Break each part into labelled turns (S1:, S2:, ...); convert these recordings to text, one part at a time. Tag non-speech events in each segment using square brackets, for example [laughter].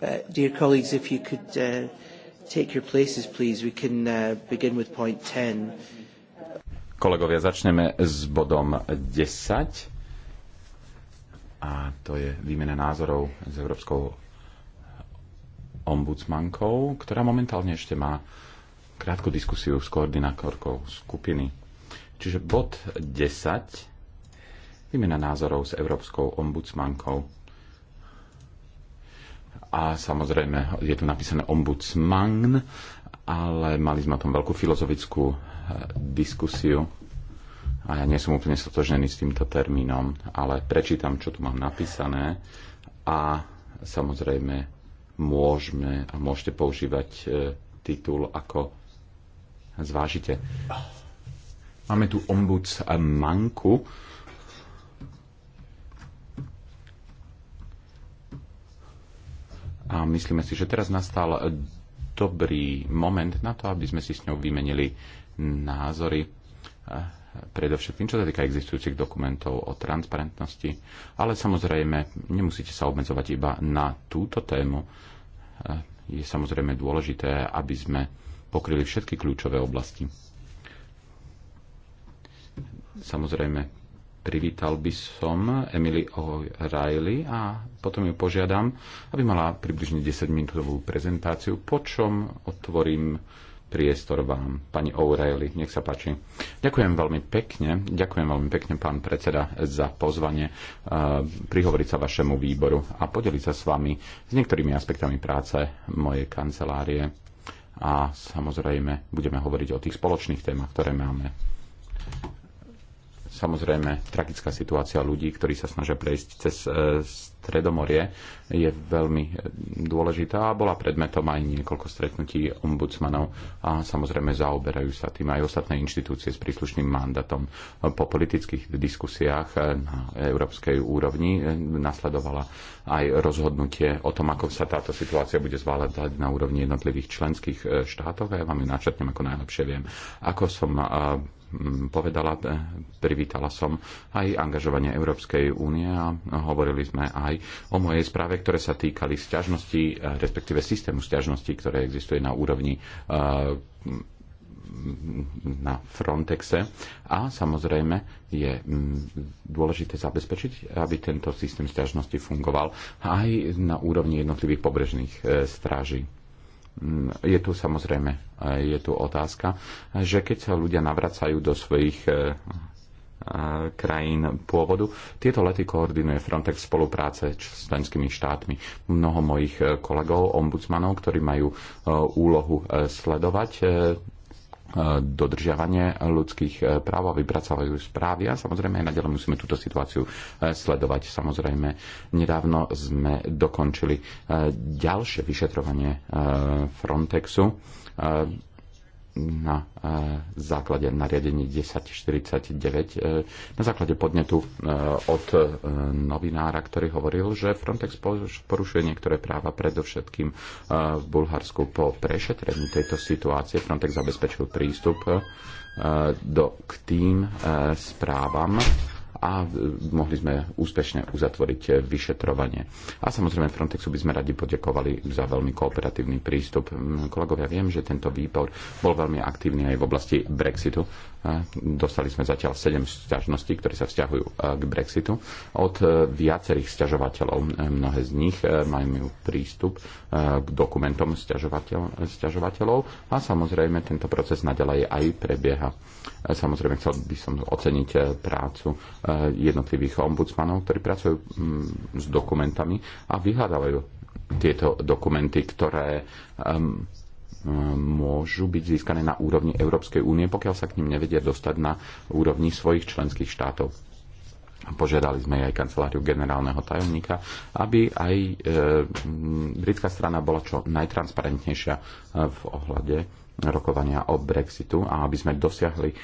S1: Uh, dear colleagues, if you could uh, take your places, please, we can uh, begin with point 10.
S2: Kolegovia, začneme s bodom 10 a to je výmena názorov s Európskou ombudsmankou, ktorá momentálne ešte má krátku diskusiu s koordinátorkou skupiny. Čiže bod 10, výmena názorov s Európskou ombudsmankou a samozrejme je tu napísané ombudsman, ale mali sme o tom veľkú filozofickú eh, diskusiu a ja nie som úplne stotožnený s týmto termínom, ale prečítam, čo tu mám napísané a samozrejme môžeme a môžete používať eh, titul ako zvážite. Máme tu ombudsmanku, a myslíme si, že teraz nastal dobrý moment na to, aby sme si s ňou vymenili názory predovšetkým, čo sa týka existujúcich dokumentov o transparentnosti, ale samozrejme nemusíte sa obmedzovať iba na túto tému. Je samozrejme dôležité, aby sme pokryli všetky kľúčové oblasti. Samozrejme, privítal by som Emily O'Reilly a potom ju požiadam, aby mala približne 10-minútovú prezentáciu, po čom otvorím priestor vám, pani O'Reilly. Nech sa páči. Ďakujem veľmi pekne, ďakujem veľmi pekne, pán predseda, za pozvanie e, prihovoriť sa vašemu výboru a podeliť sa s vami s niektorými aspektami práce mojej kancelárie a samozrejme budeme hovoriť o tých spoločných témach, ktoré máme Samozrejme, tragická situácia ľudí, ktorí sa snažia prejsť cez e, Stredomorie, je veľmi e, dôležitá a bola predmetom aj niekoľko stretnutí ombudsmanov a samozrejme zaoberajú sa tým aj ostatné inštitúcie s príslušným mandatom. Po politických diskusiách e, na európskej úrovni nasledovala aj rozhodnutie o tom, ako sa táto situácia bude zvládať na úrovni jednotlivých členských štátov a ja vám ju načrtnem ako najlepšie viem. Ako som povedala, e, privítala som aj angažovanie Európskej únie a hovorili sme aj o mojej správe, ktoré sa týkali sťažnosti, e, respektíve systému sťažnosti, ktoré existuje na úrovni e, na Frontexe a samozrejme je dôležité zabezpečiť, aby tento systém sťažnosti fungoval aj na úrovni jednotlivých pobrežných stráží je tu samozrejme, eh, je tu otázka, že keď sa ľudia navracajú do svojich eh, eh, krajín pôvodu. Tieto lety koordinuje Frontex v spolupráce s členskými štátmi. Mnoho mojich kolegov, ombudsmanov, ktorí majú úlohu sledovať dodržiavanie ľudských eh, práv a vypracovajú správy a samozrejme aj naďalej musíme túto situáciu eh, sledovať. Samozrejme, nedávno sme dokončili eh, ďalšie vyšetrovanie Frontexu na e, základe nariadení 1049 e, na základe podnetu e, od novinára, ktorý hovoril, že Frontex porušuje niektoré práva predovšetkým v Bulharsku po prešetrení tejto situácie. Frontex zabezpečil prístup do, k tým správam, a e, mohli sme úspešne uzatvoriť e, vyšetrovanie. A samozrejme Frontexu by sme radi poďakovali za veľmi kooperatívny prístup. Kolegovia, viem, že tento výbor bol veľmi aktívny aj v oblasti Brexitu Dostali sme zatiaľ 7 sťažností, ktoré sa vzťahujú e, k Brexitu od e, viacerých sťažovateľov. E, mnohé z nich majú prístup k dokumentom sťažovateľov a samozrejme tento proces naďalej aj prebieha. Samozrejme chcel by som oceniť prácu jednotlivých ombudsmanov, ktorí pracujú mm, s dokumentami a vyhľadávajú tieto dokumenty, ktoré um, môžu byť získané na úrovni Európskej únie, pokiaľ sa k ním nevedia dostať na úrovni svojich členských štátov. Požiadali sme aj kanceláriu generálneho tajomníka, aby aj e, britská strana bola čo najtransparentnejšia e, v ohľade rokovania o Brexitu a aby sme dosiahli e,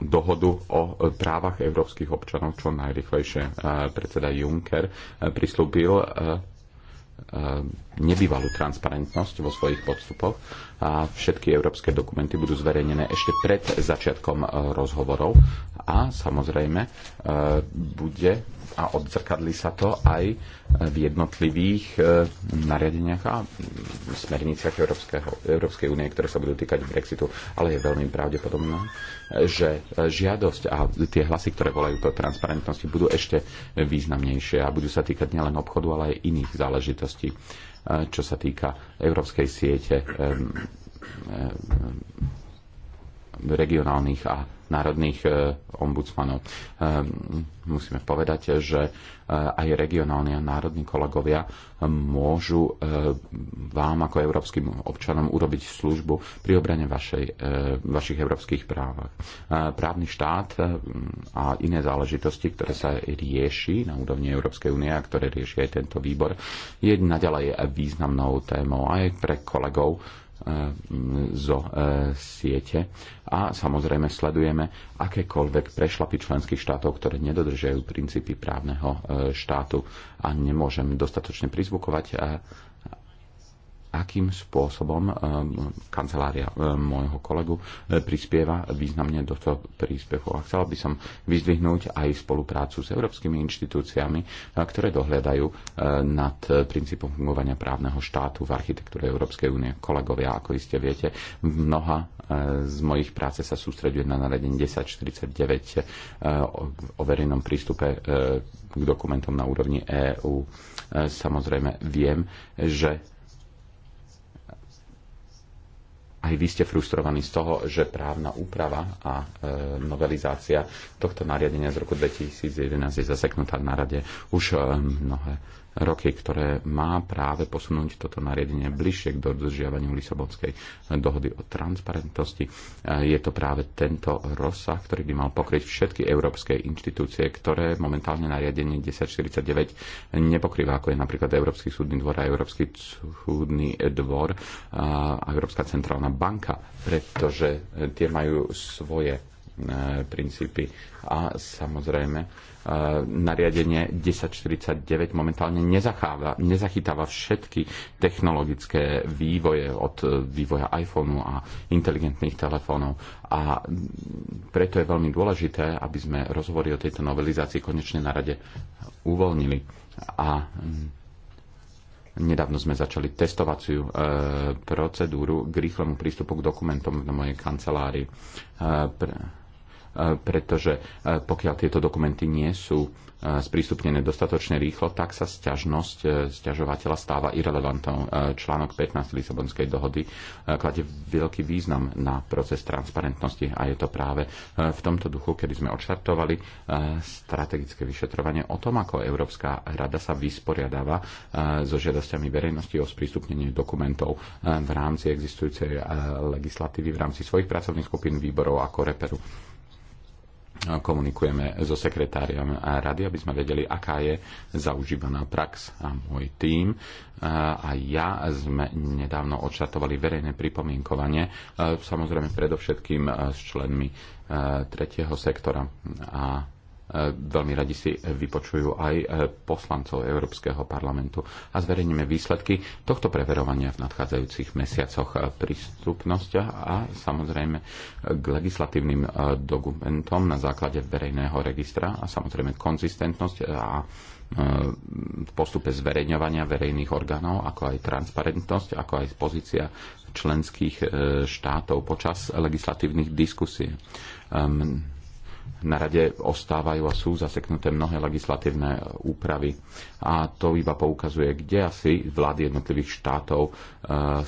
S2: dohodu o právach európskych občanov čo najrychlejšie. E, predseda Juncker e, prislúbil E, nebývalú transparentnosť vo svojich podstupoch a všetky európske dokumenty budú zverejnené ešte pred začiatkom e, rozhovorov a samozrejme e, bude a odzrkadli sa to aj v jednotlivých e, nariadeniach a smerniciach Európskeho, Európskej únie, ktoré sa budú týkať Brexitu, ale je veľmi pravdepodobné, že žiadosť a tie hlasy, ktoré volajú po transparentnosti, budú ešte významnejšie a budú sa týkať nielen obchodu, ale aj iných záležitostí, e, čo sa týka európskej siete e, regionálnych a národných e, ombudsmanov. E, musíme povedať, že e, aj regionálni a národní kolegovia môžu vám ako európskym občanom urobiť službu pri obrane vašej, vašich európskych právach. Právny štát a iné záležitosti, ktoré sa rieši na úrovni Európskej únie a ktoré rieši aj tento výbor, je naďalej významnou témou aj pre kolegov, E, zo e, siete a samozrejme sledujeme akékoľvek prešlapy členských štátov, ktoré nedodržajú princípy právneho e, štátu a nemôžem dostatočne prizvukovať akým spôsobom ehm, kancelária ehm, môjho kolegu eh, prispieva významne do toho príspechu. A chcela by som vyzdvihnúť aj spoluprácu s európskymi inštitúciami, eh, ktoré dohľadajú eh, nad princípom fungovania právneho štátu v architektúre Európskej únie. Kolegovia, ako iste viete, mnoha z mojich práce sa sústreduje na naredenie 1049 o verejnom prístupe k dokumentom na úrovni EÚ. Samozrejme, viem, že aj vy ste frustrovaní z toho, že právna úprava a e, novelizácia tohto nariadenia z roku 2011 je zaseknutá na rade už e, mnohé roky, ktoré má práve posunúť toto nariadenie bližšie k dodržiavaniu Lisabonskej dohody o transparentnosti. Je to práve tento rozsah, ktorý by mal pokryť všetky európske inštitúcie, ktoré momentálne nariadenie 1049 nepokrýva, ako je napríklad Európsky súdny dvor a Európsky súdny dvor a Európska centrálna banka, pretože tie majú svoje e, princípy. A samozrejme, nariadenie 1049 momentálne nezacháva, nezachytáva všetky technologické vývoje od e, vývoja iPhoneu a inteligentných telefónov. A preto je veľmi dôležité, aby sme rozhovory o tejto novelizácii konečne na rade uvoľnili. A mm, Nedávno sme začali testovaciu e, procedúru k rýchlemu prístupu k dokumentom na mojej kancelárii. E, pre, pretože pokiaľ tieto dokumenty nie sú sprístupnené dostatočne rýchlo, tak sa sťažnosť e, sťažovateľa stáva irrelevantnou. E, článok 15 Lisabonskej dohody e, kladie veľký význam na proces transparentnosti a je to práve v tomto duchu, kedy sme odštartovali strategické vyšetrovanie o tom, ako Európska rada sa vysporiadáva so žiadosťami verejnosti o sprístupnenie dokumentov v rámci existujúcej legislatívy, v rámci svojich pracovných skupín výborov ako reperu komunikujeme so sekretáriom rady, aby sme vedeli, aká je zaužívaná prax. A môj tím a ja sme nedávno odštartovali verejné pripomienkovanie, e, samozrejme predovšetkým e, s členmi e, tretieho sektora. A veľmi radi si vypočujú aj e, poslancov Európskeho parlamentu a zverejníme výsledky tohto preverovania v nadchádzajúcich mesiacoch e, prístupnosť a samozrejme e, k legislatívnym dokumentom na základe verejného registra a samozrejme konzistentnosť a v postupe zverejňovania verejných orgánov, ako aj transparentnosť, ako aj pozícia členských štátov počas legislatívnych diskusí na rade ostávajú a sú zaseknuté mnohé legislatívne úpravy. A to iba poukazuje, kde asi vlády jednotlivých štátov e,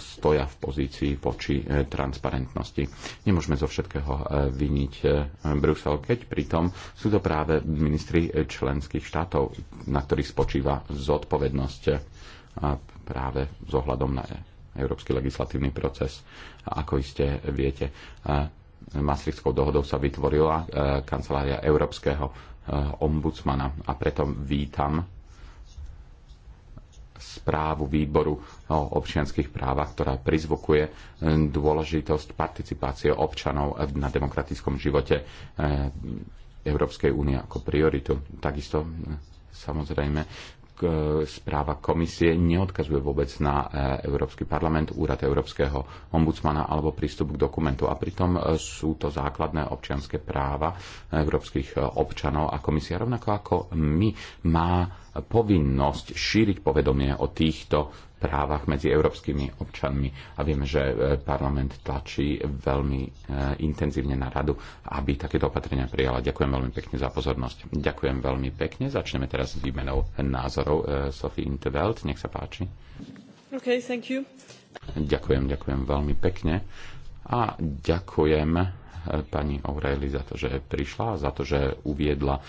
S2: stoja v pozícii voči e, transparentnosti. Nemôžeme zo všetkého e, vyniť Brusel, keď pritom sú to práve ministri členských štátov, na ktorých spočíva zodpovednosť práve zohľadom ohľadom na európsky legislatívny proces. Ako iste viete, Maastrichtskou dohodou sa vytvorila e, kancelária Európskeho e, ombudsmana a preto vítam správu výboru o občianských právach, ktorá prizvukuje e, dôležitosť participácie občanov na demokratickom živote Európskej únie ako prioritu. Takisto samozrejme E, správa komisie neodkazuje vôbec na e, Európsky parlament, úrad Európskeho ombudsmana alebo prístup k dokumentu. A pritom e, sú to základné občianské práva európskych občanov a komisia rovnako ako my má povinnosť šíriť povedomie o týchto právach medzi európskymi občanmi. A vieme, že e, parlament tlačí veľmi e, intenzívne na radu, aby takéto opatrenia prijala. Ďakujem veľmi pekne za pozornosť. Ďakujem veľmi pekne. Začneme teraz s výmenou názorov. E, Sophie Intervelt, nech sa páči.
S3: Okay, thank you.
S2: Ďakujem, ďakujem veľmi pekne. A ďakujem pani O'Reilly za to, že prišla, za to, že uviedla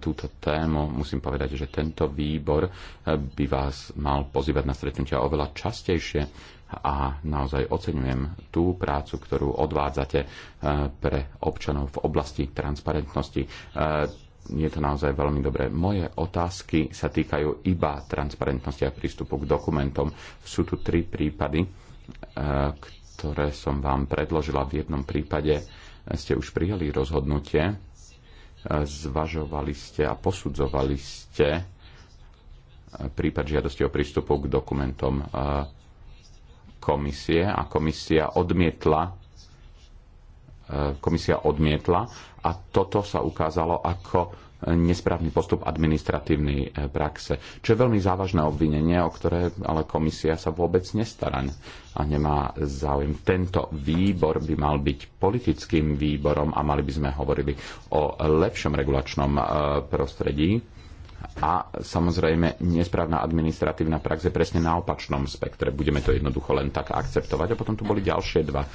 S2: túto tému, musím povedať, že tento výbor eh, by vás mal pozývať na stretnutia oveľa častejšie a naozaj oceňujem tú prácu, ktorú odvádzate eh, pre občanov v oblasti transparentnosti. Eh, je to naozaj veľmi dobré. Moje otázky sa týkajú iba transparentnosti a prístupu k dokumentom. Sú tu tri prípady, ktoré som vám predložila. V jednom prípade ste už prijali rozhodnutie zvažovali ste a posudzovali ste prípad žiadosti o prístupu k dokumentom e, komisie a komisia odmietla e, komisia odmietla a toto sa ukázalo ako nesprávny postup administratívnej e, praxe, čo je veľmi závažné obvinenie, o ktoré ale komisia sa vôbec nestará a nemá záujem. Tento výbor by mal byť politickým výborom a mali by sme hovorili o lepšom regulačnom e, prostredí, a samozrejme nesprávna administratívna prax je presne na opačnom spektre. Budeme to jednoducho len tak akceptovať. A potom tu boli ďalšie dva e,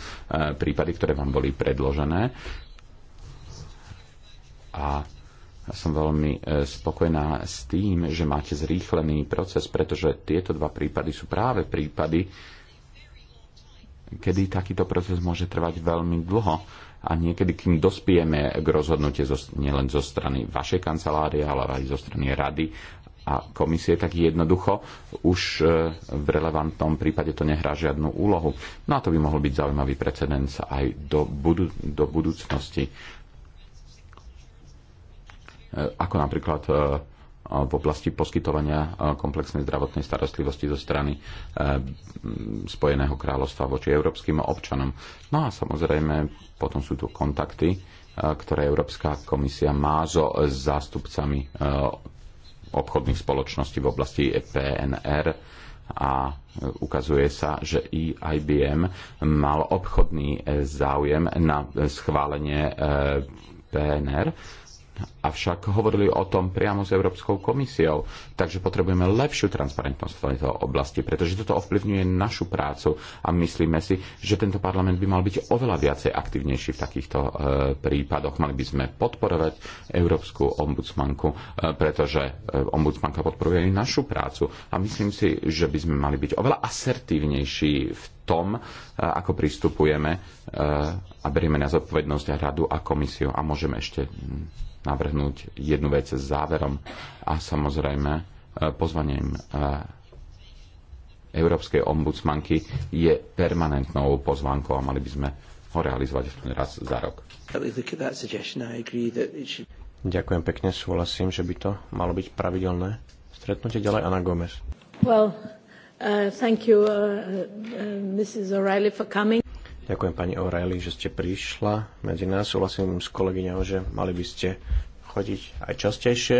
S2: prípady, ktoré vám boli predložené. A som veľmi e, spokojná s tým, že máte zrýchlený proces, pretože tieto dva prípady sú práve prípady, kedy takýto proces môže trvať veľmi dlho a niekedy, kým dospieme k rozhodnutie zo, nielen zo strany vašej kancelárie, ale aj zo strany rady a komisie, tak jednoducho už e, v relevantnom prípade to nehrá žiadnu úlohu. No a to by mohol byť zaujímavý precedens aj do, budu- do budúcnosti. E, ako napríklad e, v oblasti poskytovania e, komplexnej zdravotnej starostlivosti zo strany Spojeného kráľovstva voči európskym občanom. No a samozrejme, potom sú tu kontakty, ktoré Európska komisia má so zástupcami obchodných spoločností v oblasti PNR a ukazuje sa, že i IBM mal obchodný záujem na schválenie PNR avšak hovorili o tom priamo s Európskou komisiou. Takže potrebujeme lepšiu transparentnosť v tejto oblasti, pretože toto ovplyvňuje našu prácu a myslíme si, že tento parlament by mal byť oveľa viacej aktívnejší v takýchto e, prípadoch. Mali by sme podporovať Európsku ombudsmanku, e, pretože e, ombudsmanka podporuje aj našu prácu a myslím si, že by sme mali byť oveľa asertívnejší v tom, e, ako pristupujeme e, a berieme na zodpovednosť a radu a komisiu a môžeme ešte navrhnúť jednu vec s záverom a samozrejme e, pozvaním e, Európskej ombudsmanky je permanentnou pozvánkou a mali by sme ho realizovať aspoň raz za rok.
S1: Ďakujem pekne, súhlasím, že by to malo byť pravidelné. Stretnutie ďalej Ana Gomez.
S3: Well, uh, thank you, uh, uh, Mrs. O'Reilly, for coming.
S1: Ďakujem pani O'Reilly, že ste prišla medzi nás. Súhlasím s kolegyňou, že mali by ste chodiť aj častejšie,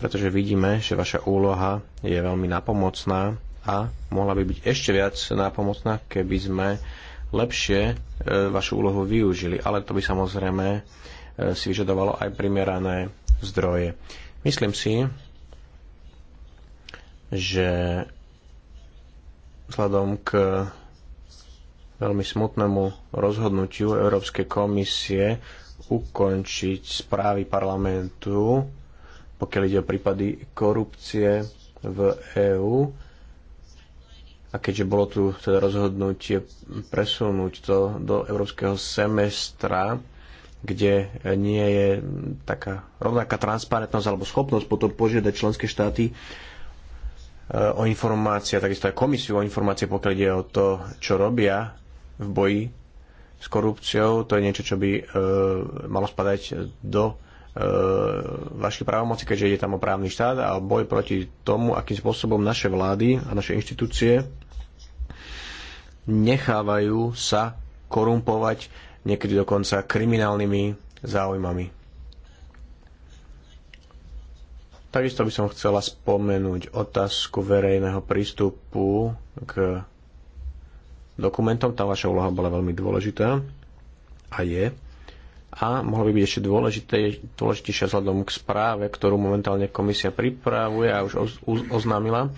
S1: pretože vidíme, že vaša úloha je veľmi napomocná a mohla by byť ešte viac napomocná, keby sme lepšie e, vašu úlohu využili, ale to by samozrejme e, si vyžadovalo aj primerané zdroje. Myslím si, že vzhľadom k veľmi smutnému rozhodnutiu Európskej komisie ukončiť správy parlamentu, pokiaľ ide o prípady korupcie v EÚ. A keďže bolo tu teda rozhodnutie presunúť to do európskeho semestra, kde nie je taká rovnaká transparentnosť alebo schopnosť potom požiadať členské štáty e, o informácie, takisto aj komisiu o informácie, pokiaľ ide o to, čo robia v boji s korupciou. To je niečo, čo by e, malo spadať do e, vašich právomocí, keďže ide tam o právny štát a boj proti tomu, akým spôsobom naše vlády a naše inštitúcie nechávajú sa korumpovať niekedy dokonca kriminálnymi záujmami. Takisto by som chcela spomenúť otázku verejného prístupu k dokumentom, tá vaša úloha bola veľmi dôležitá a je. A mohlo by byť ešte dôležité, dôležitejšia vzhľadom k správe, ktorú momentálne komisia pripravuje a už oznámila.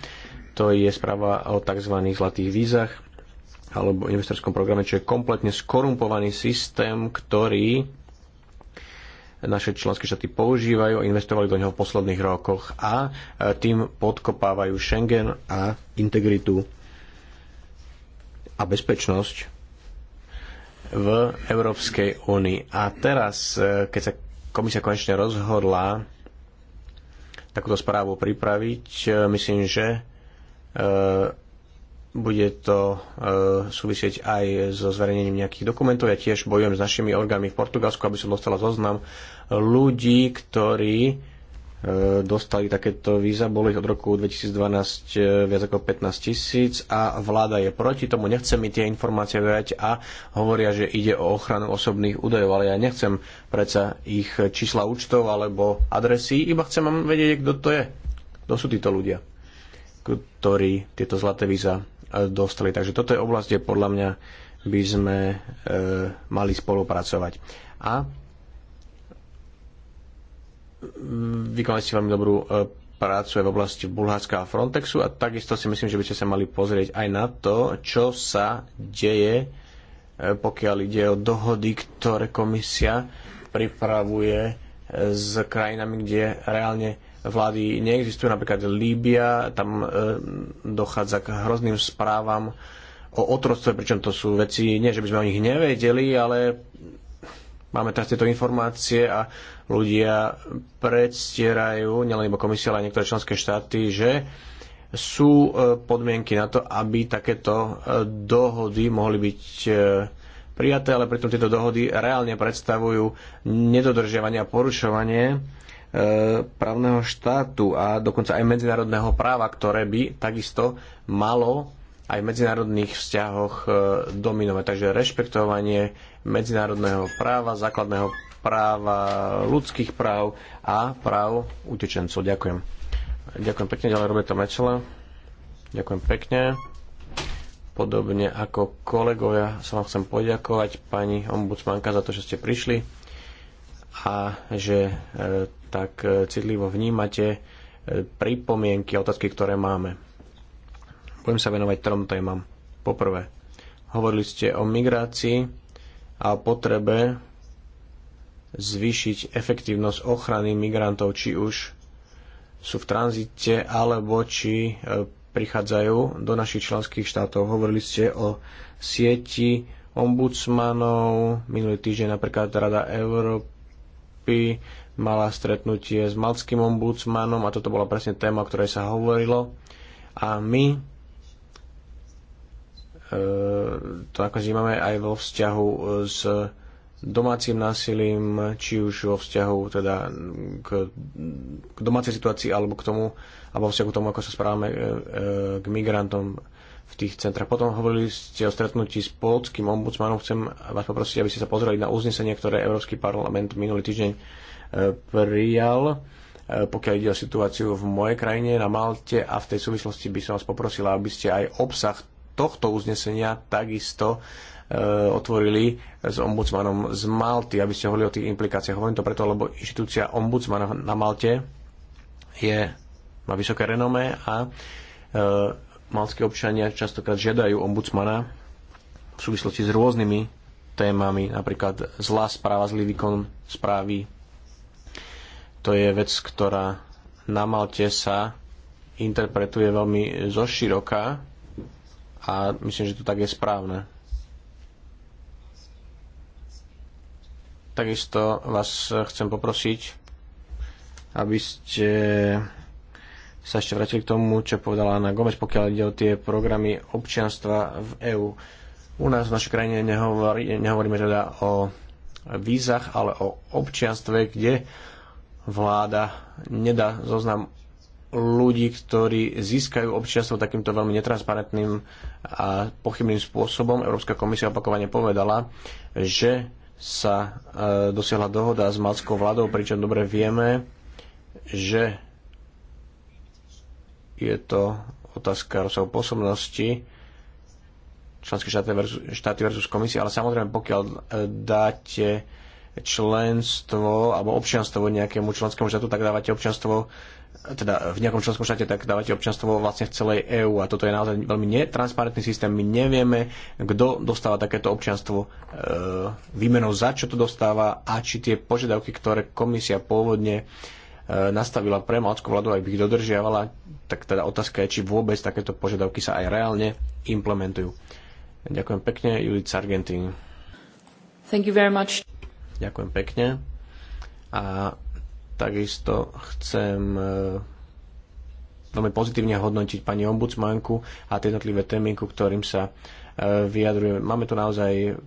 S1: To je správa o tzv. zlatých vízach alebo investorskom programe, čo je kompletne skorumpovaný systém, ktorý naše členské štáty používajú a investovali do neho v posledných rokoch a e, tým podkopávajú Schengen a integritu a bezpečnosť v Európskej únii. A teraz, e, keď sa komisia konečne rozhodla takúto správu pripraviť, e, myslím, že e, bude to súvisieť aj so zverejnením nejakých dokumentov. Ja tiež bojujem s našimi orgánmi v Portugalsku, aby som dostala zoznam ľudí, ktorí E, dostali takéto víza, boli od roku 2012 e, viac ako 15 tisíc a vláda je proti tomu, nechce mi tie informácie dať a hovoria, že ide o ochranu osobných údajov, ale ja nechcem predsa ich čísla účtov alebo adresy, iba chcem vedieť, kto to je. Kto sú títo ľudia, ktorí tieto zlaté víza e, dostali. Takže toto je oblasť, kde podľa mňa by sme e, mali spolupracovať. A vykonali ste veľmi dobrú e, prácu aj v oblasti Bulharska a Frontexu a takisto si myslím, že by ste sa mali pozrieť aj na to, čo sa deje, e, pokiaľ ide o dohody, ktoré komisia pripravuje e, s krajinami, kde reálne vlády neexistujú, napríklad Líbia, tam dochádza k hrozným správam o otroctve, pričom to sú veci, nie že by sme o nich nevedeli, ale Máme teraz tieto informácie a ľudia predstierajú, nielen iba komisia, ale aj niektoré členské štáty, že sú e, podmienky na to, aby takéto e, dohody mohli byť e, prijaté, ale pritom tieto dohody reálne predstavujú nedodržiavanie a porušovanie právneho štátu a dokonca aj medzinárodného práva, ktoré by takisto malo aj v medzinárodných vzťahoch e, dominovať. Takže rešpektovanie medzinárodného práva, základného práva, ľudských práv a práv utečencov. Ďakujem. Ďakujem pekne, ďalej Roberta Mečela. Ďakujem pekne. Podobne ako kolegovia sa vám chcem poďakovať, pani ombudsmanka, za to, že ste prišli a že e, tak e, citlivo vnímate e, pripomienky a otázky, ktoré máme. Budem sa venovať trom témam. Poprvé, hovorili ste o migrácii a o potrebe zvýšiť efektívnosť ochrany migrantov, či už sú v tranzite alebo či e, prichádzajú do našich členských štátov. Hovorili ste o sieti ombudsmanov, minulý týždeň napríklad Rada Európy mala stretnutie s malckým ombudsmanom a toto bola presne téma, o ktorej sa hovorilo. A my E, to ako máme aj vo vzťahu e, s domácim násilím, či už vo vzťahu teda k, k domácej situácii alebo k tomu, alebo vo vzťahu k tomu, ako sa správame e, k migrantom v tých centrách. Potom hovorili ste o stretnutí s polským ombudsmanom. Chcem vás poprosiť, aby ste sa pozreli na uznesenie, ktoré Európsky parlament minulý týždeň prijal pokiaľ ide o situáciu v mojej krajine na Malte a v tej súvislosti by som vás poprosila, aby ste aj obsah tohto uznesenia takisto e, otvorili s ombudsmanom z Malty, aby ste hovorili o tých implikáciách. Hovorím to preto, lebo inštitúcia ombudsmana na Malte je, má vysoké renomé a e, malskí občania častokrát žiadajú ombudsmana v súvislosti s rôznymi témami, napríklad zlá správa, zlý výkon správy. To je vec, ktorá na Malte sa interpretuje veľmi zoširoka a myslím, že to tak je správne. Takisto vás chcem poprosiť, aby ste sa ešte vrátili k tomu, čo povedala Ana Gomez, pokiaľ ide o tie programy občianstva v EÚ. U nás v našej krajine nehovorí, nehovoríme teda o vízach, ale o občianstve, kde vláda nedá zoznam ľudí, ktorí získajú občianstvo takýmto veľmi netransparentným a pochybným spôsobom. Európska komisia opakovane povedala, že sa e, dosiahla dohoda s malskou vládou, pričom dobre vieme, že je to otázka rozsahu posobnosti členské štáty versus, štáty versus komisia, ale samozrejme pokiaľ e, dáte členstvo alebo občianstvo nejakému členskému štátu, tak dávate občianstvo teda v nejakom členskom štáte, tak dávate občanstvo vlastne v celej EÚ a toto je naozaj veľmi netransparentný systém. My nevieme, kto dostáva takéto občanstvo, e, výmenou za čo to dostáva a či tie požiadavky, ktoré komisia pôvodne e, nastavila pre malckú vládu, aby ich dodržiavala, tak teda otázka je, či vôbec takéto požiadavky sa aj reálne implementujú. Ďakujem pekne, Judith Sargentin.
S2: Thank you very much.
S1: Ďakujem pekne. A Takisto chcem e, veľmi pozitívne hodnotiť pani ombudsmanku a tie jednotlivé témy, ku ktorým sa e, vyjadrujeme. Máme tu naozaj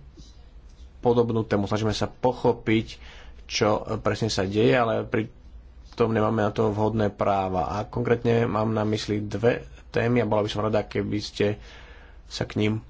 S1: podobnú tému, snažíme sa pochopiť, čo presne sa deje, ale pri tom nemáme na to vhodné práva. A konkrétne mám na mysli dve témy a bola by som rada, keby ste sa k ním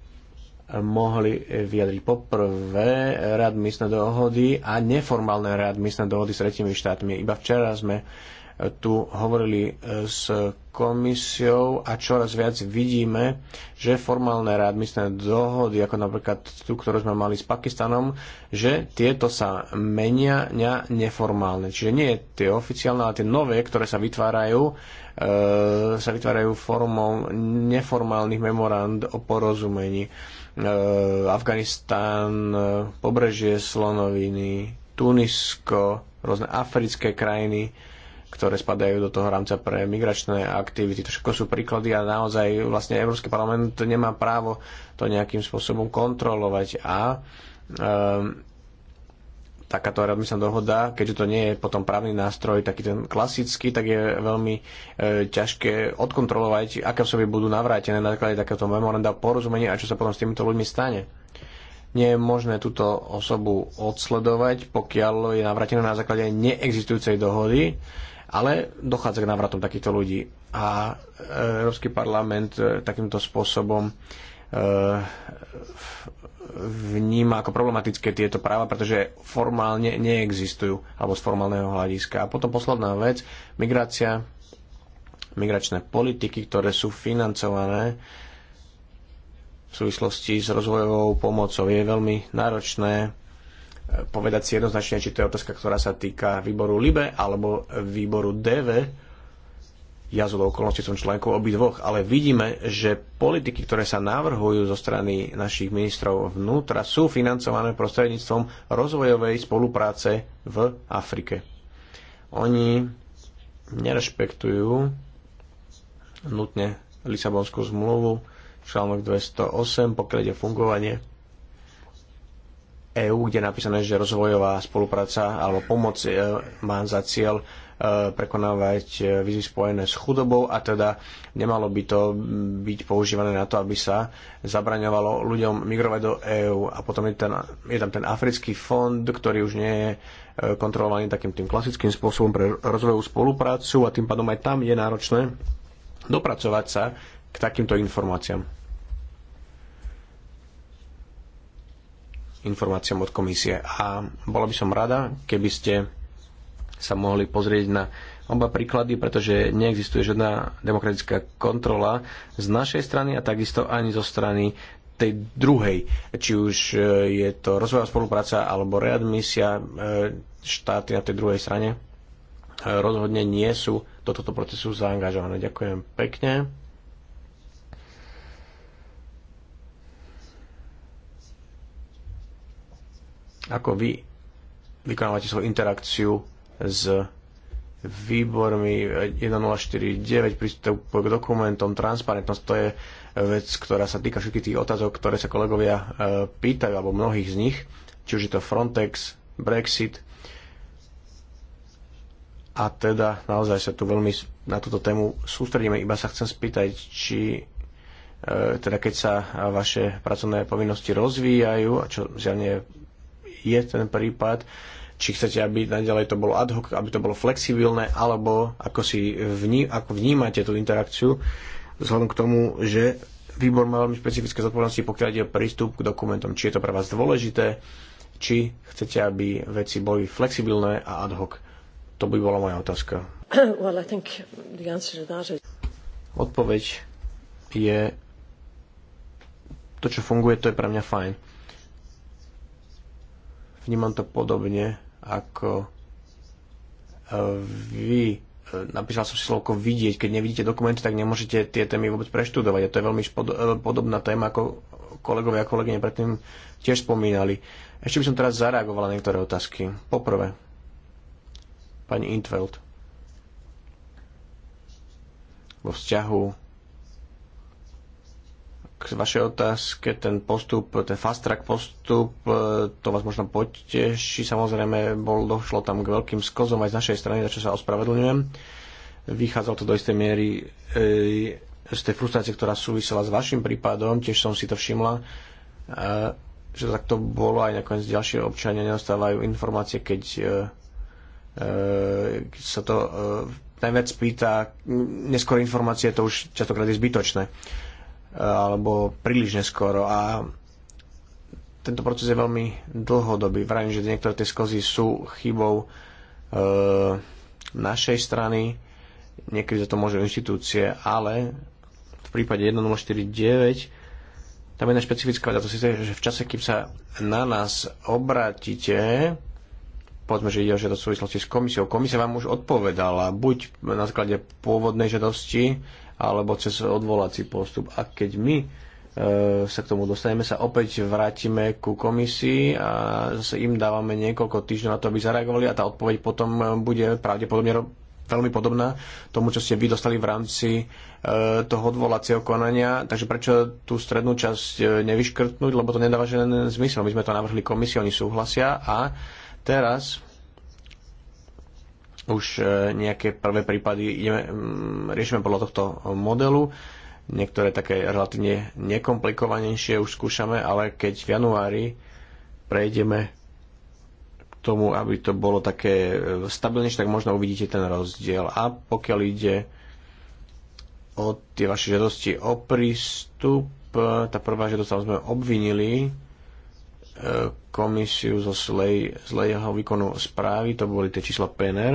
S1: mohli eh, vyjadriť. Poprvé, readmisné dohody a neformálne readmisné dohody s tretimi štátmi. Iba včera sme eh, tu hovorili eh, s komisiou a čoraz viac vidíme, že formálne readmisné dohody, ako napríklad tú, ktorú sme mali s Pakistanom, že tieto sa menia na neformálne. Čiže nie tie oficiálne, ale tie nové, ktoré sa vytvárajú, e, sa vytvárajú formou neformálnych memorand o porozumení. E, E, Afganistán, e, pobrežie slonoviny, Tunisko, rôzne africké krajiny, ktoré spadajú do toho rámca pre migračné aktivity. To všetko sú príklady a naozaj vlastne Európsky parlament nemá právo to nejakým spôsobom kontrolovať a um, takáto readmisná dohoda, keďže to nie je potom právny nástroj, taký ten klasický, tak je veľmi e, ťažké odkontrolovať, aké osoby budú navrátené na základe takéto memoranda porozumenia a čo sa potom s týmito ľuďmi stane. Nie je možné túto osobu odsledovať, pokiaľ je navrátená na základe neexistujúcej dohody, ale dochádza k návratom takýchto ľudí. A e, Európsky parlament e, takýmto spôsobom e, vníma ako problematické tieto práva, pretože formálne neexistujú, alebo z formálneho hľadiska. A potom posledná vec, migrácia, migračné politiky, ktoré sú financované v súvislosti s rozvojovou pomocou. Je veľmi náročné eh, povedať si jednoznačne, či to je otázka, ktorá sa týka výboru LIBE alebo výboru DV, ja zo okolnosti som členkou obidvoch, ale vidíme, že politiky, ktoré sa navrhujú zo strany našich ministrov vnútra, sú financované prostredníctvom rozvojovej spolupráce v Afrike. Oni nerešpektujú nutne Lisabonskú zmluvu, článok 208, pokiaľ ide fungovanie EÚ, kde je napísané, že rozvojová spolupráca alebo pomoc e, má za cieľ e, prekonávať e, výzvy spojené s chudobou a teda nemalo by to byť používané na to, aby sa zabraňovalo ľuďom migrovať do EÚ. A potom je, ten, je tam ten africký fond, ktorý už nie je kontrolovaný takým tým klasickým spôsobom pre rozvojovú spoluprácu a tým pádom aj tam je náročné dopracovať sa k takýmto informáciám. informáciám od komisie. A bola by som rada, keby ste sa mohli pozrieť na oba príklady, pretože neexistuje žiadna demokratická kontrola z našej strany a takisto ani zo strany tej druhej. Či už e, je to rozvojová spolupráca alebo readmisia, e, štáty na tej druhej strane e, rozhodne nie sú do tohto procesu zaangažované. Ďakujem pekne. ako vy vykonávate svoju interakciu s výbormi 1049, prístup k dokumentom, transparentnosť, to je vec, ktorá sa týka všetkých tých otázok, ktoré sa kolegovia e, pýtajú, alebo mnohých z nich, či už je to Frontex, Brexit. A teda naozaj sa tu veľmi na túto tému sústredíme. Iba sa chcem spýtať, či e, teda keď sa vaše pracovné povinnosti rozvíjajú, a čo zjavne je ten prípad, či chcete, aby naďalej to bolo ad hoc, aby to bolo flexibilné, alebo ako, si vní, ako vnímate tú interakciu, vzhľadom k tomu, že výbor má veľmi špecifické zodpovednosti, pokiaľ ide o prístup k dokumentom, či je to pre vás dôležité, či chcete, aby veci boli flexibilné a ad hoc. To by bola moja otázka.
S3: [coughs] Well, I think the answer to that is...
S1: Odpoveď je to, čo funguje, to je pre mňa fajn Vnímam to podobne ako e, vy. E, napísal som si slovko vidieť. Keď nevidíte dokumenty, tak nemôžete tie témy vôbec preštudovať. A to je veľmi e, podobná téma, ako kolegovia a kolegyne predtým tiež spomínali. Ešte by som teraz zareagovala na niektoré otázky. Poprvé, pani Intveld vo vzťahu k vašej otázke, ten postup, ten fast track postup, e, to vás možno poteší. Samozrejme, bol, došlo tam k veľkým skozom aj z našej strany, za čo sa ospravedlňujem. Vychádzalo to do istej miery e, z tej frustrácie, ktorá súvisela s vašim prípadom, tiež som si to všimla, e, že tak to bolo aj nakoniec ďalšie občania nedostávajú informácie, keď e, e, keď sa to e, najviac pýta, neskôr informácie, to už častokrát je zbytočné alebo príliš neskoro a tento proces je veľmi dlhodobý. Vrajím, že niektoré tie sklzy sú chybou e, našej strany, niekedy za to môžu inštitúcie, ale v prípade 1049 tam je jedna špecifická veda, to si že v čase, kým sa na nás obratíte, povedzme, že ide o žiadosť v súvislosti s komisiou, komisia vám už odpovedala, buď na základe pôvodnej žiadosti, alebo cez odvolací postup. A keď my e, sa k tomu dostaneme, sa opäť vrátime ku komisii a zase im dávame niekoľko týždňov na to, aby zareagovali a tá odpoveď potom bude pravdepodobne veľmi podobná tomu, čo ste vy dostali v rámci e, toho odvolacieho konania. Takže prečo tú strednú časť e, nevyškrtnúť, lebo to nedáva žiaden zmysel. My sme to navrhli komisii, oni súhlasia a teraz už e, nejaké prvé prípady ideme, mm, riešime podľa tohto modelu. Niektoré také relatívne nekomplikovanejšie už skúšame, ale keď v januári prejdeme k tomu, aby to bolo také e, stabilnejšie, tak možno uvidíte ten rozdiel. A pokiaľ ide o tie vaše žiadosti o prístup, e, tá prvá žiadosť samozrejme obvinili komisiu zo slej, zlejho výkonu správy, to boli tie čísla PNR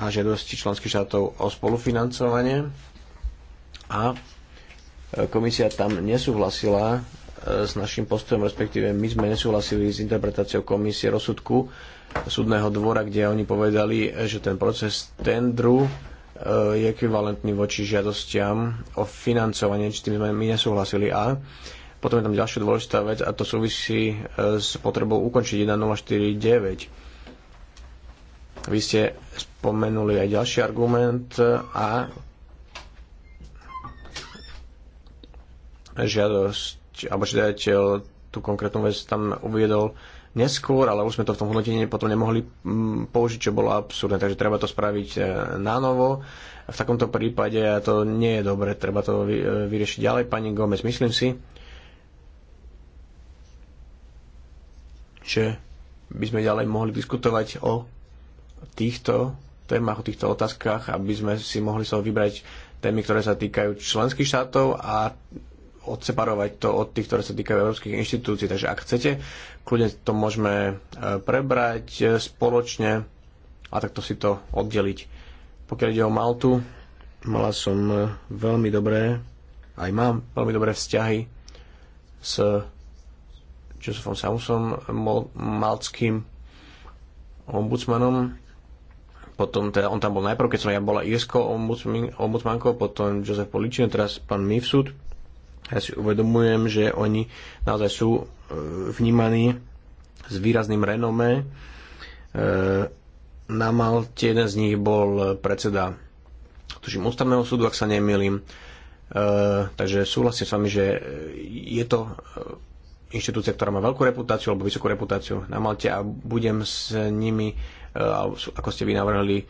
S1: a žiadosti členských štátov o spolufinancovanie a e, komisia tam nesúhlasila e, s našim postojom, respektíve my sme nesúhlasili s interpretáciou komisie rozsudku súdneho dvora, kde oni povedali, že ten proces tendru e, je ekvivalentný voči žiadostiam o financovanie, či tým sme my nesúhlasili. A potom je tam ďalšia dôležitá vec a to súvisí e, s potrebou ukončiť 1049. Vy ste spomenuli aj ďalší argument a žiadosť alebo žiadateľ tú konkrétnu vec tam uviedol neskôr, ale už sme to v tom hodnotení potom nemohli mm, použiť, čo bolo absurdné, takže treba to spraviť e, na novo. V takomto prípade to nie je dobre, treba to e, vyriešiť ďalej. Pani Gomez, myslím si, že by sme ďalej mohli diskutovať o týchto témach, o týchto otázkach, aby sme si mohli sa vybrať témy, ktoré sa týkajú členských štátov a odseparovať to od tých, ktoré sa týkajú európskych inštitúcií. Takže ak chcete, kľudne to môžeme e, prebrať e, spoločne a takto si to oddeliť. Pokiaľ ide o Maltu, mala som e, veľmi dobré, aj mám veľmi dobré vzťahy s Josefom Samusom, malckým ombudsmanom. Potom teda, on tam bol najprv, keď som ja bola Irsko ombudsmankou, potom Josef Poličin, teraz pán Mifsud. Ja si uvedomujem, že oni naozaj sú e, vnímaní s výrazným renomé. E, na Malte jeden z nich bol predseda tužím ústavného súdu, ak sa nemýlim. E, takže súhlasím s vami, že je to inštitúcia, ktorá má veľkú reputáciu alebo vysokú reputáciu na Malte a budem s nimi, e, ako ste vy navrhli, e,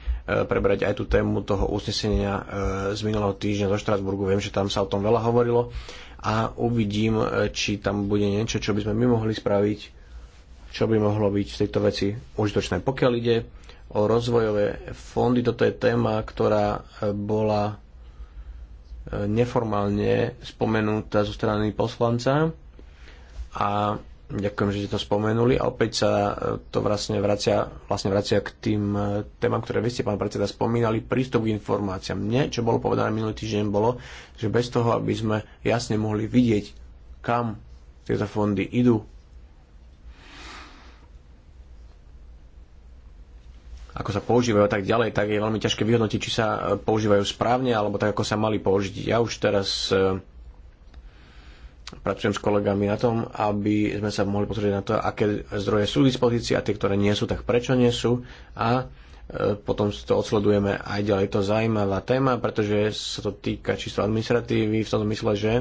S1: prebrať aj tú tému toho usnesenia e, z minulého týždňa zo Štrasburgu. Viem, že tam sa o tom veľa hovorilo a uvidím, či tam bude niečo, čo by sme my mohli spraviť, čo by mohlo byť v tejto veci užitočné. Pokiaľ ide o rozvojové fondy, toto je téma, ktorá bola neformálne spomenutá zo strany poslanca a ďakujem, že ste to spomenuli. A opäť sa e, to vlastne vracia, vlastne vracia k tým e, témam, ktoré vy ste, pán predseda, spomínali, prístup k informáciám. Mne, čo bolo povedané minulý týždeň, bolo, že bez toho, aby sme jasne mohli vidieť, kam tieto fondy idú, ako sa používajú a tak ďalej, tak je veľmi ťažké vyhodnotiť, či sa e, používajú správne alebo tak, ako sa mali použiť. Ja už teraz pracujem s kolegami na tom, aby sme sa mohli pozrieť na to, aké zdroje sú v dispozícii a tie, ktoré nie sú, tak prečo nie sú. A e, potom to odsledujeme aj ďalej. Je to zaujímavá téma, pretože sa to týka čisto administratívy v tom mysle, že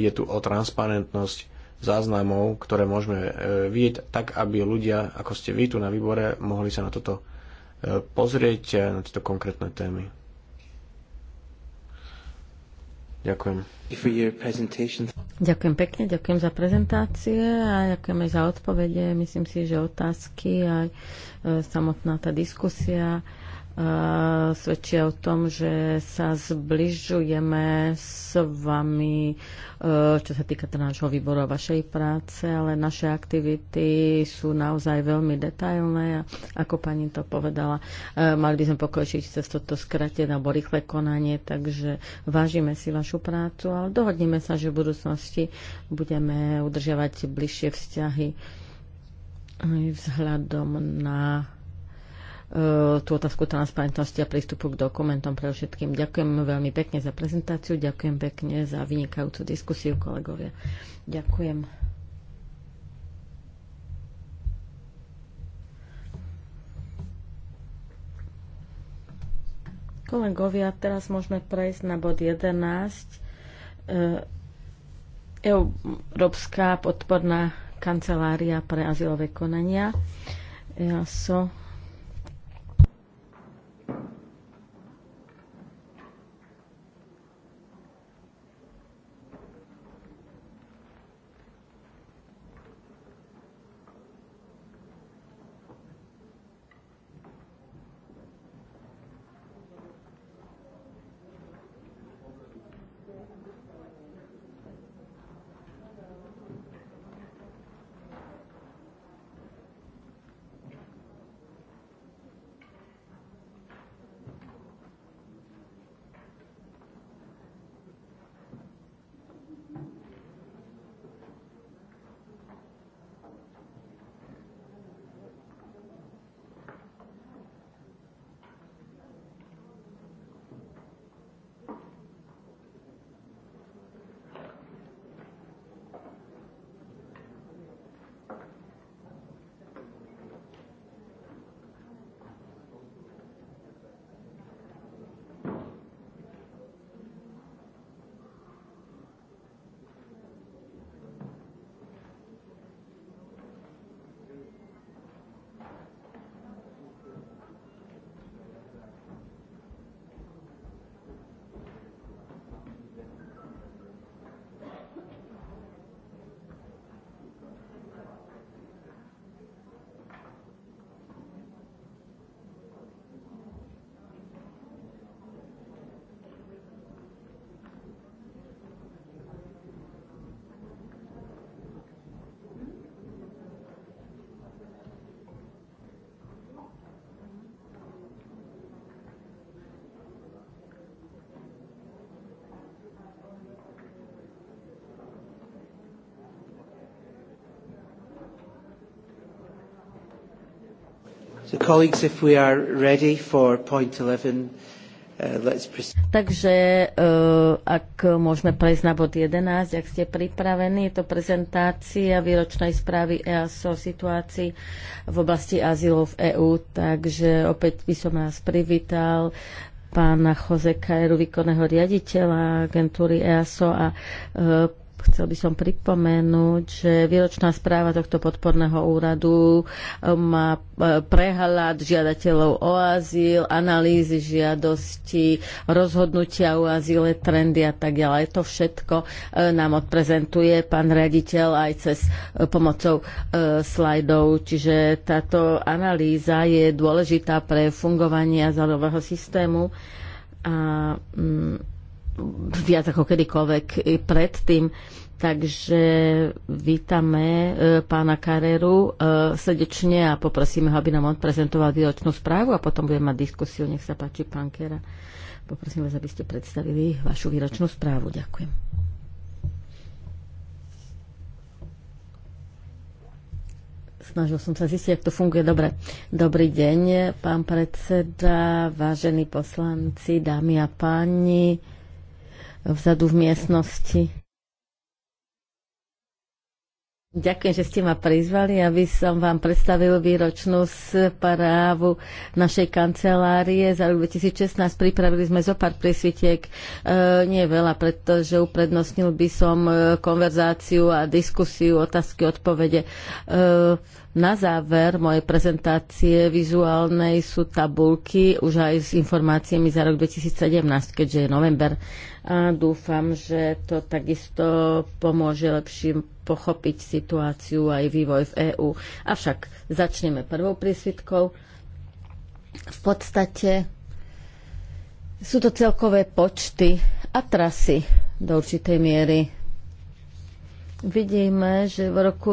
S1: ide tu o transparentnosť záznamov, ktoré môžeme e, vidieť, tak aby ľudia, ako ste vy tu na výbore, mohli sa na toto e, pozrieť, na tieto konkrétne témy. Ďakujem.
S3: Ďakujem pekne, ďakujem za prezentácie a ďakujem aj za odpovede. Myslím si, že otázky aj e, samotná tá diskusia Eh, svedčia o tom, že sa zbližujeme s vami, eh, čo sa týka teda nášho výboru a vašej práce, ale naše aktivity sú naozaj veľmi detailné a ako pani to povedala, eh, mali by sme pokojšiť cez toto skratené alebo rýchle konanie, takže vážime si vašu prácu, ale dohodneme sa, že v budúcnosti budeme udržiavať bližšie vzťahy vzhľadom na Eh, tú otázku transparentnosti a prístupu k dokumentom pre všetkým. Ďakujem veľmi pekne za prezentáciu, ďakujem pekne za vynikajúcu diskusiu, kolegovia. Ďakujem. Kolegovia, teraz môžeme prejsť na bod 11. Eh, Európska podporná kancelária pre azylové konania. Ja som
S2: So colleagues, if we are ready for point
S3: 11, uh, Takže uh, ak môžeme prejsť na bod 11, ak ste pripravení, je to prezentácia výročnej správy EASO o situácii v oblasti azylu v EÚ. Takže opäť by som vás privítal pána Jose Kajeru, výkonného riaditeľa agentúry EASO a Chcel by som pripomenúť, že výročná správa tohto podporného úradu e, má e, prehľad žiadateľov o azyl, analýzy žiadosti, rozhodnutia o azyle, trendy a tak ďalej. To všetko e, nám odprezentuje pán riaditeľ aj cez pomocou slajdov. Čiže táto analýza je dôležitá pre fungovanie azylového systému a mm, viac ako kedykoľvek predtým. Takže vítame e, pána Kareru e, srdečne a poprosíme ho, aby nám on prezentoval výročnú správu a potom budeme mať diskusiu. Nech sa páči, pán Kera. Poprosím vás, aby ste predstavili vašu výročnú správu. Ďakujem. Snažil som sa zistiť, ako to funguje dobre. Dobrý deň, pán predseda, vážení poslanci, dámy a páni vzadu v miestnosti. Ďakujem, že ste ma prizvali, aby som vám predstavil výročnú správu našej kancelárie. Za rok 2016 pripravili sme zo pár presvitiek, e, nie veľa, pretože uprednostnil by som e, konverzáciu a diskusiu, otázky, odpovede. E, na záver mojej prezentácie vizuálnej sú tabulky už aj s informáciami za rok 2017, keďže je november a dúfam, že to takisto pomôže lepším pochopiť situáciu aj vývoj v EÚ. Avšak začneme prvou prísvitkou. V podstate sú to celkové počty a trasy do určitej miery. Vidíme, že v roku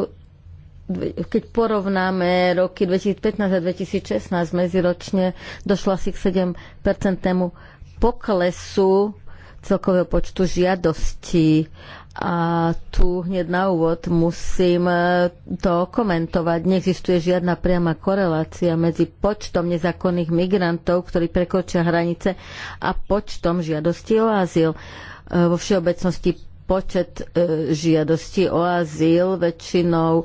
S3: keď porovnáme roky 2015 a 2016 medziročne, došlo asi k 7-percentnému poklesu celkového počtu žiadostí. A tu hneď na úvod musím e, to komentovať. Neexistuje žiadna priama korelácia medzi počtom nezákonných migrantov, ktorí prekočia hranice, a počtom žiadostí o azyl. E, vo všeobecnosti počet e, žiadostí o azyl väčšinou e,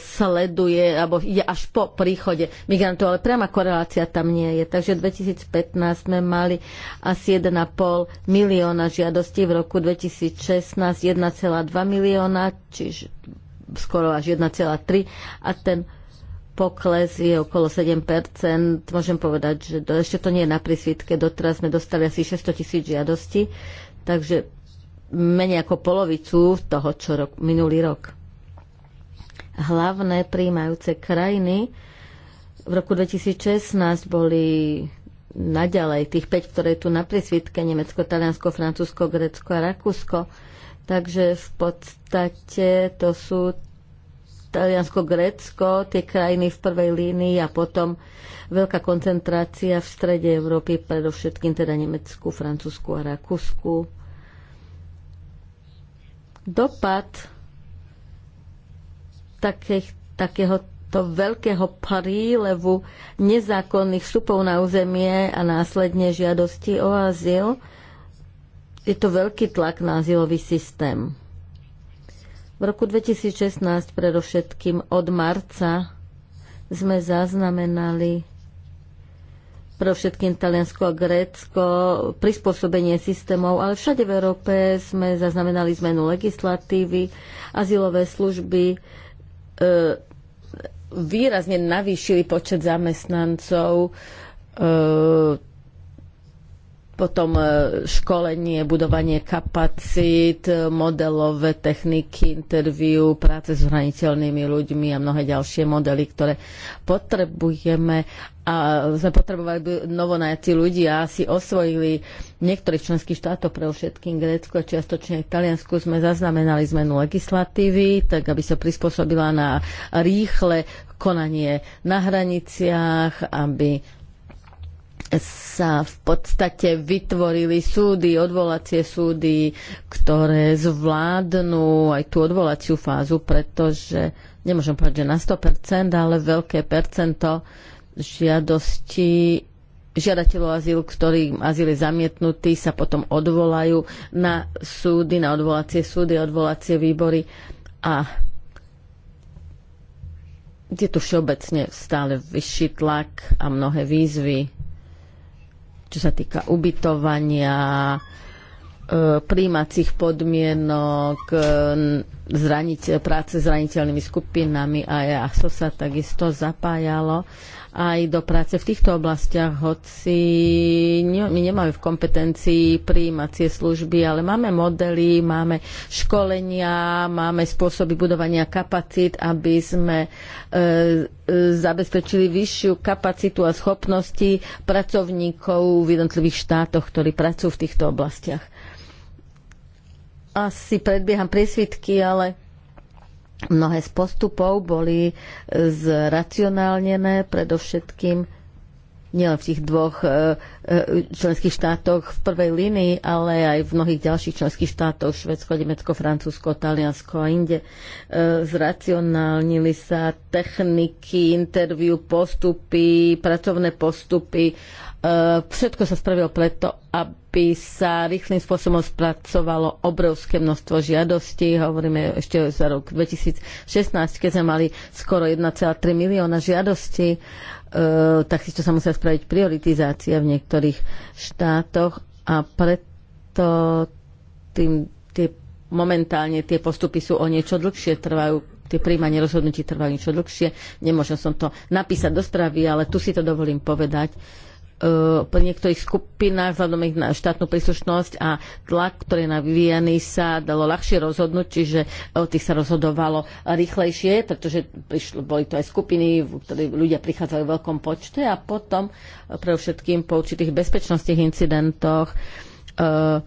S3: sleduje alebo ide až po príchode migrantov, ale priama korelácia tam nie je. Takže v 2015 sme mali asi 1,5 milióna žiadostí, v roku 2016 1,2 milióna, čiže skoro až 1,3 a ten pokles je okolo 7%. Môžem povedať, že do, ešte to nie je na prísvitke. Doteraz sme dostali asi 600 tisíc žiadostí, takže menej ako polovicu toho, čo rok, minulý rok. Hlavné príjmajúce krajiny v roku 2016 boli naďalej tých 5, ktoré je tu na prísvitke, Nemecko, Taliansko, Francúzsko, Grécko a Rakúsko. Takže v podstate to sú Taliansko, Grécko, tie krajiny v prvej línii a potom veľká koncentrácia v strede Európy, predovšetkým teda Nemecku, Francúzsku a Rakúsku Dopad takých, takéhoto veľkého prílevu nezákonných vstupov na územie a následne žiadosti o azyl je to veľký tlak na azylový systém. V roku 2016 predovšetkým od marca sme zaznamenali pre všetkým Taliansko a Grécko, prispôsobenie systémov, ale všade v Európe sme zaznamenali zmenu legislatívy, azylové služby e, výrazne navýšili počet zamestnancov, e, potom e, školenie, budovanie kapacít, modelové techniky, interviu, práce s hraniteľnými ľuďmi a mnohé ďalšie modely, ktoré potrebujeme a sme potrebovali novonajatí ľudia a si osvojili v niektorých členských štátov pre všetkým Grécku a čiastočne aj Taliansku sme zaznamenali zmenu legislatívy, tak aby sa prispôsobila na rýchle konanie na hraniciach, aby sa v podstate vytvorili súdy, odvolacie súdy, ktoré zvládnu aj tú odvolaciu fázu, pretože nemôžem povedať, že na 100%, ale veľké percento žiadosti žiadateľov azyl, ktorým azyl je zamietnutý, sa potom odvolajú na súdy, na odvolacie súdy, odvolacie výbory a je tu všeobecne stále vyšší tlak a mnohé výzvy, čo sa týka ubytovania, príjmacích podmienok, práce s zraniteľnými skupinami a EASO sa takisto zapájalo aj do práce v týchto oblastiach, hoci my nemáme v kompetencii príjímacie služby, ale máme modely, máme školenia, máme spôsoby budovania kapacít, aby sme e, zabezpečili vyššiu kapacitu a schopnosti pracovníkov v jednotlivých štátoch, ktorí pracujú v týchto oblastiach. Asi predbieham priesvitky, ale Mnohé z postupov boli e, zracionálnené, predovšetkým nielen v tých dvoch e, e, členských štátoch v prvej línii, ale aj v mnohých ďalších členských štátoch, Švedsko, Nemecko, Francúzsko, Taliansko a inde. Zracionálnili sa techniky, interviu, postupy, pracovné postupy Eh, všetko sa spravilo preto, aby sa rýchlým spôsobom spracovalo obrovské množstvo žiadostí. Hovoríme ešte za rok 2016, keď sme mali skoro 1,3 milióna žiadostí. Eh, takisto sa musia spraviť prioritizácia v niektorých štátoch a preto tým, tie, momentálne tie postupy sú o niečo dlhšie, trvajú tie príjmanie rozhodnutí trvajú niečo dlhšie. Nemôžem som to napísať do správy, ale tu si to dovolím povedať Eh, pri niektorých skupinách vzhľadom ich na štátnu príslušnosť a tlak, ktorý je navíjaný sa dalo ľahšie rozhodnúť, čiže o tých sa rozhodovalo rýchlejšie, pretože prišlo, boli to aj skupiny, v ktorých ľudia prichádzali v veľkom počte a potom eh, pre všetkým po určitých bezpečnostných incidentoch e,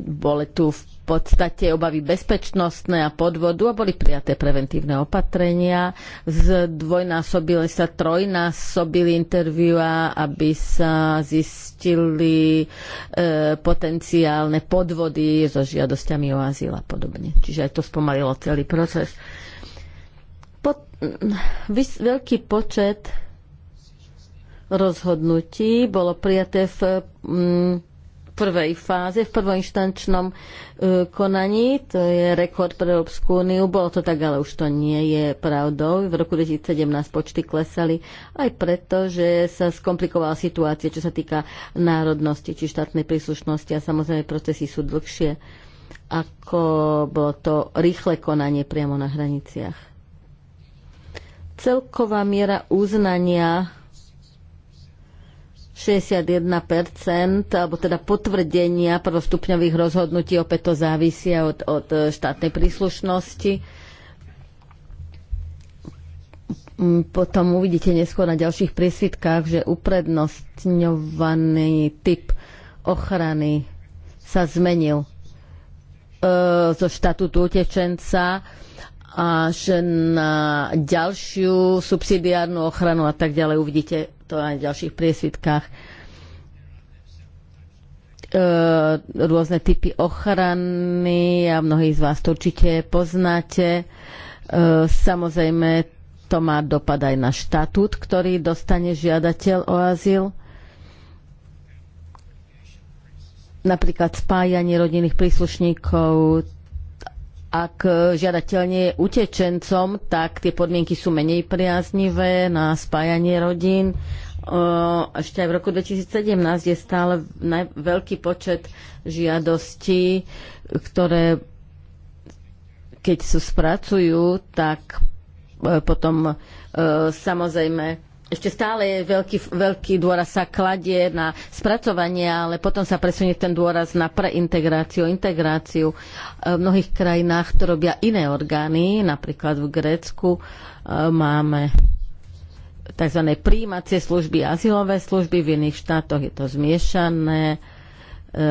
S3: boli tu v podstate obavy bezpečnostné a podvodu a boli prijaté preventívne opatrenia. Zdvojnásobili sa, trojnásobili interviua, aby sa zistili e, potenciálne podvody so žiadosťami o azyl a podobne. Čiže aj to spomalilo celý proces. Pot, vys, veľký počet rozhodnutí bolo prijaté v mm, prvej fáze, v prvoinštančnom e, konaní, to je rekord pre Európsku úniu, bolo to tak, ale už to nie je pravdou. V roku 2017 počty klesali aj preto, že sa skomplikovala situácia, čo sa týka národnosti či štátnej príslušnosti a samozrejme procesy sú dlhšie ako bolo to rýchle konanie priamo na hraniciach. Celková miera uznania 61% alebo teda potvrdenia prvostupňových rozhodnutí opäť to závisia od, od štátnej príslušnosti. Potom uvidíte neskôr na ďalších prísvitkách, že uprednostňovaný typ ochrany sa zmenil e, zo štatútu utečenca až na ďalšiu subsidiárnu ochranu a tak ďalej. Uvidíte to aj v ďalších priesvitkách e, rôzne typy ochrany a mnohí z vás to určite poznáte. E, samozrejme, to má dopad aj na štatút, ktorý dostane žiadateľ o azyl. Napríklad spájanie rodinných príslušníkov, ak žiadateľ nie je utečencom, tak tie podmienky sú menej priaznivé na spájanie rodín. Ešte aj v roku 2017 je stále veľký počet žiadostí, ktoré keď sú spracujú, tak e, potom e, samozrejme ešte stále je veľký, veľký dôraz sa kladie na spracovanie, ale potom sa presunie ten dôraz na preintegráciu, integráciu. E, v mnohých krajinách to robia iné orgány, napríklad v Grécku e, máme tzv. príjímacie služby, azylové služby, v iných štátoch je to zmiešané, e,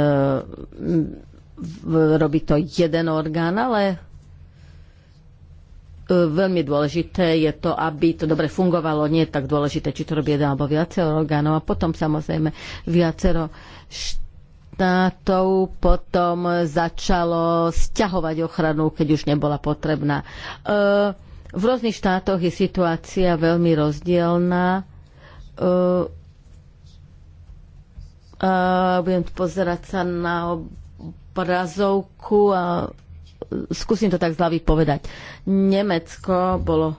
S3: robí to jeden orgán, ale E, veľmi dôležité je to, aby to dobre fungovalo. Nie je tak dôležité, či to robí jeden alebo viacero orgánov. A potom samozrejme viacero štátov potom začalo stiahovať ochranu, keď už nebola potrebná. E, v rôznych štátoch je situácia veľmi rozdielná. E, budem pozerať sa na obrazovku a skúsim to tak zľavy povedať. Nemecko bolo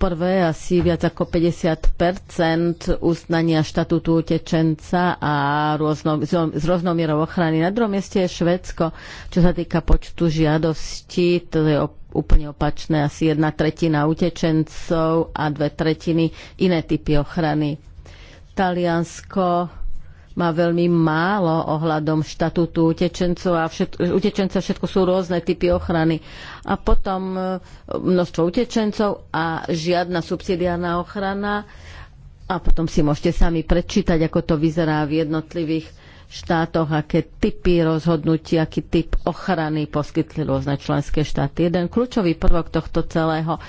S3: prvé asi viac ako 50 uznania štatútu utečenca a rôzno, z rôznou mierou ochrany. Na druhom mieste je Švedsko, čo sa týka počtu žiadostí, to je op- úplne opačné, asi jedna tretina utečencov a dve tretiny iné typy ochrany. Taliansko má veľmi málo ohľadom štatútu utečencov a všetko, utečenca všetko sú rôzne typy ochrany. A potom e, množstvo utečencov a žiadna subsidiárna ochrana. A potom si môžete sami prečítať, ako to vyzerá v jednotlivých štátoch, aké typy rozhodnutí, aký typ ochrany poskytli rôzne členské štáty. Jeden kľúčový prvok tohto celého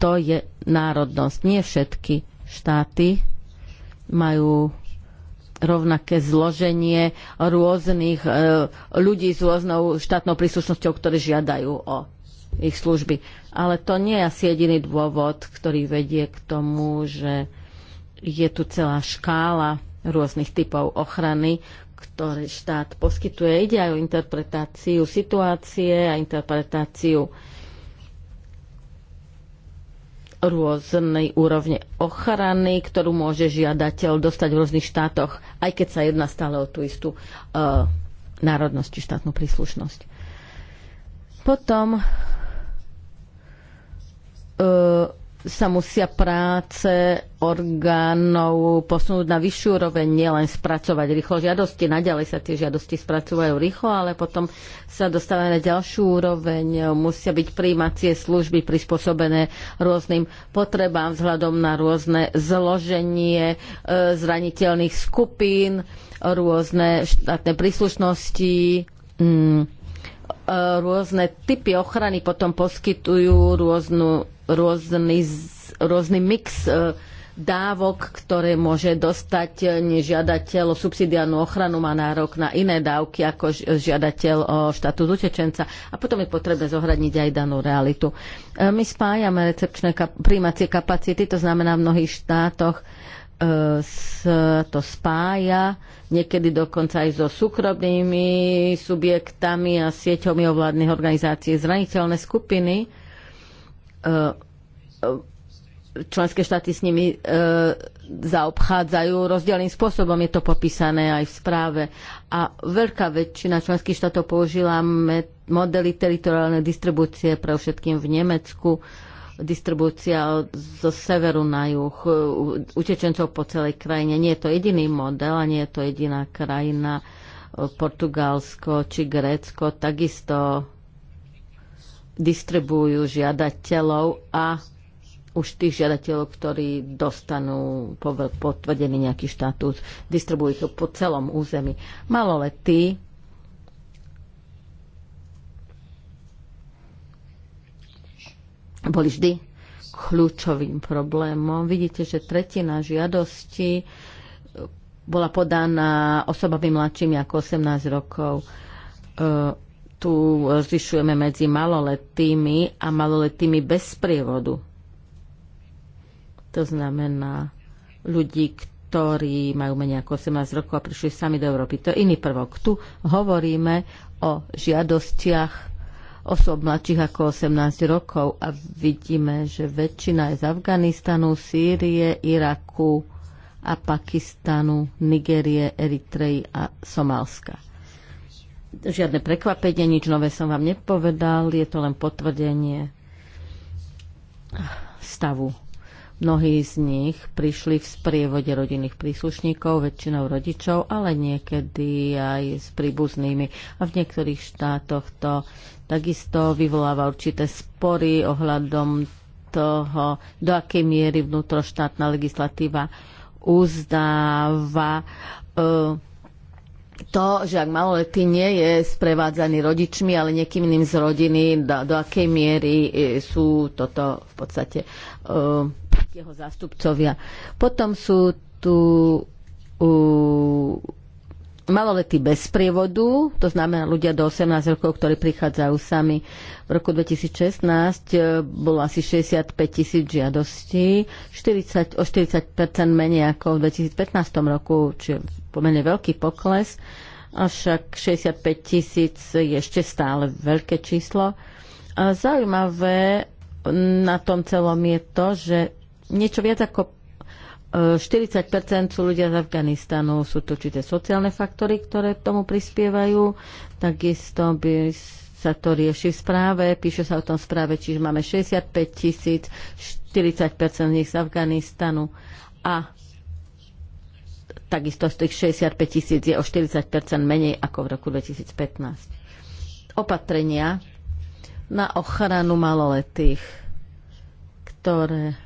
S3: to je národnosť. Nie všetky štáty majú rovnaké zloženie rôznych e, ľudí s rôznou štátnou príslušnosťou, ktorí žiadajú o ich služby. Ale to nie je asi jediný dôvod, ktorý vedie k tomu, že je tu celá škála rôznych typov ochrany, ktoré štát poskytuje. Ide aj o interpretáciu situácie a interpretáciu rôznej úrovne ochrany, ktorú môže žiadateľ dostať v rôznych štátoch, aj keď sa jedná stále o tú istú e, národnosť či štátnu príslušnosť. Potom e, sa musia práce orgánov posunúť na vyššiu úroveň, nielen spracovať rýchlo žiadosti. Naďalej sa tie žiadosti spracovajú rýchlo, ale potom sa dostávajú na ďalšiu úroveň. Musia byť príjmacie služby prispôsobené rôznym potrebám vzhľadom na rôzne zloženie e, zraniteľných skupín, rôzne štátne príslušnosti, mm, e, rôzne typy ochrany potom poskytujú rôznu rôzny, rôzny mix e, dávok, ktoré môže dostať e, žiadateľ o subsidiálnu ochranu, má nárok na iné dávky ako žiadateľ o štatút utečenca. A potom je potrebné zohradniť aj danú realitu. E, my spájame recepčné kap- príjmacie kapacity, to znamená v mnohých štátoch to spája, niekedy dokonca aj so súkromnými subjektami a sieťami ovládnych organizácií zraniteľné skupiny E, e, členské štáty s nimi e, zaobchádzajú rozdielným spôsobom, je to popísané aj v správe. A veľká väčšina členských štátov použila modely teritoriálnej distribúcie pre všetkým v Nemecku, distribúcia zo severu na juh, e, utečencov po celej krajine. Nie je to jediný model a nie je to jediná krajina. Portugalsko či Grécko takisto distribuujú žiadateľov a už tých žiadateľov, ktorí dostanú potvrdený nejaký štatút, distribujú to po celom území. Maloletí boli vždy kľúčovým problémom. Vidíte, že tretina žiadosti bola podaná osobami mladšími ako 18 rokov. E tu rozlišujeme e, medzi maloletými a maloletými bez prievodu. To znamená ľudí, ktorí majú menej ako 18 rokov a prišli sami do Európy. To je iný prvok. Tu hovoríme o žiadostiach osob mladších ako 18 rokov a vidíme, že väčšina je z Afganistanu, Sýrie, Iraku a Pakistanu, Nigérie, Eritreji a Somálska žiadne prekvapenie, nič nové som vám nepovedal, je to len potvrdenie stavu. Mnohí z nich prišli v sprievode rodinných príslušníkov, väčšinou rodičov, ale niekedy aj s príbuznými. A v niektorých štátoch to takisto vyvoláva určité spory ohľadom toho, do akej miery vnútroštátna legislatíva uzdáva uh, to, že ak maloletý nie je sprevádzaný rodičmi, ale niekým iným z rodiny, do, do akej miery e, sú toto v podstate uh, jeho zástupcovia. Potom sú tu uh, maloletí bez prievodu, to znamená ľudia do 18 rokov, ktorí prichádzajú sami. V roku 2016 e, bolo asi 65 tisíc žiadostí, 40, o 40 menej ako v 2015 roku, čiže pomerne veľký pokles, avšak 65 tisíc je ešte stále veľké číslo. A zaujímavé na tom celom je to, že niečo viac ako 40 sú ľudia z Afganistanu, sú to určité sociálne faktory, ktoré k tomu prispievajú. Takisto by sa to rieši v správe, píše sa o tom v správe, čiže máme 65 tisíc, 40 z nich z Afganistanu a takisto z tých 65 tisíc je o 40 menej ako v roku 2015. Opatrenia na ochranu maloletých, ktoré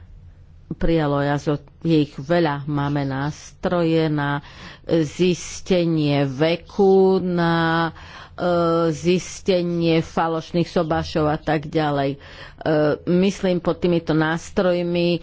S3: prijalo jazo, je ich veľa. Máme nástroje na e, zistenie veku, na E, zistenie falošných sobášov a tak ďalej. E, myslím pod týmito nástrojmi e,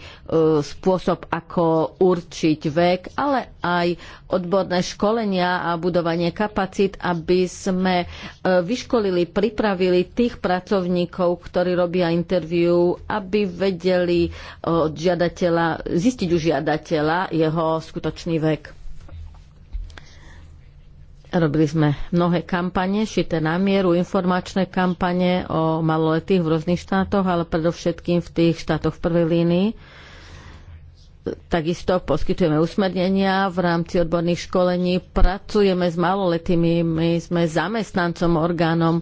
S3: spôsob, ako určiť vek, ale aj odborné školenia a budovanie kapacít, aby sme vyškolili, pripravili tých pracovníkov, ktorí robia interviu, aby vedeli od žiadateľa, zistiť u žiadateľa jeho skutočný vek. Robili sme mnohé kampane, šité na mieru, informačné kampane o maloletých v rôznych štátoch, ale predovšetkým v tých štátoch v prvej línii Takisto poskytujeme usmernenia v rámci odborných školení, pracujeme s maloletými, my sme zamestnancom orgánom,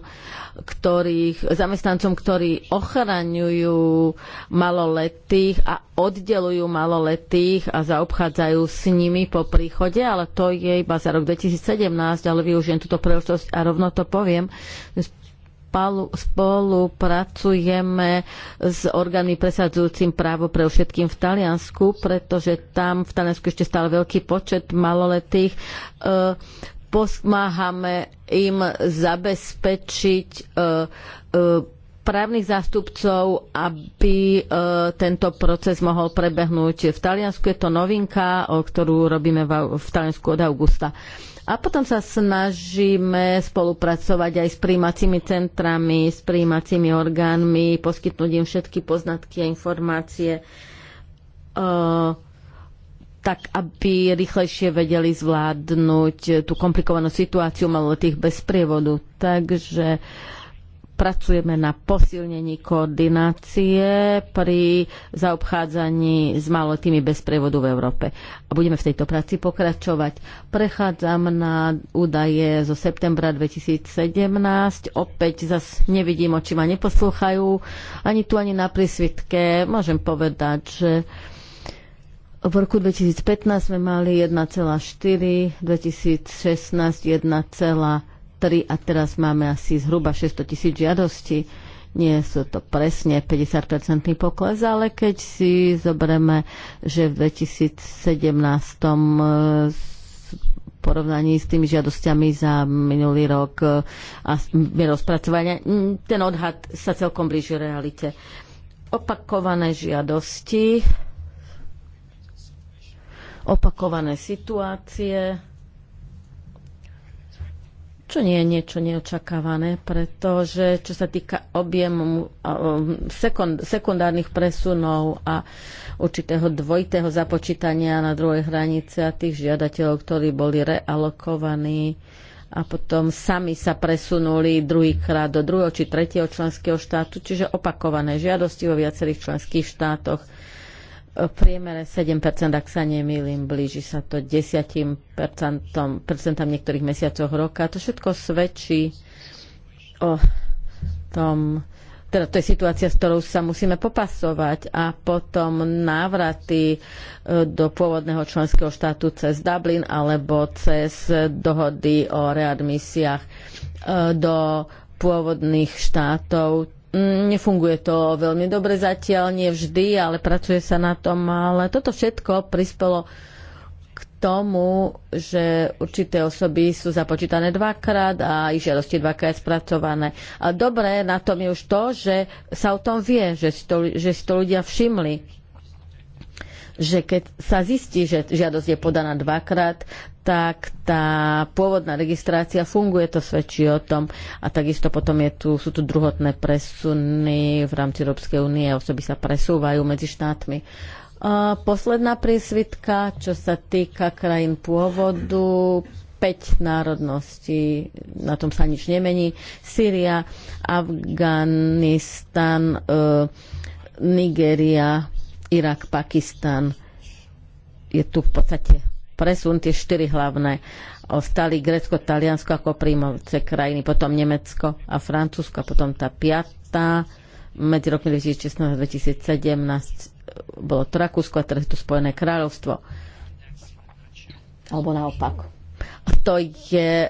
S3: ktorých, zamestnancom, ktorí ochraňujú maloletých a oddelujú maloletých a zaobchádzajú s nimi po príchode, ale to je iba za rok 2017, ale využijem túto príležitosť a rovno to poviem spolupracujeme s orgánmi presadzujúcim právo pre všetkým v Taliansku, pretože tam v Taliansku ešte stále veľký počet maloletých. E, pomáhame im zabezpečiť e, e, právnych zástupcov, aby tento proces mohol prebehnúť. V Taliansku je to novinka, o ktorú robíme v Taliansku od augusta. A potom sa snažíme spolupracovať aj s príjmacími centrami, s príjmacími orgánmi, poskytnúť im všetky poznatky a informácie, e, tak aby rýchlejšie vedeli zvládnuť tú komplikovanú situáciu maloletých bez prievodu. Takže pracujeme na posilnení koordinácie pri zaobchádzaní s malotými bez prevodu v Európe. A budeme v tejto práci pokračovať. Prechádzam na údaje zo septembra 2017. Opäť zas nevidím, oči ma neposlúchajú. Ani tu, ani na prísvitke. Môžem povedať, že v roku 2015 sme mali 1,4, 2016 1,5 3 a teraz máme asi zhruba 600 tisíc žiadostí. Nie sú to presne 50-percentný pokles, ale keď si zoberieme, že v 2017 e, porovnaní s tými žiadosťami za minulý rok e, a rozpracovania, ten odhad sa celkom blíži realite. Opakované žiadosti, opakované situácie, čo nie je niečo neočakávané, pretože čo sa týka objemu um, sekund, sekundárnych presunov a určitého dvojitého započítania na druhej hranice a tých žiadateľov, ktorí boli realokovaní a potom sami sa presunuli druhýkrát do druhého či tretieho členského štátu, čiže opakované žiadosti vo viacerých členských štátoch v priemere 7%, ak sa nemýlim, blíži sa to 10% percentám niektorých mesiacoch roka. To všetko svedčí o tom, teda to je situácia, s ktorou sa musíme popasovať a potom návraty e, do pôvodného členského štátu cez Dublin alebo cez dohody o readmisiách e, do pôvodných štátov Mm, nefunguje to veľmi dobre zatiaľ, nie vždy, ale pracuje sa na tom. Ale toto všetko prispelo k tomu, že určité osoby sú započítané dvakrát a ich žiadosti dvakrát spracované. A dobre na tom je už to, že sa o tom vie, že si to, že si to ľudia všimli že keď sa zistí, že žiadosť je podaná dvakrát, tak tá pôvodná registrácia funguje, to svedčí o tom. A takisto potom je tu, sú tu druhotné presuny v rámci Európskej únie, osoby sa presúvajú medzi štátmi. A posledná prísvitka, čo sa týka krajín pôvodu, 5 národností, na tom sa nič nemení. Syria, Afganistan, e, Nigeria, Irak, Pakistan. Je tu v podstate presun, tie štyri hlavné. Ostali Grécko, Taliansko ako príjmovce krajiny, potom Nemecko a Francúzsko, a potom tá piatá medzi rokmi 2016 a 2017 bolo to Rakúsko a teraz je to Spojené kráľovstvo. Alebo naopak. To je e,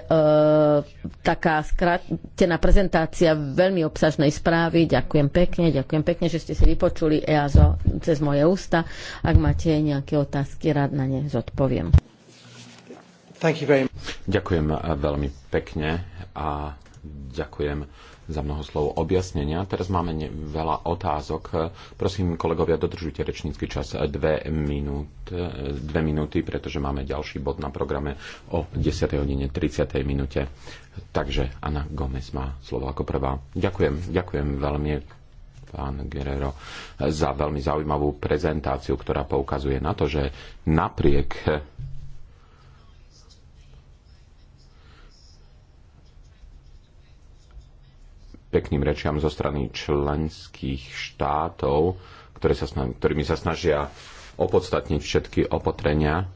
S3: taká skrátená prezentácia veľmi obsažnej správy. Ďakujem pekne, ďakujem pekne, že ste si vypočuli EASO cez moje ústa. Ak máte nejaké otázky, rád na ne zodpoviem.
S2: Ďakujem veľmi pekne a ďakujem za mnoho slov objasnenia. Teraz máme veľa otázok. Prosím, kolegovia, dodržujte rečnícky čas dve, minút, dve minúty, pretože máme ďalší bod na programe o 10. hodine 30. minúte. Takže Ana Gomez má slovo ako prvá. Ďakujem, ďakujem veľmi pán Guerrero, za veľmi zaujímavú prezentáciu, ktorá poukazuje na to, že napriek pekným rečiam zo strany členských štátov, ktoré sa, ktorými sa snažia opodstatniť všetky opotrenia. E,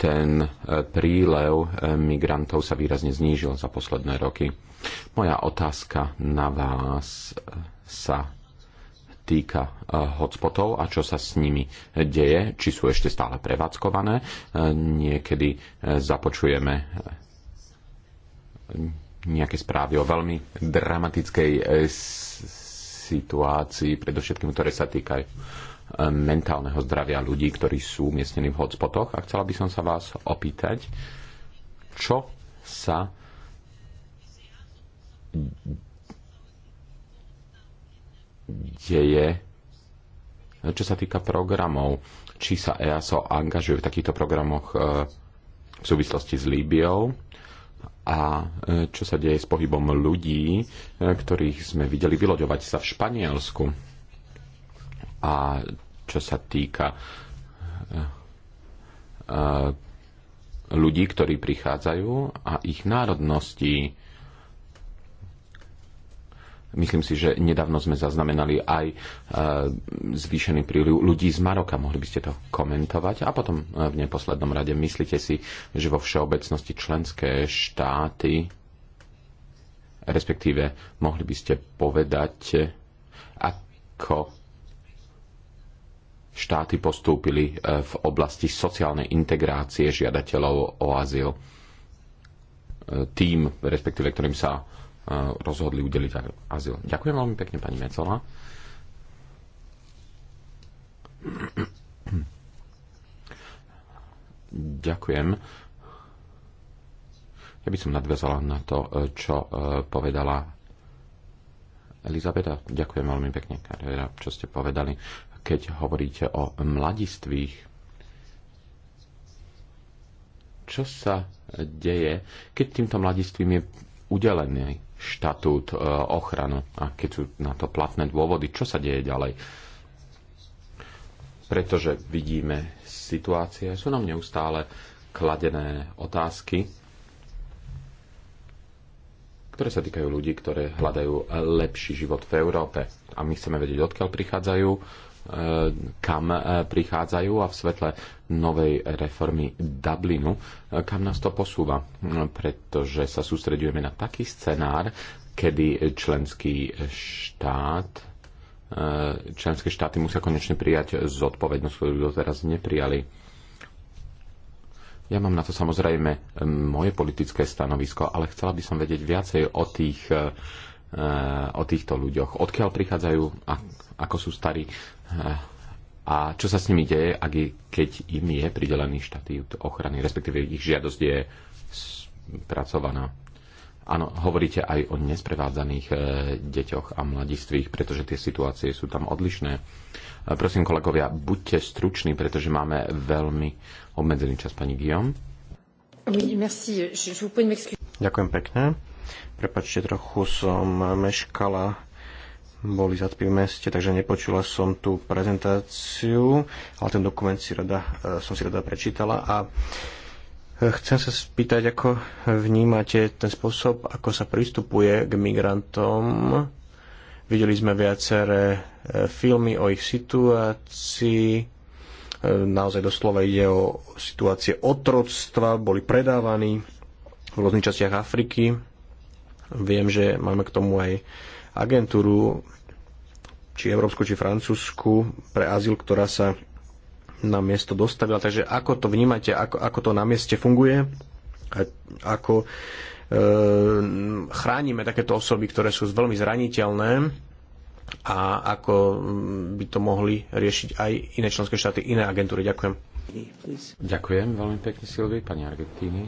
S2: ten e, prílev e, migrantov sa výrazne znížil za posledné roky. Moja otázka na vás sa týka hotspotov a čo sa s nimi deje, či sú ešte stále prevádzkované. Niekedy započujeme nejaké správy o veľmi dramatickej eh, situácii, predovšetkým, ktoré sa týkajú eh, mentálneho zdravia ľudí, ktorí sú umiestnení v hotspotoch. A chcela by som sa vás opýtať, čo sa deje, čo sa týka programov, či sa EASO angažuje v takýchto programoch eh, v súvislosti s Líbiou, a e, čo sa deje s pohybom ľudí, e, ktorých sme videli vyloďovať sa v Španielsku. A čo sa týka e, ľudí, ktorí prichádzajú a ich národností, Myslím si, že nedávno sme zaznamenali aj e, zvýšený príliv ľudí z Maroka. Mohli by ste to komentovať? A potom e, v neposlednom rade, myslíte si, že vo všeobecnosti členské štáty, respektíve mohli by ste povedať, ako štáty postúpili e, v oblasti sociálnej integrácie žiadateľov o azyl tým, respektíve ktorým sa rozhodli udeliť azyl. Ďakujem veľmi pekne, pani Mecola. Ďakujem. Ja by som nadviazala na to, čo e, povedala Elizabeta. Ďakujem veľmi pekne, Karera, čo ste povedali. Keď hovoríte o mladistvých, čo sa deje, keď týmto mladistvím je udelený štatút, e, ochranu a keď sú na to platné dôvody, čo sa deje ďalej. Pretože vidíme situácie, sú nám neustále kladené otázky, ktoré sa týkajú ľudí, ktoré hľadajú lepší život v Európe. A my chceme vedieť, odkiaľ prichádzajú, E, kam e, prichádzajú a v svetle novej reformy Dublinu, e, kam nás to posúva, no, pretože sa sústredujeme na taký scenár, kedy členský štát členské štáty musia konečne prijať zodpovednosť, ktorú doteraz neprijali. Ja mám na to samozrejme moje politické stanovisko, ale chcela by som vedieť viacej o, tých, o týchto ľuďoch. Odkiaľ prichádzajú a ako sú starí a čo sa s nimi deje, ak, keď im je pridelený štatút ochrany, respektíve ich žiadosť je spracovaná. Áno, hovoríte aj o nesprevádzaných e, deťoch a mladistvých, pretože tie situácie sú tam odlišné. E, prosím, kolegovia, buďte struční, pretože máme veľmi obmedzený čas, pani Guillaume. Ďakujem pekne. Prepačte, trochu som
S1: meškala boli zatpí v meste, takže nepočula som tú prezentáciu, ale ten dokument si rada, e, som si rada prečítala a e, chcem sa spýtať, ako vnímate ten spôsob, ako sa pristupuje k migrantom. Videli sme viaceré e, filmy o ich situácii, naozaj doslova ide o situácie otroctva, boli predávaní v rôznych častiach Afriky. Viem, že máme k tomu aj agentúru, či európsku, či francúzsku, pre azyl, ktorá sa na miesto dostavila. Takže ako to vnímate, ako, ako to na mieste funguje a ako e, chránime takéto osoby, ktoré sú veľmi zraniteľné a ako mm, by to mohli riešiť
S2: aj iné členské štáty, iné agentúry. Ďakujem. Ďakujem veľmi pekne Silvi, pani Argentíny.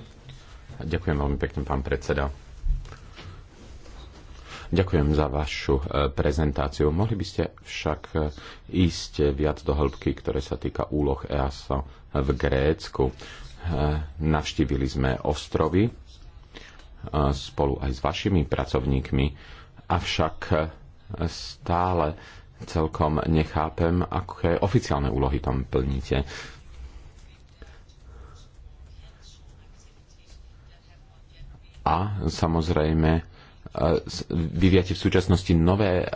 S2: Ďakujem veľmi pekne, pán predseda. Ďakujem za vašu e, prezentáciu. Mohli by ste však e, ísť viac do hĺbky, ktoré sa týka úloh EASO v Grécku. E, navštívili sme ostrovy spolu aj s vašimi pracovníkmi, avšak stále celkom nechápem, aké oficiálne úlohy tam plníte. A samozrejme vyviate v súčasnosti nové e,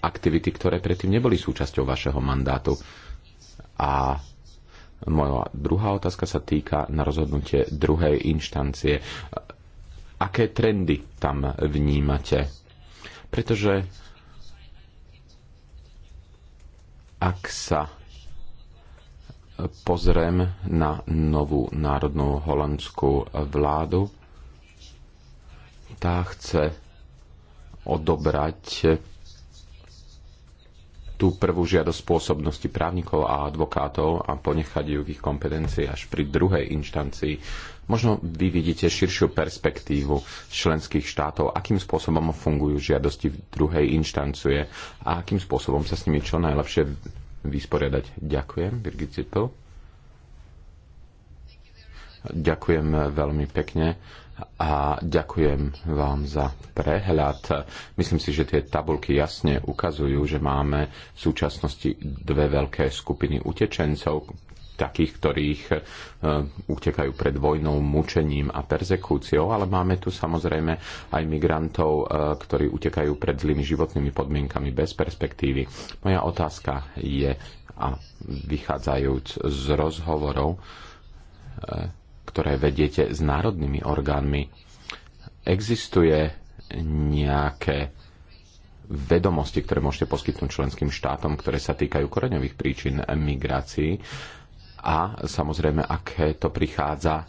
S2: aktivity, ktoré predtým neboli súčasťou vašeho mandátu. A moja druhá otázka sa týka na rozhodnutie druhej inštancie. Aké trendy tam vnímate? Pretože ak sa pozriem na novú národnú holandskú vládu, tá chce odobrať tú prvú žiadosť spôsobnosti právnikov a advokátov a ponechať ju v ich kompetencii až pri druhej inštancii. Možno vy vidíte širšiu perspektívu členských štátov, akým spôsobom fungujú žiadosti v druhej inštancie a akým spôsobom sa s nimi čo najlepšie vysporiadať. Ďakujem, Birgit Zippel. Ďakujem veľmi pekne a ďakujem vám za prehľad. Myslím si, že tie tabulky jasne ukazujú, že máme v súčasnosti dve veľké skupiny utečencov, takých, ktorých e, utekajú pred vojnou, mučením a persekúciou, ale máme tu samozrejme aj migrantov, e, ktorí utekajú pred zlými životnými podmienkami bez perspektívy. Moja otázka je, a vychádzajúc z rozhovorov, e, ktoré vediete s národnými orgánmi, existuje nejaké vedomosti, ktoré môžete poskytnúť členským štátom, ktoré sa týkajú koreňových príčin migrácií a samozrejme, aké to prichádza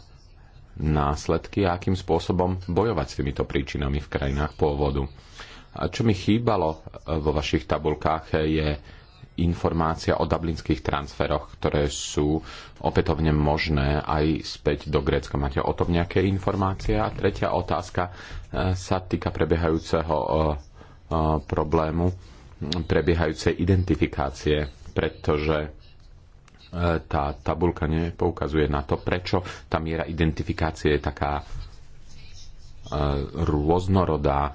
S2: následky a akým spôsobom bojovať s týmito príčinami v krajinách pôvodu. A čo mi chýbalo vo vašich tabulkách je informácia o dublinských transferoch, ktoré sú opätovne možné aj späť do Grécka. Máte o tom nejaké informácie? A tretia otázka e, sa týka prebiehajúceho e, e, problému, prebiehajúcej identifikácie, pretože tá tabulka nepoukazuje na to, prečo tá miera identifikácie je taká rôznorodá.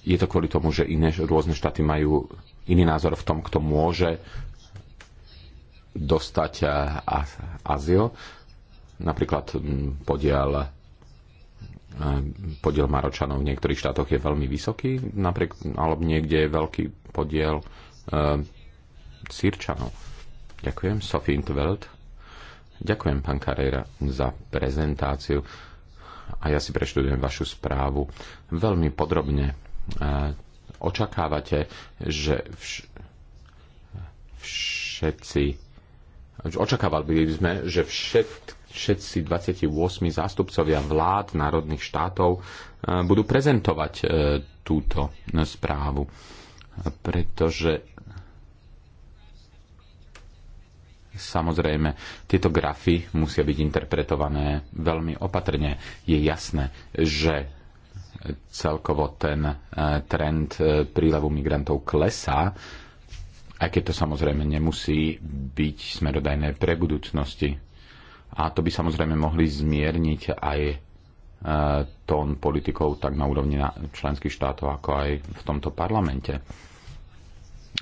S2: Je to kvôli tomu, že iné rôzne štáty majú iný názor v tom, kto môže dostať eh, azyl. Napríklad mm, podiel eh, podiel Maročanov v niektorých štátoch je veľmi vysoký, napriek, alebo niekde je veľký podiel uh, Sýrčanov. Ďakujem, Sophie Intveld. Ďakujem, pán Carrera, za prezentáciu a ja si preštudujem vašu správu veľmi podrobne očakávate, že vš- všetci očakávali by sme, že všet, všetci 28 zástupcovia vlád národných štátov e, budú prezentovať e, túto e, správu. Pretože samozrejme tieto grafy musia byť interpretované veľmi opatrne. Je jasné, že celkovo ten e, trend e, prílevu migrantov klesá, aj keď to samozrejme nemusí byť smerodajné pre budúcnosti. A to by samozrejme mohli zmierniť aj e, tón politikov tak na úrovni členských štátov, ako aj v tomto parlamente.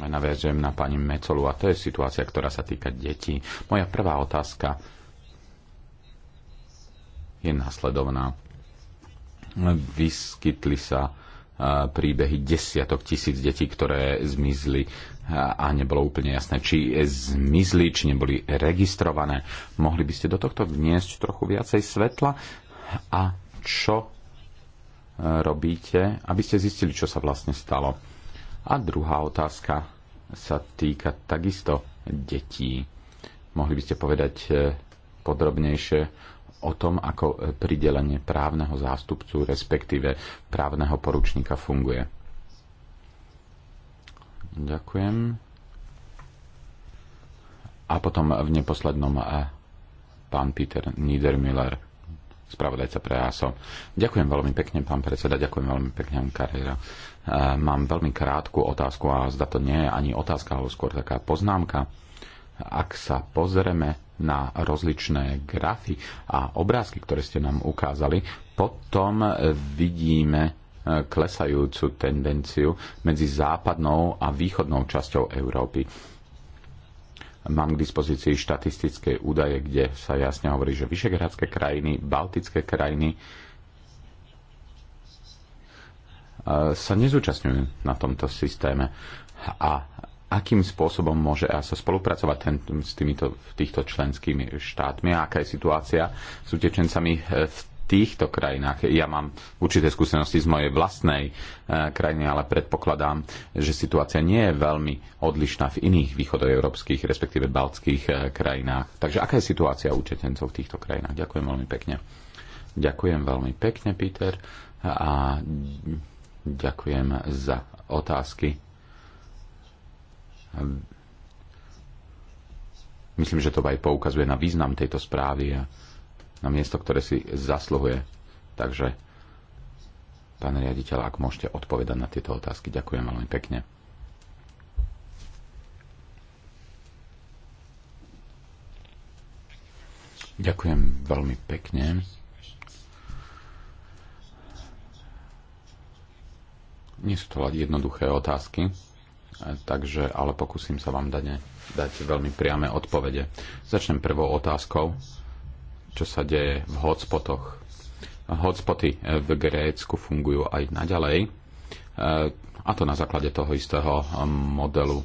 S2: Naviažujem na pani Mecolu a to je situácia, ktorá sa týka detí. Moja prvá otázka je následovná vyskytli sa príbehy desiatok tisíc detí, ktoré zmizli a nebolo úplne jasné, či zmizli, či neboli registrované. Mohli by ste do tohto vniesť trochu viacej svetla a čo e, robíte, aby ste zistili, čo sa vlastne stalo. A druhá otázka sa týka takisto detí. Mohli by ste povedať e, podrobnejšie o tom, ako e, pridelenie právneho zástupcu, respektíve právneho poručníka funguje. Ďakujem. A potom v neposlednom e, pán Peter Niedermüller, spravodajca pre ASO. Ďakujem veľmi pekne, pán predseda, ďakujem veľmi pekne, pán Karera. E, mám veľmi krátku otázku a zda to nie je ani otázka, ale skôr taká poznámka. Ak sa pozrieme na rozličné grafy a obrázky, ktoré ste nám ukázali, potom e, vidíme e, klesajúcu tendenciu medzi západnou a východnou časťou Európy. Mám k dispozícii štatistické údaje, kde sa jasne hovorí, že vyšegrádske krajiny, baltické krajiny e, sa nezúčastňujú na tomto systéme. A akým spôsobom môže ASO spolupracovať ten, s týmito týchto členskými štátmi a aká je situácia s utečencami eh, v týchto krajinách. Ja mám určité skúsenosti z mojej vlastnej e, krajiny, ale predpokladám, že situácia nie je veľmi odlišná v iných východoeurópskych, respektíve baltských e, krajinách. Takže aká je situácia utečencov v týchto krajinách? Ďakujem veľmi pekne. Ďakujem veľmi pekne, Peter, a ďakujem za otázky. Myslím, že to aj poukazuje na význam tejto správy a na miesto, ktoré si zasluhuje. Takže, pán riaditeľ, ak môžete odpovedať na tieto otázky, ďakujem veľmi pekne. Ďakujem veľmi pekne. Nie sú to jednoduché otázky takže, ale pokúsim sa vám dať, dať veľmi priame odpovede. Začnem prvou otázkou, čo sa deje v hotspotoch. Hotspoty v Grécku fungujú aj naďalej, eh, a to na základe toho istého eh, modelu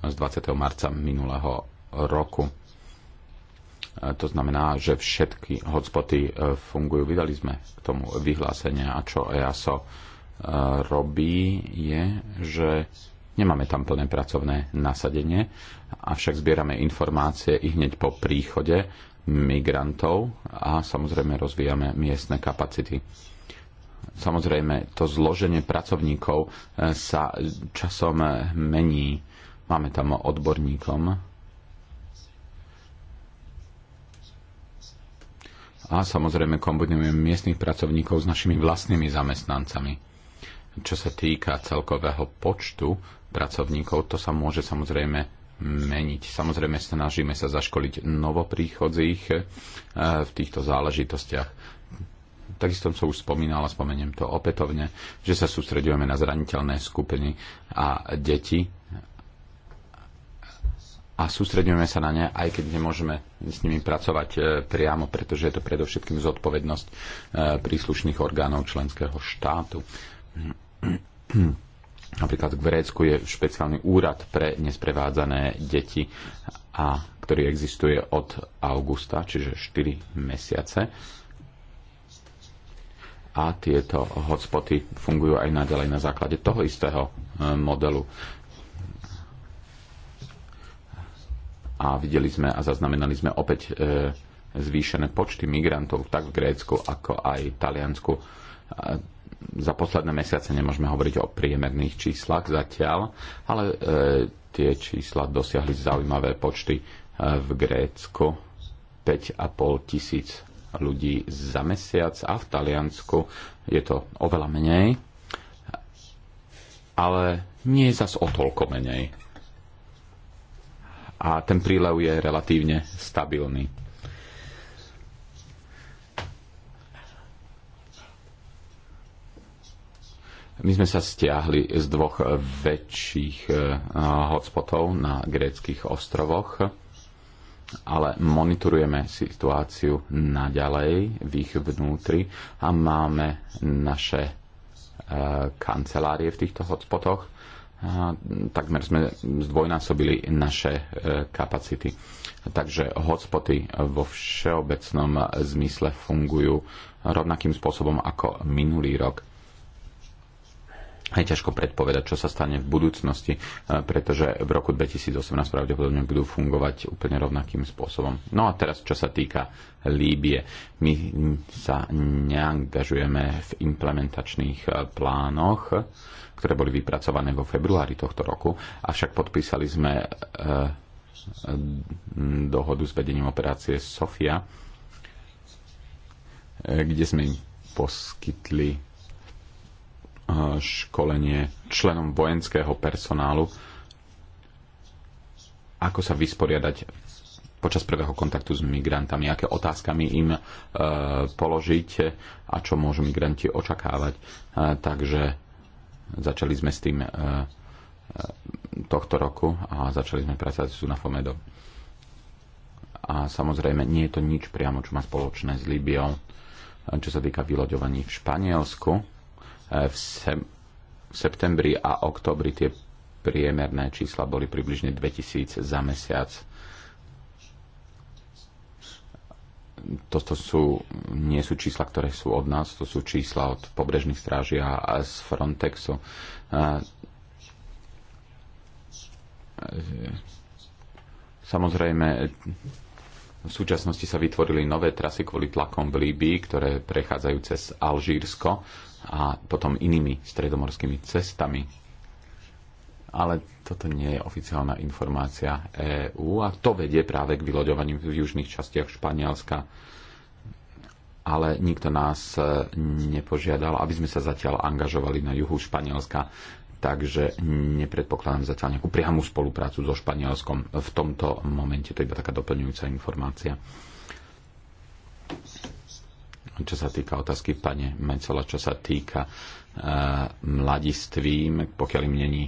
S2: z 20. marca minulého roku. Eh, to znamená, že všetky hotspoty fungujú. Vydali sme k tomu vyhlásenie a čo EASO robí je, že Nemáme tam plné pracovné nasadenie, avšak zbierame informácie i hneď po príchode migrantov a samozrejme rozvíjame miestne kapacity. Samozrejme, to zloženie pracovníkov eh, sa časom eh, mení. Máme tam odborníkom. A samozrejme kombinujeme miestnych pracovníkov s našimi vlastnými zamestnancami. Čo sa týka celkového počtu pracovníkov. To sa môže samozrejme meniť. Samozrejme snažíme sa zaškoliť novopríchodzích eh, v týchto záležitostiach. Takisto som už spomínal a spomeniem to opätovne, že sa sústredujeme na zraniteľné skupiny a deti a sústredujeme sa na ne, aj keď nemôžeme s nimi pracovať eh, priamo, pretože je to predovšetkým zodpovednosť eh, príslušných orgánov členského štátu Napríklad v Grécku je špeciálny úrad pre nesprevádzané deti, a, ktorý existuje od augusta, čiže 4 mesiace. A tieto hotspoty fungujú aj naďalej na základe toho istého e, modelu. A videli sme a zaznamenali sme opäť e, zvýšené počty migrantov tak v Grécku, ako aj v Taliansku za posledné mesiace nemôžeme hovoriť o priemerných číslach zatiaľ, ale e, tie čísla dosiahli zaujímavé počty e, v Grécku 5,5 tisíc ľudí za mesiac a v Taliansku je to oveľa menej, ale nie je zas o toľko menej. A ten prílev je relatívne stabilný My sme sa stiahli z dvoch väčších eh, hotspotov na gréckých ostrovoch, ale monitorujeme situáciu naďalej v ich vnútri a máme naše eh, kancelárie v týchto hotspotoch. Eh, takmer sme zdvojnásobili naše kapacity. Takže hotspoty vo všeobecnom zmysle fungujú rovnakým spôsobom ako minulý rok je ťažko predpovedať, čo sa stane v budúcnosti, e, pretože v roku 2018 pravdepodobne budú fungovať úplne rovnakým spôsobom. No a teraz, čo sa týka Líbie, my sa neangažujeme v implementačných e, plánoch, ktoré boli vypracované vo februári tohto roku, avšak podpísali sme e, dohodu s vedením operácie Sofia, kde sme im poskytli školenie členom vojenského personálu, ako sa vysporiadať počas prvého kontaktu s migrantami, aké otázkami im e, položiť a čo môžu migranti očakávať. E, takže začali sme s tým e, e tohto roku a začali sme pracovať s Unafomedom. A samozrejme, nie je to nič priamo, čo má spoločné s Libiou, čo sa týka vyloďovaní v Španielsku E, v, septembri a oktobri tie priemerné čísla boli približne 2000 za mesiac. Toto sú, nie sú čísla, ktoré sú od nás, to sú čísla od pobrežných stráží a z Frontexu. E, samozrejme, v súčasnosti sa vytvorili nové trasy kvôli tlakom v Líbii, ktoré prechádzajú cez Alžírsko a potom inými stredomorskými cestami. Ale toto nie je oficiálna informácia EÚ a to vedie práve k vyloďovaním v južných častiach Španielska. Ale nikto nás e, nepožiadal, aby sme sa zatiaľ angažovali na juhu Španielska takže nepredpokladám zatiaľ nejakú priamu spoluprácu so Španielskom. V tomto momente to je iba taká doplňujúca informácia. Čo sa týka otázky pane Mecela, čo sa týka e, mladistvím, pokiaľ im není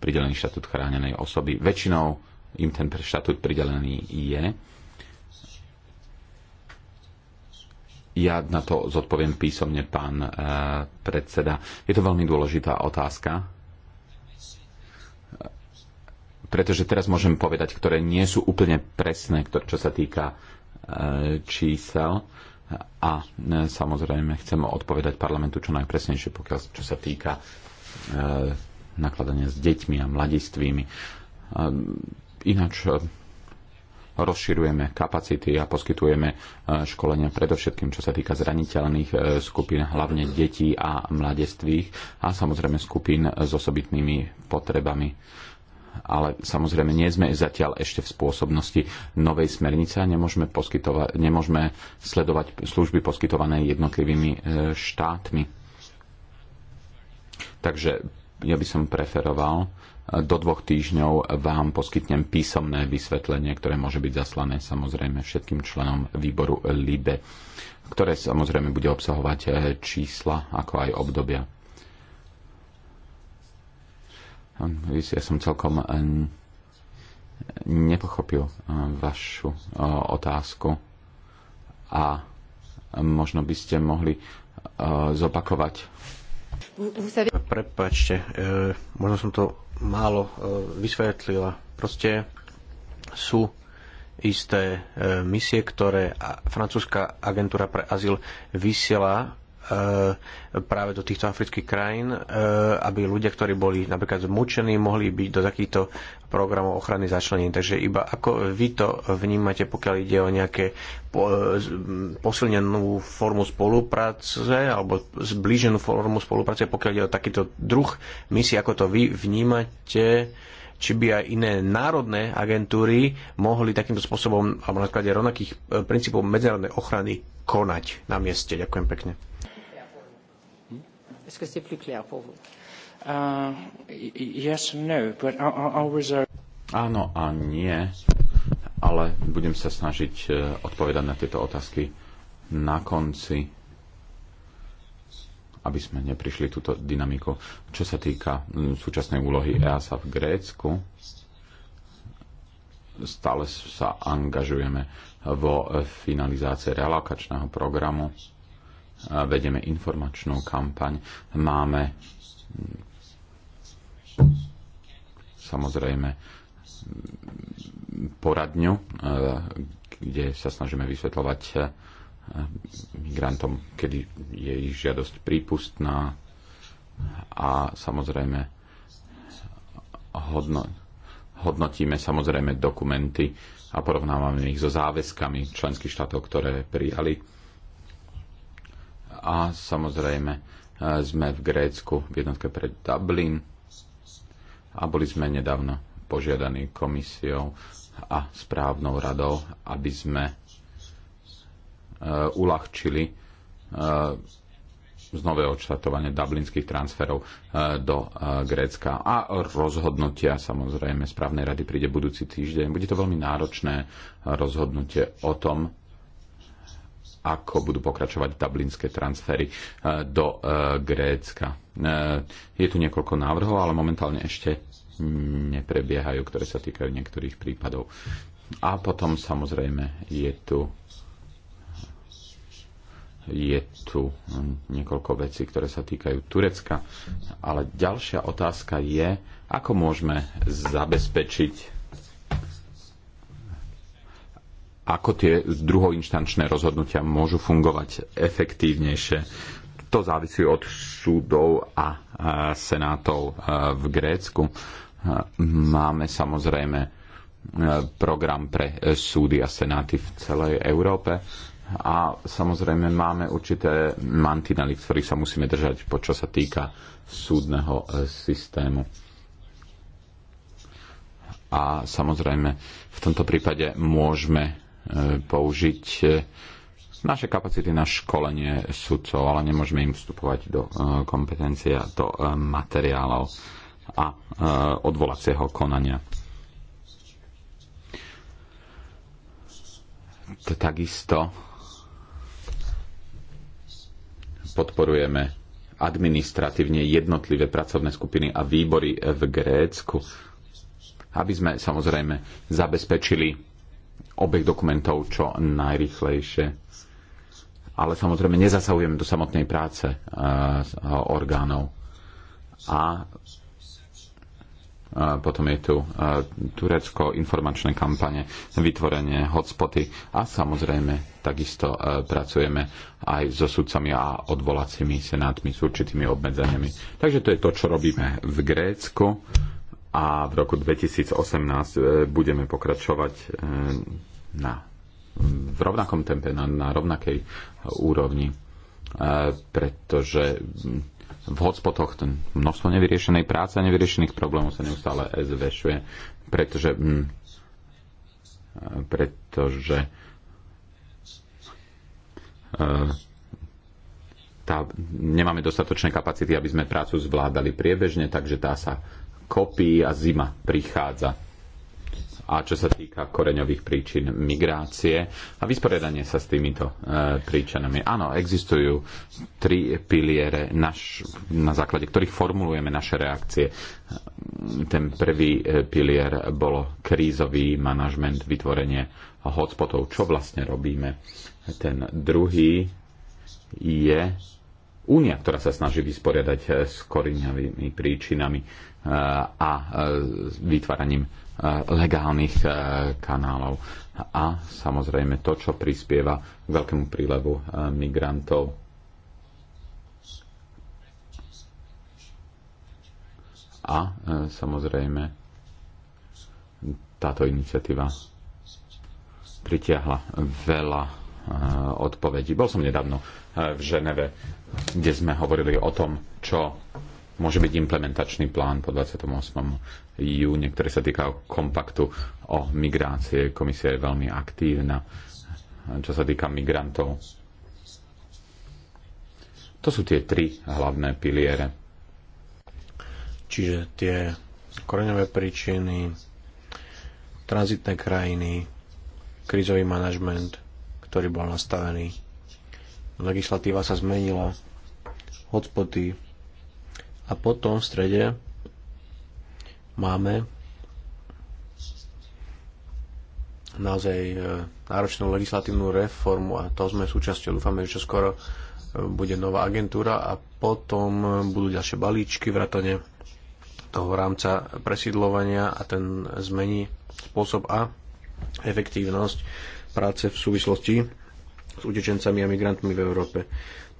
S2: pridelený štatút chránenej osoby. Väčšinou im ten štatút pridelený je. Ja na to zodpoviem písomne, pán e, predseda. Je to veľmi dôležitá otázka pretože teraz môžem povedať, ktoré nie sú úplne presné, ktoré, čo sa týka e, čísel a e, samozrejme chcem odpovedať parlamentu čo najpresnejšie, pokiaľ čo sa týka e, nakladania s deťmi a mladistvými. Ináč rozširujeme kapacity a poskytujeme školenia predovšetkým, čo sa týka zraniteľných skupín, hlavne detí a mladistvých a samozrejme skupín s osobitnými potrebami ale samozrejme nie sme zatiaľ ešte v spôsobnosti novej smernice a nemôžeme, nemôžeme sledovať služby poskytované jednotlivými e, štátmi. Takže ja by som preferoval, e, do dvoch týždňov vám poskytnem písomné vysvetlenie, ktoré môže byť zaslané samozrejme všetkým členom výboru LIBE, ktoré samozrejme bude obsahovať e, čísla ako aj obdobia. Ja som celkom eh, nepochopil eh, vašu eh, otázku a možno by ste mohli zopakovať. Prepačte,
S1: možno som to málo vysvetlila. Proste sú isté misie, ktoré francúzska agentúra pre azyl vysiela E, práve do týchto afrických krajín, e, aby ľudia, ktorí boli napríklad zmučení, mohli byť do takýchto programov ochrany začlenení. Takže iba ako vy to vnímate, pokiaľ ide o nejaké e, posilnenú formu spolupráce alebo zblíženú formu spolupráce, pokiaľ ide o takýto druh misie, ako to vy vnímate, či by aj iné národné agentúry mohli takýmto spôsobom alebo na základe rovnakých princípov medzinárodnej ochrany konať na mieste. Ďakujem pekne.
S2: Est-ce que c'est plus clair pour vous? Uh, yes, no, but I'll, I'll reserve... Áno a nie, ale budem sa snažiť uh, odpovedať na tieto otázky na konci, aby sme neprišli túto dynamiku. Čo sa týka mm, súčasnej úlohy EASA v Grécku, stále sa angažujeme vo finalizácii relokačného programu Vedeme informačnú kampaň. Máme samozrejme poradňu, kde sa snažíme vysvetľovať eh, migrantom, kedy je ich žiadosť prípustná a samozrejme hodno, hodnotíme samozrejme dokumenty a porovnávame ich so záväzkami členských štátov, ktoré prijali a samozrejme e, sme v Grécku v jednotke pre Dublin a boli sme nedávno požiadaní komisiou a správnou radou, aby sme e, uľahčili e, znové odštartovania dublinských transferov do Grécka. A rozhodnutia samozrejme správnej rady príde budúci týždeň. Bude to veľmi náročné rozhodnutie o tom, ako budú pokračovať dublinské transfery e, do e, Grécka. E, je tu niekoľko návrhov, ale momentálne ešte neprebiehajú, ktoré sa týkajú niektorých prípadov. A potom samozrejme je tu je tu niekoľko vecí, ktoré sa týkajú Turecka. Ale ďalšia otázka je, ako môžeme zabezpečiť ako tie druhoinštančné rozhodnutia môžu fungovať efektívnejšie. To závisí od súdov a senátov v Grécku. Máme samozrejme e, program pre e, súdy a senáty v celej Európe a samozrejme máme určité mantinely, ktorých sa musíme držať, po čo sa týka súdneho e, systému. A samozrejme v tomto prípade môžeme použiť e, naše kapacity na školenie sudcov, ale nemôžeme im vstupovať do e, kompetencie do e, materiálov a odvolacieho konania. Takisto podporujeme administratívne jednotlivé pracovné skupiny a výbory v Grécku, aby sme samozrejme zabezpečili obeh dokumentov čo najrychlejšie. Ale samozrejme nezasahujeme do samotnej práce eh, eh, orgánov. A eh, potom je tu Turecko, informačné kampane, vytvorenie hotspoty a samozrejme takisto pracujeme aj so sudcami a odvolacími senátmi s určitými obmedzeniami. Takže to je to, čo robíme v Grécku a v roku 2018 e, budeme pokračovať e, na, v rovnakom tempe, na, na rovnakej úrovni, e, pretože v hotspotoch ten množstvo nevyriešenej práce a nevyriešených problémov sa neustále zväčšuje, pretože, mm, pretože tá, nemáme dostatočné kapacity, aby sme prácu zvládali priebežne, takže tá sa kopí a zima prichádza. A čo sa týka koreňových príčin migrácie a vysporiadanie sa s týmito e, príčinami. Áno, existujú tri piliere, naš, na základe ktorých formulujeme naše reakcie. Ten prvý e, pilier bolo krízový manažment, vytvorenie hotspotov, čo vlastne robíme. Ten druhý je únia, ktorá sa snaží vysporiadať e, s koreňovými príčinami a vytváraním e, legálnych e, kanálov. A samozrejme to, čo prispieva k veľkému prílevu e, migrantov. A samozrejme táto iniciatíva pritiahla veľa odpovedí. Bol som nedávno v Ženeve, kde sme hovorili o tom, čo môže byť implementačný plán po 28. júne, ktorý sa týka kompaktu o migrácie. Komisia je veľmi aktívna, čo sa týka migrantov. To sú tie tri hlavné piliere. Čiže tie koreňové príčiny, tranzitné
S1: krajiny, krizový manažment, ktorý bol nastavený. Legislatíva sa zmenila, hotspoty, a potom v strede máme naozaj e, náročnú legislatívnu reformu a to sme súčasťou. Dúfame, že skoro e, bude nová agentúra a potom e, budú ďalšie balíčky vrátane toho rámca presídlovania a ten zmení spôsob a efektívnosť práce v súvislosti s utečencami a migrantmi v Európe.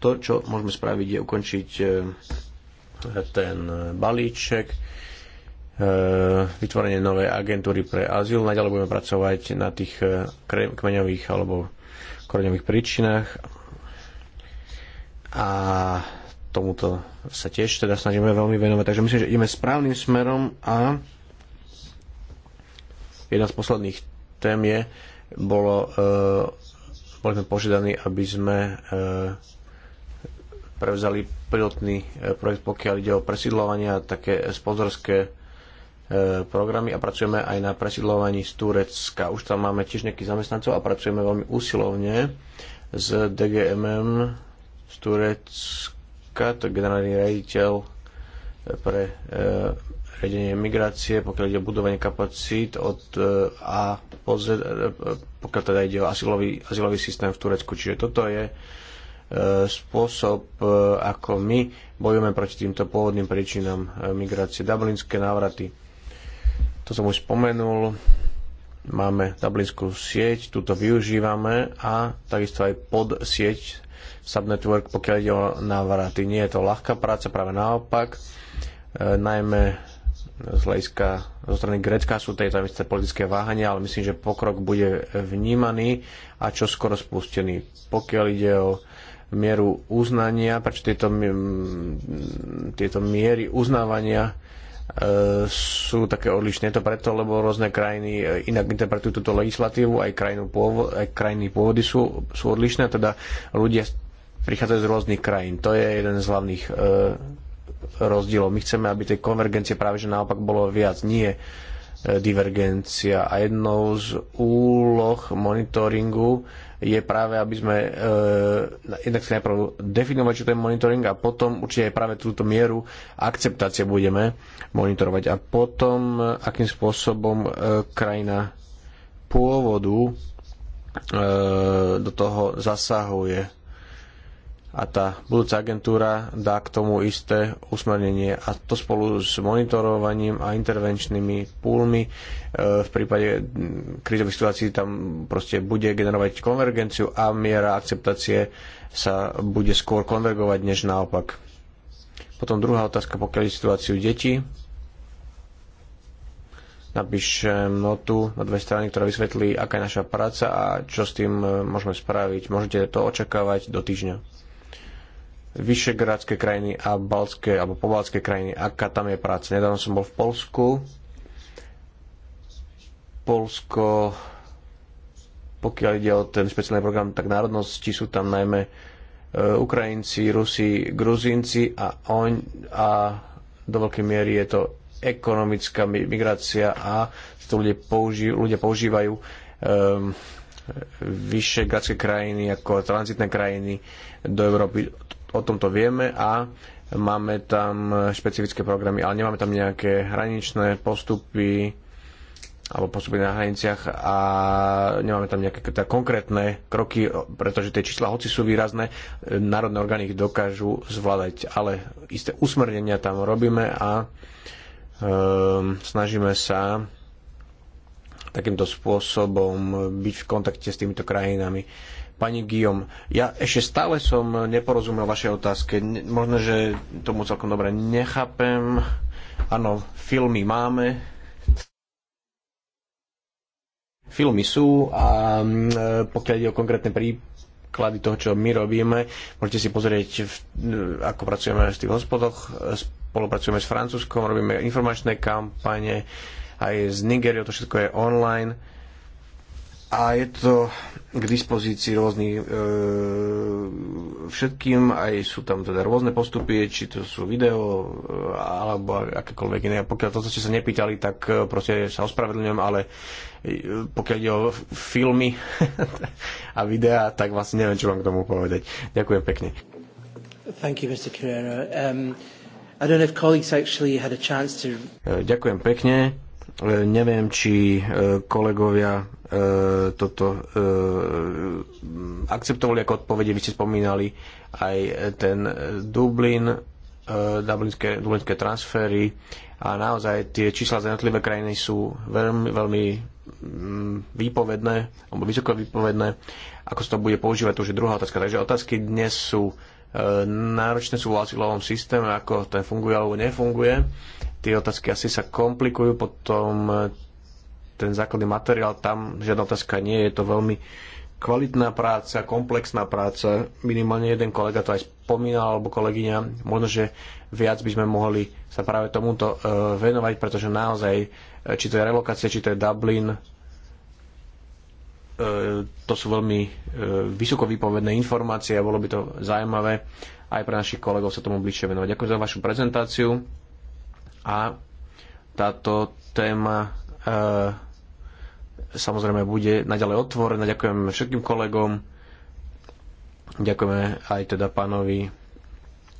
S1: To, čo môžeme spraviť, je ukončiť ten e, balíček, e, vytvorenie novej agentúry pre azyl. Naďalej budeme pracovať na tých e, kmeňových alebo koreňových príčinách a tomuto sa tiež teda snažíme veľmi venovať. Takže myslím, že ideme správnym smerom a jedna z posledných tém je, bolo, boli sme požiadaní, aby sme prevzali pilotný e, projekt, pokiaľ ide o presídlovanie a také sponzorské e, programy a pracujeme aj na presídlovaní z Turecka. Už tam máme tiež nejakých zamestnancov a pracujeme veľmi úsilovne s DGMM z Turecka, to je generálny riaditeľ e, pre riadenie migrácie, pokiaľ ide o budovanie kapacít od A po Z, pokiaľ teda ide o asilový, asilový systém v Turecku. Čiže toto je E, spôsob, e, ako my bojujeme proti týmto pôvodným príčinám e, migrácie. Dublinské návraty. To som už spomenul. Máme dublinskú sieť, túto využívame a takisto aj pod sieť subnetwork, pokiaľ ide o návraty. Nie je to ľahká práca, práve naopak. E, najmä z hľadiska zo strany Grecka sú tej tam isté politické váhania, ale myslím, že pokrok bude vnímaný a čo skoro spustený. Pokiaľ ide o mieru uznania, prečo tieto, tieto miery uznávania e, sú také odlišné. Je to preto, lebo rôzne krajiny e, inak interpretujú túto legislatívu, aj, krajinu pôvod, aj krajiny pôvody sú, sú odlišné, teda ľudia prichádzajú z rôznych krajín. To je jeden z hlavných e, rozdielov. My chceme, aby tej konvergencie práve že naopak bolo viac, nie e, divergencia. A jednou z úloh monitoringu je práve, aby sme e, jednak si najprv definovať, čo to je monitoring a potom určite aj práve túto mieru akceptácie budeme monitorovať. A potom, akým spôsobom e, krajina pôvodu e, do toho zasahuje a tá budúca agentúra dá k tomu isté usmernenie a to spolu s monitorovaním a intervenčnými púlmi e, v prípade krízových situácií tam proste bude generovať konvergenciu a miera akceptácie sa bude skôr konvergovať než naopak. Potom druhá otázka, pokiaľ je situáciu detí. Napíšem notu na dve strany, ktorá vysvetlí, aká je naša práca a čo s tým e, môžeme spraviť. Môžete to očakávať do týždňa vyšegrádske krajiny a balské alebo pobalské krajiny, aká tam je práca. Nedávno som bol v Polsku. Polsko, pokiaľ ide o ten špeciálny program, tak národnosti sú tam najmä e, Ukrajinci, Rusi, Gruzinci a, on, a do veľkej miery je to ekonomická migrácia a to ľudia, použi, ľudia používajú um, e, vyššie gradské krajiny ako tranzitné krajiny do Európy o tomto vieme a máme tam špecifické programy, ale nemáme tam nejaké hraničné postupy alebo postupy na hraniciach a nemáme tam nejaké teda konkrétne kroky, pretože tie čísla, hoci sú výrazné, národné orgány ich dokážu zvládať, ale isté usmernenia tam robíme a um, snažíme sa takýmto spôsobom byť v kontakte s týmito krajinami. Pani Guillaume, ja ešte stále som neporozumel vašej otázke. Možno, že tomu celkom dobre nechápem. Áno, filmy máme. Filmy sú a e, pokiaľ ide o konkrétne príklady toho, čo my robíme, môžete si pozrieť, e, ako pracujeme v tých hospodoch, spolupracujeme s Francúzskom, robíme informačné kampane, aj z Nigeriou, to všetko je online a je to k dispozícii rôznych e, všetkým, aj sú tam teda rôzne postupy, či to sú video e, alebo akékoľvek iné. Pokiaľ toto ste sa nepýtali, tak e, proste sa ospravedlňujem, ale e, pokiaľ ide o filmy [laughs] a videá, tak vlastne neviem, čo vám k tomu povedať. Ďakujem pekne. Thank you, Mr. Carrera. Um, I don't know if colleagues actually had
S2: a chance to...
S1: ďakujem pekne neviem, či kolegovia E, toto e, akceptovali ako odpovede. Vy ste spomínali aj ten Dublin, e, dublinské, dublinské transfery a naozaj tie čísla za jednotlivé krajiny sú veľmi, veľmi mm, výpovedné, alebo vysoko výpovedné, ako sa to bude používať, to už je druhá otázka. Takže otázky dnes sú náročné sú v asilovom systéme, ako ten funguje alebo nefunguje. Tie otázky asi sa komplikujú, potom ten základný materiál, tam žiadna otázka nie je, to veľmi kvalitná práca, komplexná práca, minimálne jeden kolega to aj spomínal, alebo kolegyňa, možno, že viac by sme mohli sa práve tomuto e, venovať, pretože naozaj, e, či to je relokácia, či to je Dublin, e, to sú veľmi vysoko výpovedné informácie a bolo by to zaujímavé aj pre našich kolegov sa tomu bližšie venovať. Ďakujem za vašu prezentáciu a táto téma samozrejme bude naďalej otvorená. Ďakujem všetkým kolegom. Ďakujeme aj teda pánovi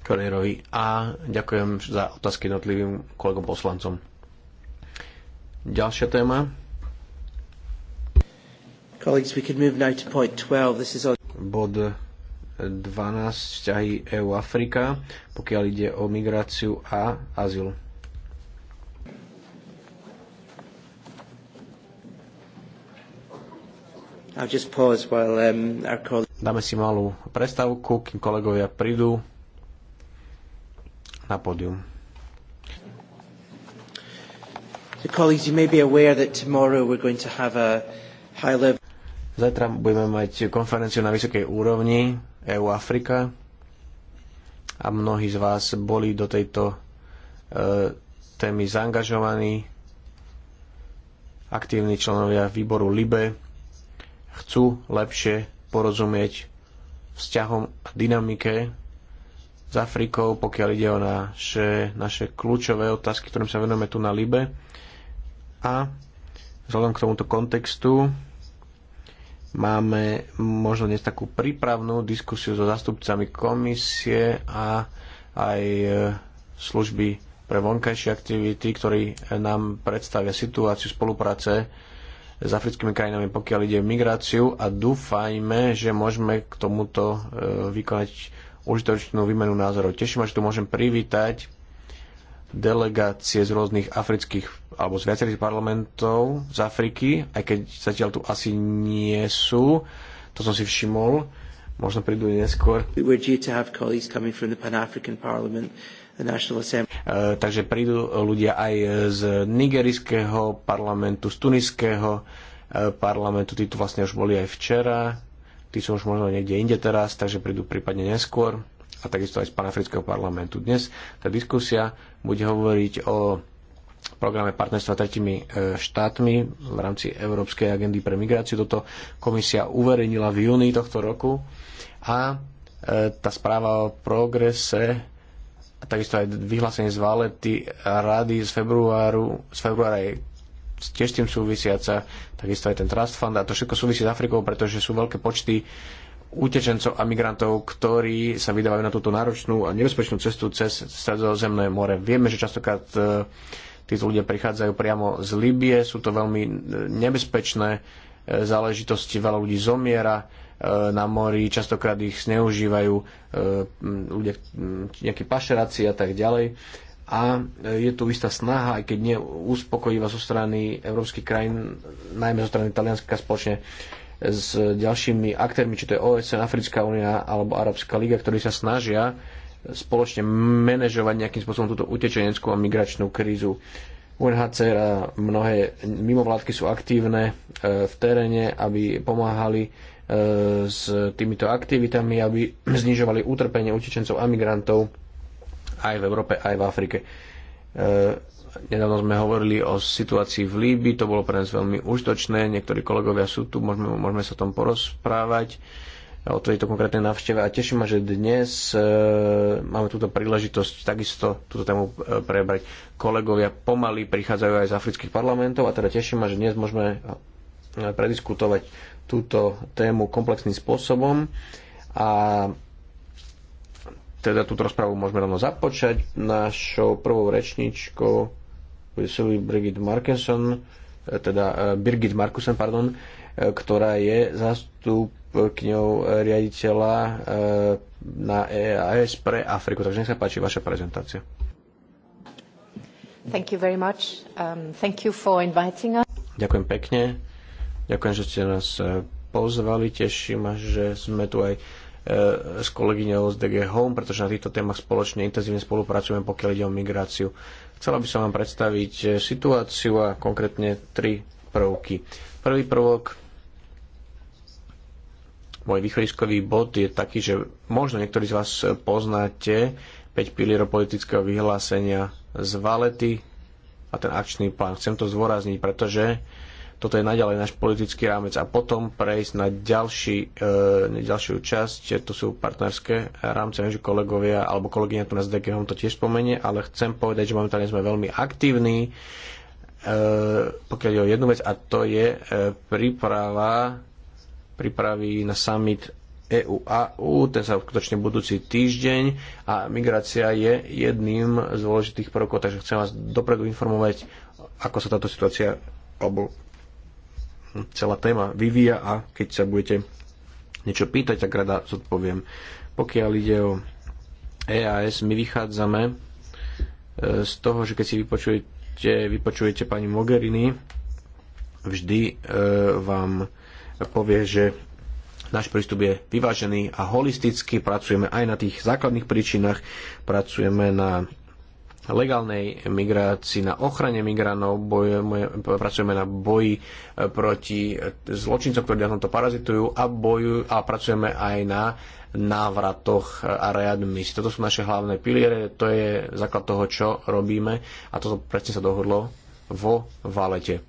S1: Korerovi a ďakujem za otázky jednotlivým kolegom poslancom. Ďalšia téma. Colleagues, we could move now to point 12. This is on... Bod 12 vzťahy EU-Afrika, pokiaľ ide o migráciu a azyl. Um, Dáme si malú prestávku, kým kolegovia prídu na pódium. Zajtra budeme mať konferenciu na vysokej úrovni EU Afrika a mnohí z vás boli do tejto e, témy zaangažovaní, aktívni členovia výboru LIBE, chcú lepšie porozumieť vzťahom a dynamike s Afrikou, pokiaľ ide o naše, naše kľúčové otázky, ktorým sa venujeme tu na Libe. A vzhľadom k tomuto kontextu máme možno dnes takú prípravnú diskusiu so zastupcami komisie a aj e, služby pre vonkajšie aktivity, ktorí nám predstavia situáciu spolupráce s africkými krajinami, pokiaľ ide o migráciu a dúfajme, že môžeme k tomuto e, vykonať užitočnú výmenu názorov. Teším že tu môžem privítať delegácie z rôznych afrických alebo z viacerých parlamentov z Afriky, aj keď zatiaľ tu asi nie sú. To som si všimol. Možno prídu neskôr. were due to have colleagues coming from the Pan-African Parliament E, takže prídu ľudia aj z nigerijského parlamentu, z tuniského e, parlamentu, tí tu vlastne už boli aj včera, tí sú už možno niekde inde teraz, takže prídu prípadne neskôr a takisto aj z panafrického parlamentu. Dnes tá diskusia bude hovoriť o programe partnerstva tretimi e, štátmi v rámci Európskej agendy pre migráciu. Toto komisia uverejnila v júni tohto roku a tá správa o progrese a takisto aj vyhlásenie z Valety rady z, februáru, z februára je tiež tým súvisiaca, takisto aj ten Trust Fund a to všetko súvisí s Afrikou, pretože sú veľké počty utečencov a migrantov, ktorí sa vydávajú na túto náročnú a nebezpečnú cestu cez Stredozemné more. Vieme, že častokrát e, títo ľudia prichádzajú priamo z Libie, sú to veľmi e, nebezpečné e, záležitosti, veľa ľudí zomiera, Eh, na mori, častokrát ich zneužívajú eh, ľudia, hm, nejakí pašeráci a tak ďalej. A eh, je tu istá snaha, aj keď neuspokojíva zo strany európskych krajín, najmä zo strany Talianska spoločne s ďalšími aktérmi, či to je OSN, Africká únia alebo Arabská liga, ktorí sa snažia spoločne manažovať nejakým spôsobom túto utečeneckú a migračnú krízu. UNHCR a mnohé mimovládky sú aktívne v teréne, aby pomáhali E, s týmito aktivitami, aby [clears throat] znižovali utrpenie utečencov a migrantov aj v Európe, aj v Afrike. E, nedávno sme hovorili o situácii v Líbi, to bolo pre nás veľmi užitočné, niektorí kolegovia sú tu, môžeme, môžeme sa o tom porozprávať o tejto konkrétnej návšteve a teším ma, že dnes e, máme túto príležitosť takisto túto tému e, prebrať. Kolegovia pomaly prichádzajú aj z afrických parlamentov a teda teším ma, že dnes môžeme prediskutovať túto tému komplexným spôsobom a teda túto rozprávu môžeme rovno započať. Našou prvou rečničkou bude Sylvie Brigitte Markinson, e, teda e, Birgit Markusen, pardon, e, ktorá je zastupkňou riaditeľa na EAS pre Afriku. Takže nech sa páči vaša prezentácia. Thank you very much. Um, thank you for inviting us. Ďakujem pekne Ďakujem, že ste nás e, pozvali. teším, ma, že sme tu aj e, s kolegyňou z DG Home, pretože na týchto témach spoločne intenzívne spolupracujeme, pokiaľ ide o migráciu. Chcela by som vám predstaviť e, situáciu a konkrétne tri prvky. Prvý prvok, môj východiskový bod je taký, že možno niektorí z vás poznáte 5 pilierov politického vyhlásenia z Valety a ten akčný plán. Chcem to zdôrazniť, pretože toto je naďalej náš politický rámec. A potom prejsť na ďalší, e, ďalšiu časť, to sú partnerské rámce. že kolegovia alebo kolegyňa tu na SDG to tiež spomenie, ale chcem povedať, že momentálne sme veľmi aktívni, e, pokiaľ je o jednu vec, a to je e, príprava pripraví na summit EU-AU, ten sa skutočne budúci týždeň a migrácia je jedným z dôležitých prvkov, takže chcem vás dopredu informovať, ako sa táto situácia alebo celá téma vyvíja a keď sa budete niečo pýtať, tak rada zodpoviem. Pokiaľ ide o EAS, my vychádzame e, z toho, že keď si vypočujete, vypočujete pani Mogherini, vždy e, vám povie, že náš prístup je vyvážený a holistický, pracujeme aj na tých základných príčinách, pracujeme na legálnej migrácii, na ochrane migranov, bojujeme, pracujeme na boji eh, proti zločincom, ktorí na tomto parazitujú a, boju, a pracujeme aj na návratoch a readmisii. Toto sú naše hlavné piliere, to je základ toho, čo robíme a toto presne sa dohodlo vo Valete.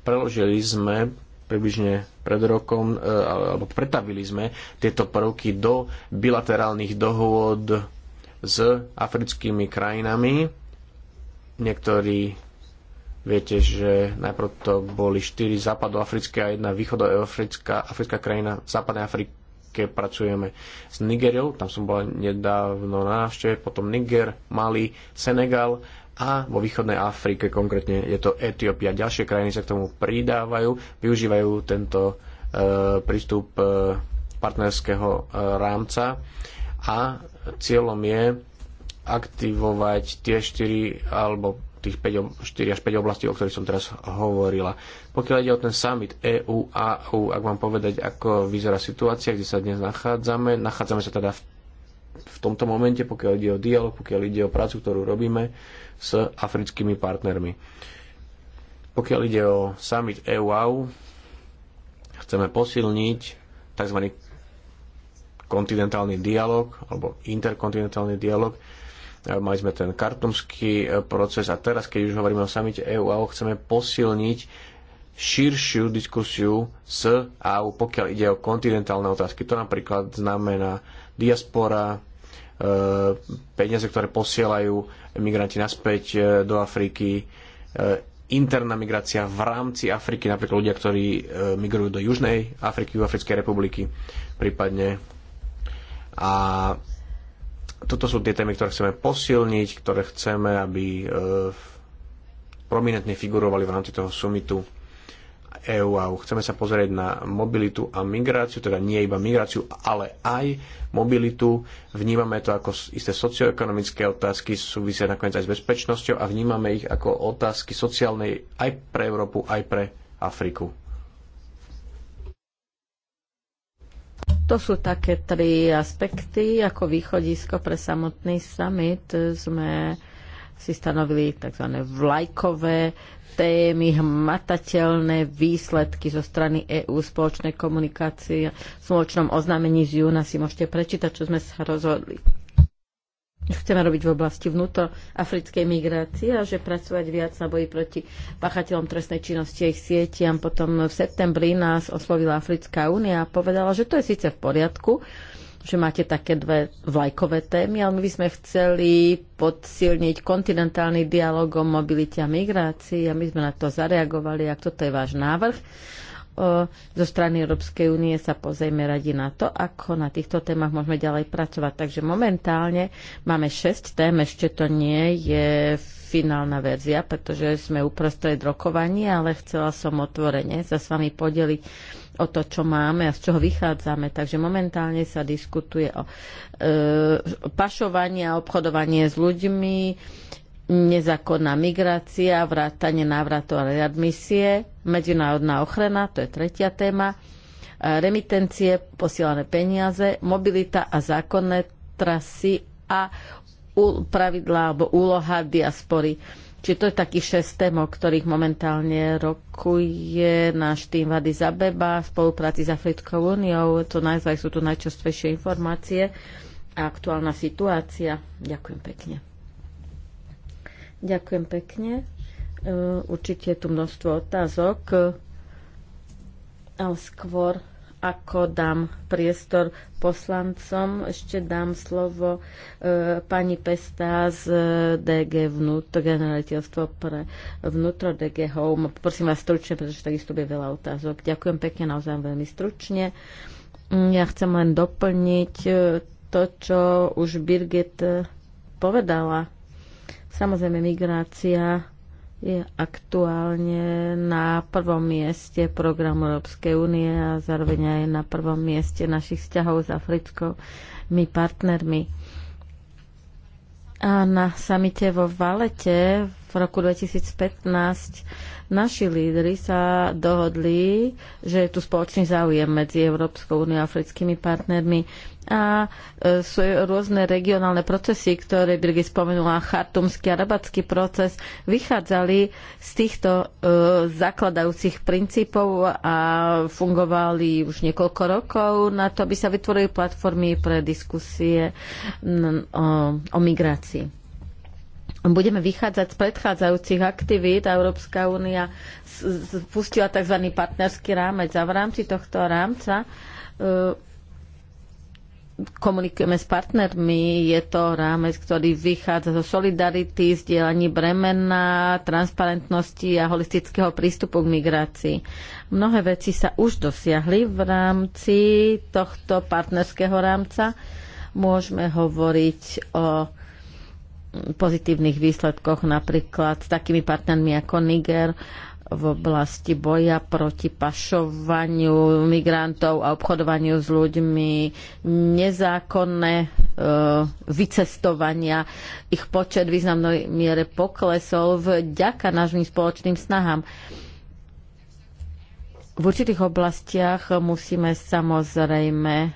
S1: Preložili sme približne pred rokom, eh, alebo pretavili sme tieto prvky do bilaterálnych dohôd s africkými krajinami. Niektorí Viete, že najprv to boli 4 západoafrické a jedna východoafrická africká krajina. V západnej Afrike pracujeme s Nigeriou, tam som bol nedávno na návšteve, potom Niger, Mali, Senegal a vo východnej Afrike konkrétne je to Etiópia. Ďalšie krajiny sa k tomu pridávajú, využívajú tento e, prístup e, partnerského e, rámca a Cieľom je aktivovať tie 4 alebo tých 5, 4 až 5 oblastí, o ktorých som teraz hovorila. Pokiaľ ide o ten summit EU a EU, ak mám povedať, ako vyzerá situácia, kde sa dnes nachádzame, nachádzame sa teda v, v tomto momente, pokiaľ ide o dialog, pokiaľ ide o prácu, ktorú robíme s africkými partnermi. Pokiaľ ide o summit EU, chceme posilniť tzv kontinentálny dialog alebo interkontinentálny dialog. Mali sme ten kartumský e, proces a teraz, keď už hovoríme o samite EU a chceme posilniť širšiu diskusiu s AU, pokiaľ ide o kontinentálne otázky. To napríklad znamená diaspora, e, peniaze, ktoré posielajú migranti naspäť e, do Afriky, interná migrácia v rámci Afriky, napríklad ľudia, ktorí migrujú do Južnej Afriky, do Africkej republiky, prípadne a toto sú tie témy, ktoré chceme posilniť, ktoré chceme, aby e, prominentne figurovali v rámci toho sumitu EU a chceme sa pozrieť na mobilitu a migráciu, teda nie iba migráciu, ale aj mobilitu. Vnímame to ako isté socioekonomické otázky, súvisia nakoniec aj s bezpečnosťou a vnímame ich ako otázky sociálnej aj pre Európu, aj pre Afriku.
S3: To sú také tri aspekty. Ako východisko pre samotný summit sme si stanovili tzv. vlajkové témy, hmatateľné výsledky zo strany EÚ, spoločnej komunikácie. V spoločnom oznámení z júna si môžete prečítať, čo sme sa rozhodli chceme robiť v oblasti africkej migrácie a že pracovať viac na boji proti pachateľom trestnej činnosti a ich a Potom v septembri nás oslovila Africká únia a povedala, že to je síce v poriadku, že máte také dve vlajkové témy, ale my by sme chceli podsilniť kontinentálny dialog o mobilite a migrácii a my sme na to zareagovali, ak toto je váš návrh E, zo strany Európskej únie sa pozrieme radi na to, ako na týchto témach môžeme ďalej pracovať. Takže momentálne máme 6 tém, ešte to nie je finálna verzia, pretože sme uprostred rokovania, ale chcela som otvorene sa s vami podeliť o to, čo máme a z čoho vychádzame. Takže momentálne sa diskutuje o e, pašovanie a obchodovanie s ľuďmi, nezákonná migrácia, vrátanie návratu a readmisie, medzinárodná ochrana, to je tretia téma, e, remitencie, posielané peniaze, mobilita a zákonné trasy a pravidlá alebo úloha diaspory. Čiže to je takých šest tém, o ktorých momentálne rokuje náš tým Vady Zabeba v spolupráci s Africkou úniou. To naozaj sú tu najčastejšie informácie a aktuálna situácia. Ďakujem pekne. Ďakujem pekne. E, určite je tu množstvo otázok, ale skôr ako dám priestor poslancom, ešte dám slovo e, pani Pestá z e, DG vnútro, generaliteľstvo pre vnútro DG Home. Prosím vás stručne, pretože takisto bude veľa otázok. Ďakujem pekne, naozaj veľmi stručne. Mm, ja chcem len doplniť e, to, čo už Birgit povedala Samozrejme, migrácia je aktuálne na prvom mieste programu Európskej únie a zároveň aj na prvom mieste našich vzťahov s africkými partnermi. A na samite vo Valete v roku 2015 naši lídry sa dohodli, že je tu spoločný záujem medzi Európskou úniou a africkými partnermi a e, sú rôzne regionálne procesy, ktoré Birgit spomenula, chartumský a rabatský proces, vychádzali z týchto e, zakladajúcich princípov a fungovali už niekoľko rokov na to, aby sa vytvorili platformy pre diskusie o, o migrácii budeme vychádzať z predchádzajúcich aktivít. Európska únia spustila tzv. partnerský rámec a v rámci tohto rámca e, komunikujeme s partnermi, je to rámec, ktorý vychádza zo solidarity, zdieľaní bremena, transparentnosti a holistického prístupu k migrácii. Mnohé veci sa už dosiahli v rámci tohto partnerského rámca. Môžeme hovoriť o pozitívnych výsledkoch napríklad s takými partnermi ako Niger v oblasti boja proti pašovaniu migrantov a obchodovaniu s ľuďmi, nezákonné e, vycestovania. Ich počet v významnej miere poklesol vďaka našim spoločným snahám. V určitých oblastiach musíme samozrejme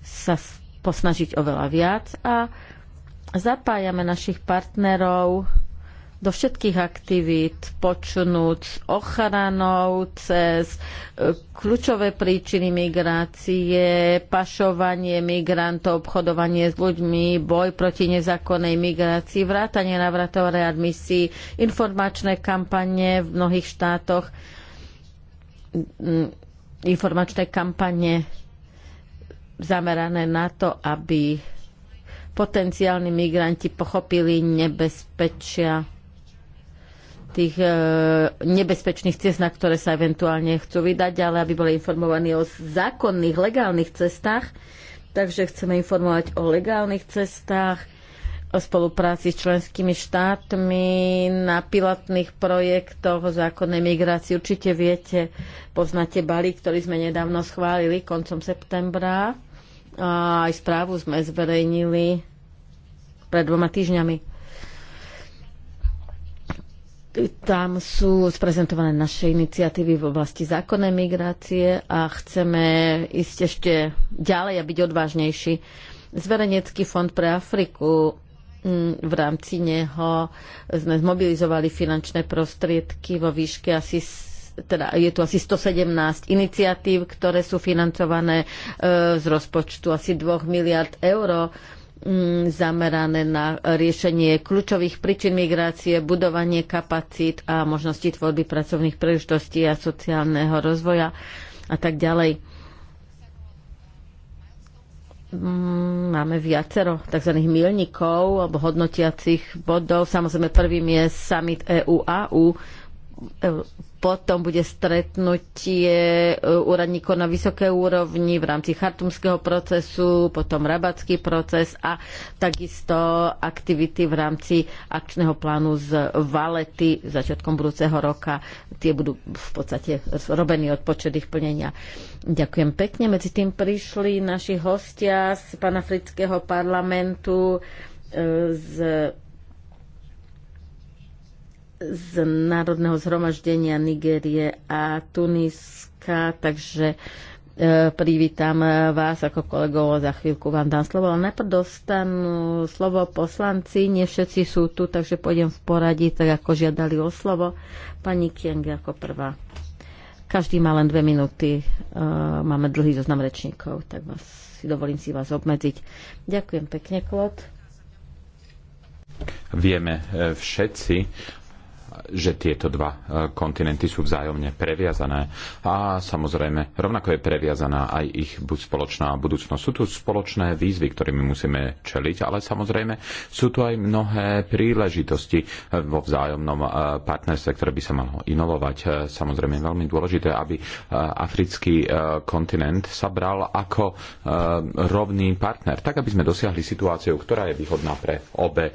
S3: sa posnažiť oveľa viac a Zapájame našich partnerov do všetkých aktivít, počnúc ochranou cez e, kľúčové príčiny migrácie, pašovanie migrantov, obchodovanie s ľuďmi, boj proti nezákonnej migrácii, vrátanie navratov readmisí, informačné kampanie v mnohých štátoch, mm, informačné kampanie zamerané na to, aby potenciálni migranti pochopili nebezpečia tých e, nebezpečných ciest, na ktoré sa eventuálne chcú vydať, ale aby boli informovaní o zákonných, legálnych cestách. Takže chceme informovať o legálnych cestách, o spolupráci s členskými štátmi na pilotných projektoch o zákonnej migrácii. Určite viete, poznáte balík, ktorý sme nedávno schválili koncom septembra a aj správu sme zverejnili pred dvoma týždňami. Tam sú sprezentované naše iniciatívy v oblasti zákonnej migrácie a chceme ísť ešte ďalej a byť odvážnejší. Zverejnecký fond pre Afriku mm, v rámci neho sme zmobilizovali finančné prostriedky vo výške asi teda je tu asi 117 iniciatív, ktoré sú financované e, z rozpočtu asi 2 miliard eur mm, zamerané na riešenie kľúčových príčin migrácie, budovanie kapacít a možnosti tvorby pracovných príležitostí a sociálneho rozvoja a tak ďalej. Mm, máme viacero tzv. milníkov alebo hodnotiacich bodov. Samozrejme, prvým je summit EU-AU, potom bude stretnutie e, úradníkov na vysokej úrovni v rámci chartumského procesu, potom rabatský proces a takisto aktivity v rámci akčného plánu z Valety začiatkom budúceho roka. Tie budú v podstate robený od ich plnenia. Ďakujem pekne. Medzi tým prišli naši hostia z panafrického parlamentu e, z z Národného zhromaždenia Nigérie a Tuniska, takže e, privítam vás ako kolegov za chvíľku vám dám slovo, ale najprv dostanú slovo poslanci, nie všetci sú tu, takže pôjdem v poradí, tak ako žiadali o slovo. Pani Kieng ako prvá. Každý má len dve minúty, e, máme dlhý zoznam rečníkov, tak vás, dovolím si vás obmedziť. Ďakujem pekne, Klod.
S2: Vieme e, všetci, že tieto dva e, kontinenty sú vzájomne previazané a samozrejme rovnako je previazaná aj ich buď spoločná budúcnosť. Sú tu spoločné výzvy, ktorými musíme čeliť, ale samozrejme sú tu aj mnohé príležitosti e, vo vzájomnom e, partnerstve, ktoré by sa malo inovovať. Samozrejme je veľmi dôležité, aby africký kontinent sa bral ako rovný partner, tak aby sme dosiahli situáciu, ktorá je výhodná pre obe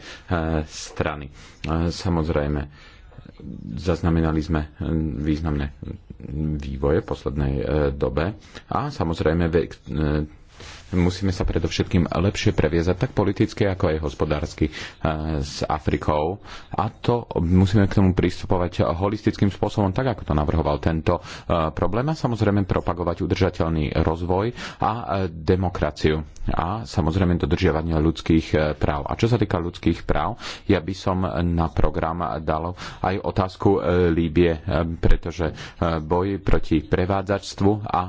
S2: strany. Samozrejme, Zaznamenali sme eh, významné vývoje v poslednej eh, dobe a samozrejme eh, Musíme sa predovšetkým lepšie previezať tak politicky, ako aj hospodársky eh, s Afrikou. A to musíme k tomu pristupovať holistickým spôsobom, tak ako to navrhoval tento eh, problém. A samozrejme propagovať udržateľný rozvoj a eh, demokraciu. A samozrejme dodržiavanie ľudských práv. A čo sa týka ľudských práv, ja by som na program dal aj otázku Líbie, pretože boj proti prevádzačstvu a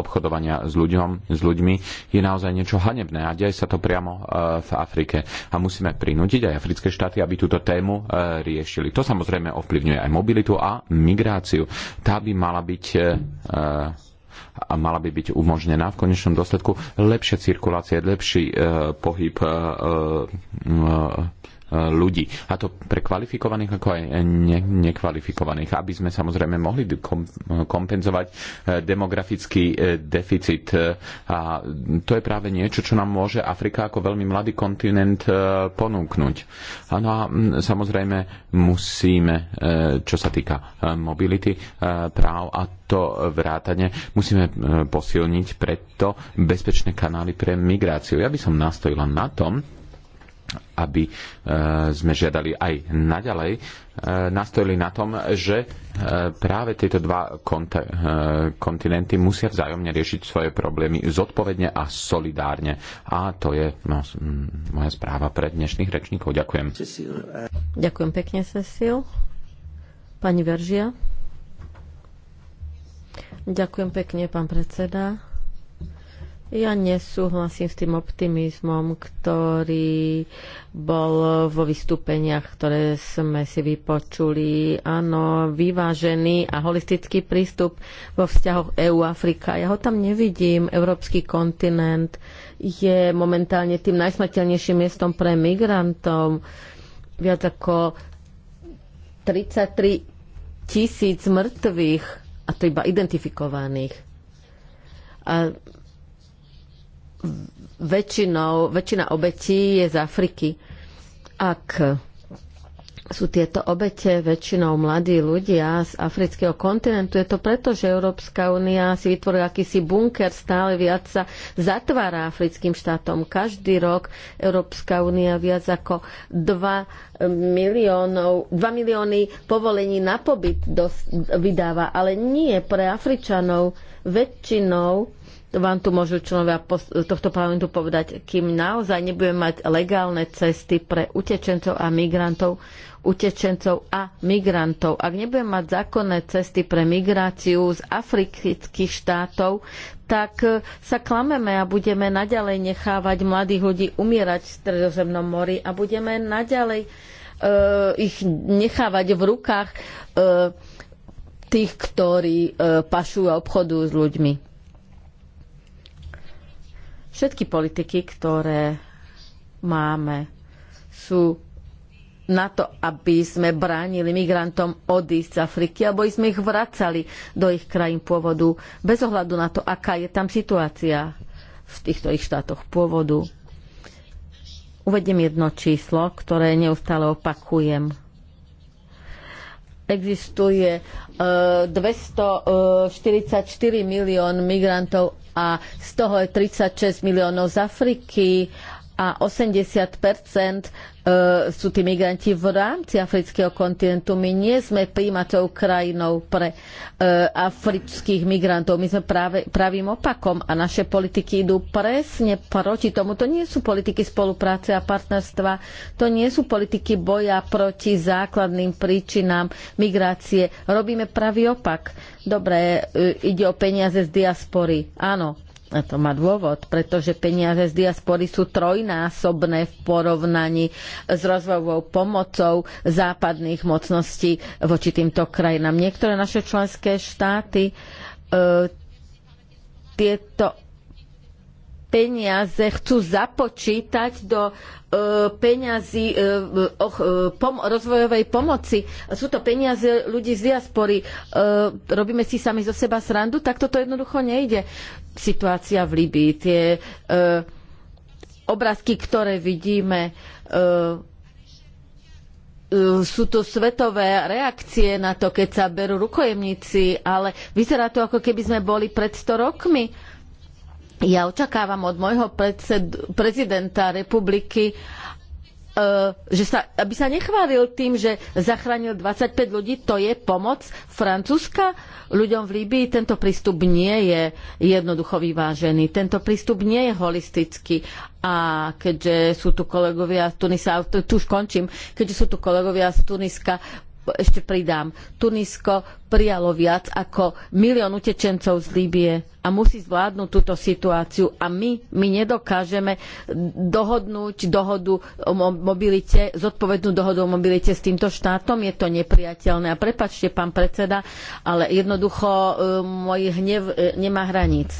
S2: obchodovania s, ľuďom, s ľuďmi je naozaj niečo hanebné a deje sa to priamo e, v Afrike. A musíme prinútiť aj africké štáty, aby túto tému e, riešili. To samozrejme ovplyvňuje aj mobilitu a migráciu. Tá by mala byť e, a mala by byť umožnená v konečnom dôsledku lepšia cirkulácia, lepší e, pohyb e, e, E, ľudí. A to pre kvalifikovaných ako aj ne, nekvalifikovaných, aby sme samozrejme mohli kom, e, kompenzovať e, demografický deficit. A to je práve niečo, čo nám môže Afrika ako veľmi mladý kontinent ponúknuť. Áno a no samozrejme musíme, čo sa týka mobility práv a to vrátane, musíme posilniť preto bezpečné kanály pre migráciu. Ja by som nastojila na tom, aby e, sme žiadali aj naďalej, e, nastojili na tom, že e, práve tieto dva kontinenty musia vzájomne riešiť svoje problémy zodpovedne a solidárne. A to je no, moja správa pre dnešných rečníkov. Ďakujem.
S3: Ďakujem pekne, Cecil. Pani Veržia. Ďakujem pekne, pán predseda. Ja nesúhlasím s tým optimizmom, ktorý bol vo vystúpeniach, ktoré sme si vypočuli. Áno, vyvážený a holistický prístup vo vzťahoch EU-Afrika. Ja ho tam nevidím. Európsky kontinent je momentálne tým najsmrteľnejším miestom pre migrantov. Viac ako 33 tisíc mŕtvych a to iba identifikovaných. A väčšinou, väčšina obetí je z Afriky. Ak sú tieto obete väčšinou mladí ľudia z afrického kontinentu. Je to preto, že Európska únia si vytvorila akýsi bunker, stále viac sa zatvára africkým štátom. Každý rok Európska únia viac ako 2 miliónov, 2 milióny povolení na pobyt dos- vydáva, ale nie pre Afričanov. Väčšinou vám tu môžu členovia tohto parlamentu povedať, kým naozaj nebudeme mať legálne cesty pre utečencov a migrantov, utečencov a migrantov. Ak nebudeme mať zákonné cesty pre migráciu z afrických štátov, tak eh, sa klameme a budeme naďalej nechávať mladých ľudí umierať v Stredozemnom mori a budeme naďalej uh, ich nechávať v rukách uh, tých, ktorí uh, pašujú a obchodujú s ľuďmi. Všetky politiky, ktoré máme, sú na to, aby sme bránili migrantom odísť z Afriky, alebo sme ich vracali do ich krajín pôvodu, bez ohľadu na to, aká je tam situácia v týchto ich štátoch pôvodu. Uvediem jedno číslo, ktoré neustále opakujem existuje 244 e, milión migrantov a z toho je 36 miliónov z Afriky a 80 e, sú tí migranti v rámci afrického kontinentu. My nie sme príjmatou krajinou pre e, afrických migrantov. My sme práve pravým opakom a naše politiky idú presne proti tomu. To nie sú politiky spolupráce a partnerstva, to nie sú politiky boja proti základným príčinám migrácie. Robíme pravý opak. Dobre, e, ide o peniaze z diaspory. Áno, to má dôvod, pretože peniaze z diaspory sú trojnásobné v porovnaní s rozvojovou pomocou západných mocností voči týmto krajinám. Niektoré naše členské štáty e, tieto peniaze chcú započítať do e, peňazí e, e, rozvojovej pomoci. Sú to peniaze ľudí z diaspory. Robíme si sami zo seba srandu, tak toto jednoducho nejde. Situácia v Libii, tie obrázky, ktoré vidíme, sú to svetové reakcie na to, keď sa berú rukojemníci, ale vyzerá to, ako keby sme boli pred 100 rokmi. Ja očakávam od môjho prezidenta republiky, e, že sa, aby sa nechválil tým, že zachránil 25 ľudí, to je pomoc Francúzska ľuďom v Líbii. Tento prístup nie je jednoducho vyvážený, tento prístup nie je holistický. A keďže sú tu kolegovia z Tunisa, tu už končím, keďže sú tu kolegovia z Tuniska, ešte pridám, Tunisko prijalo viac ako milión utečencov z Líbie a musí zvládnuť túto situáciu a my, my nedokážeme dohodnúť dohodu o mobilite, zodpovednú dohodu o mobilite s týmto štátom, je to nepriateľné. A prepačte, pán predseda, ale jednoducho e, môj hnev e, nemá hraníc.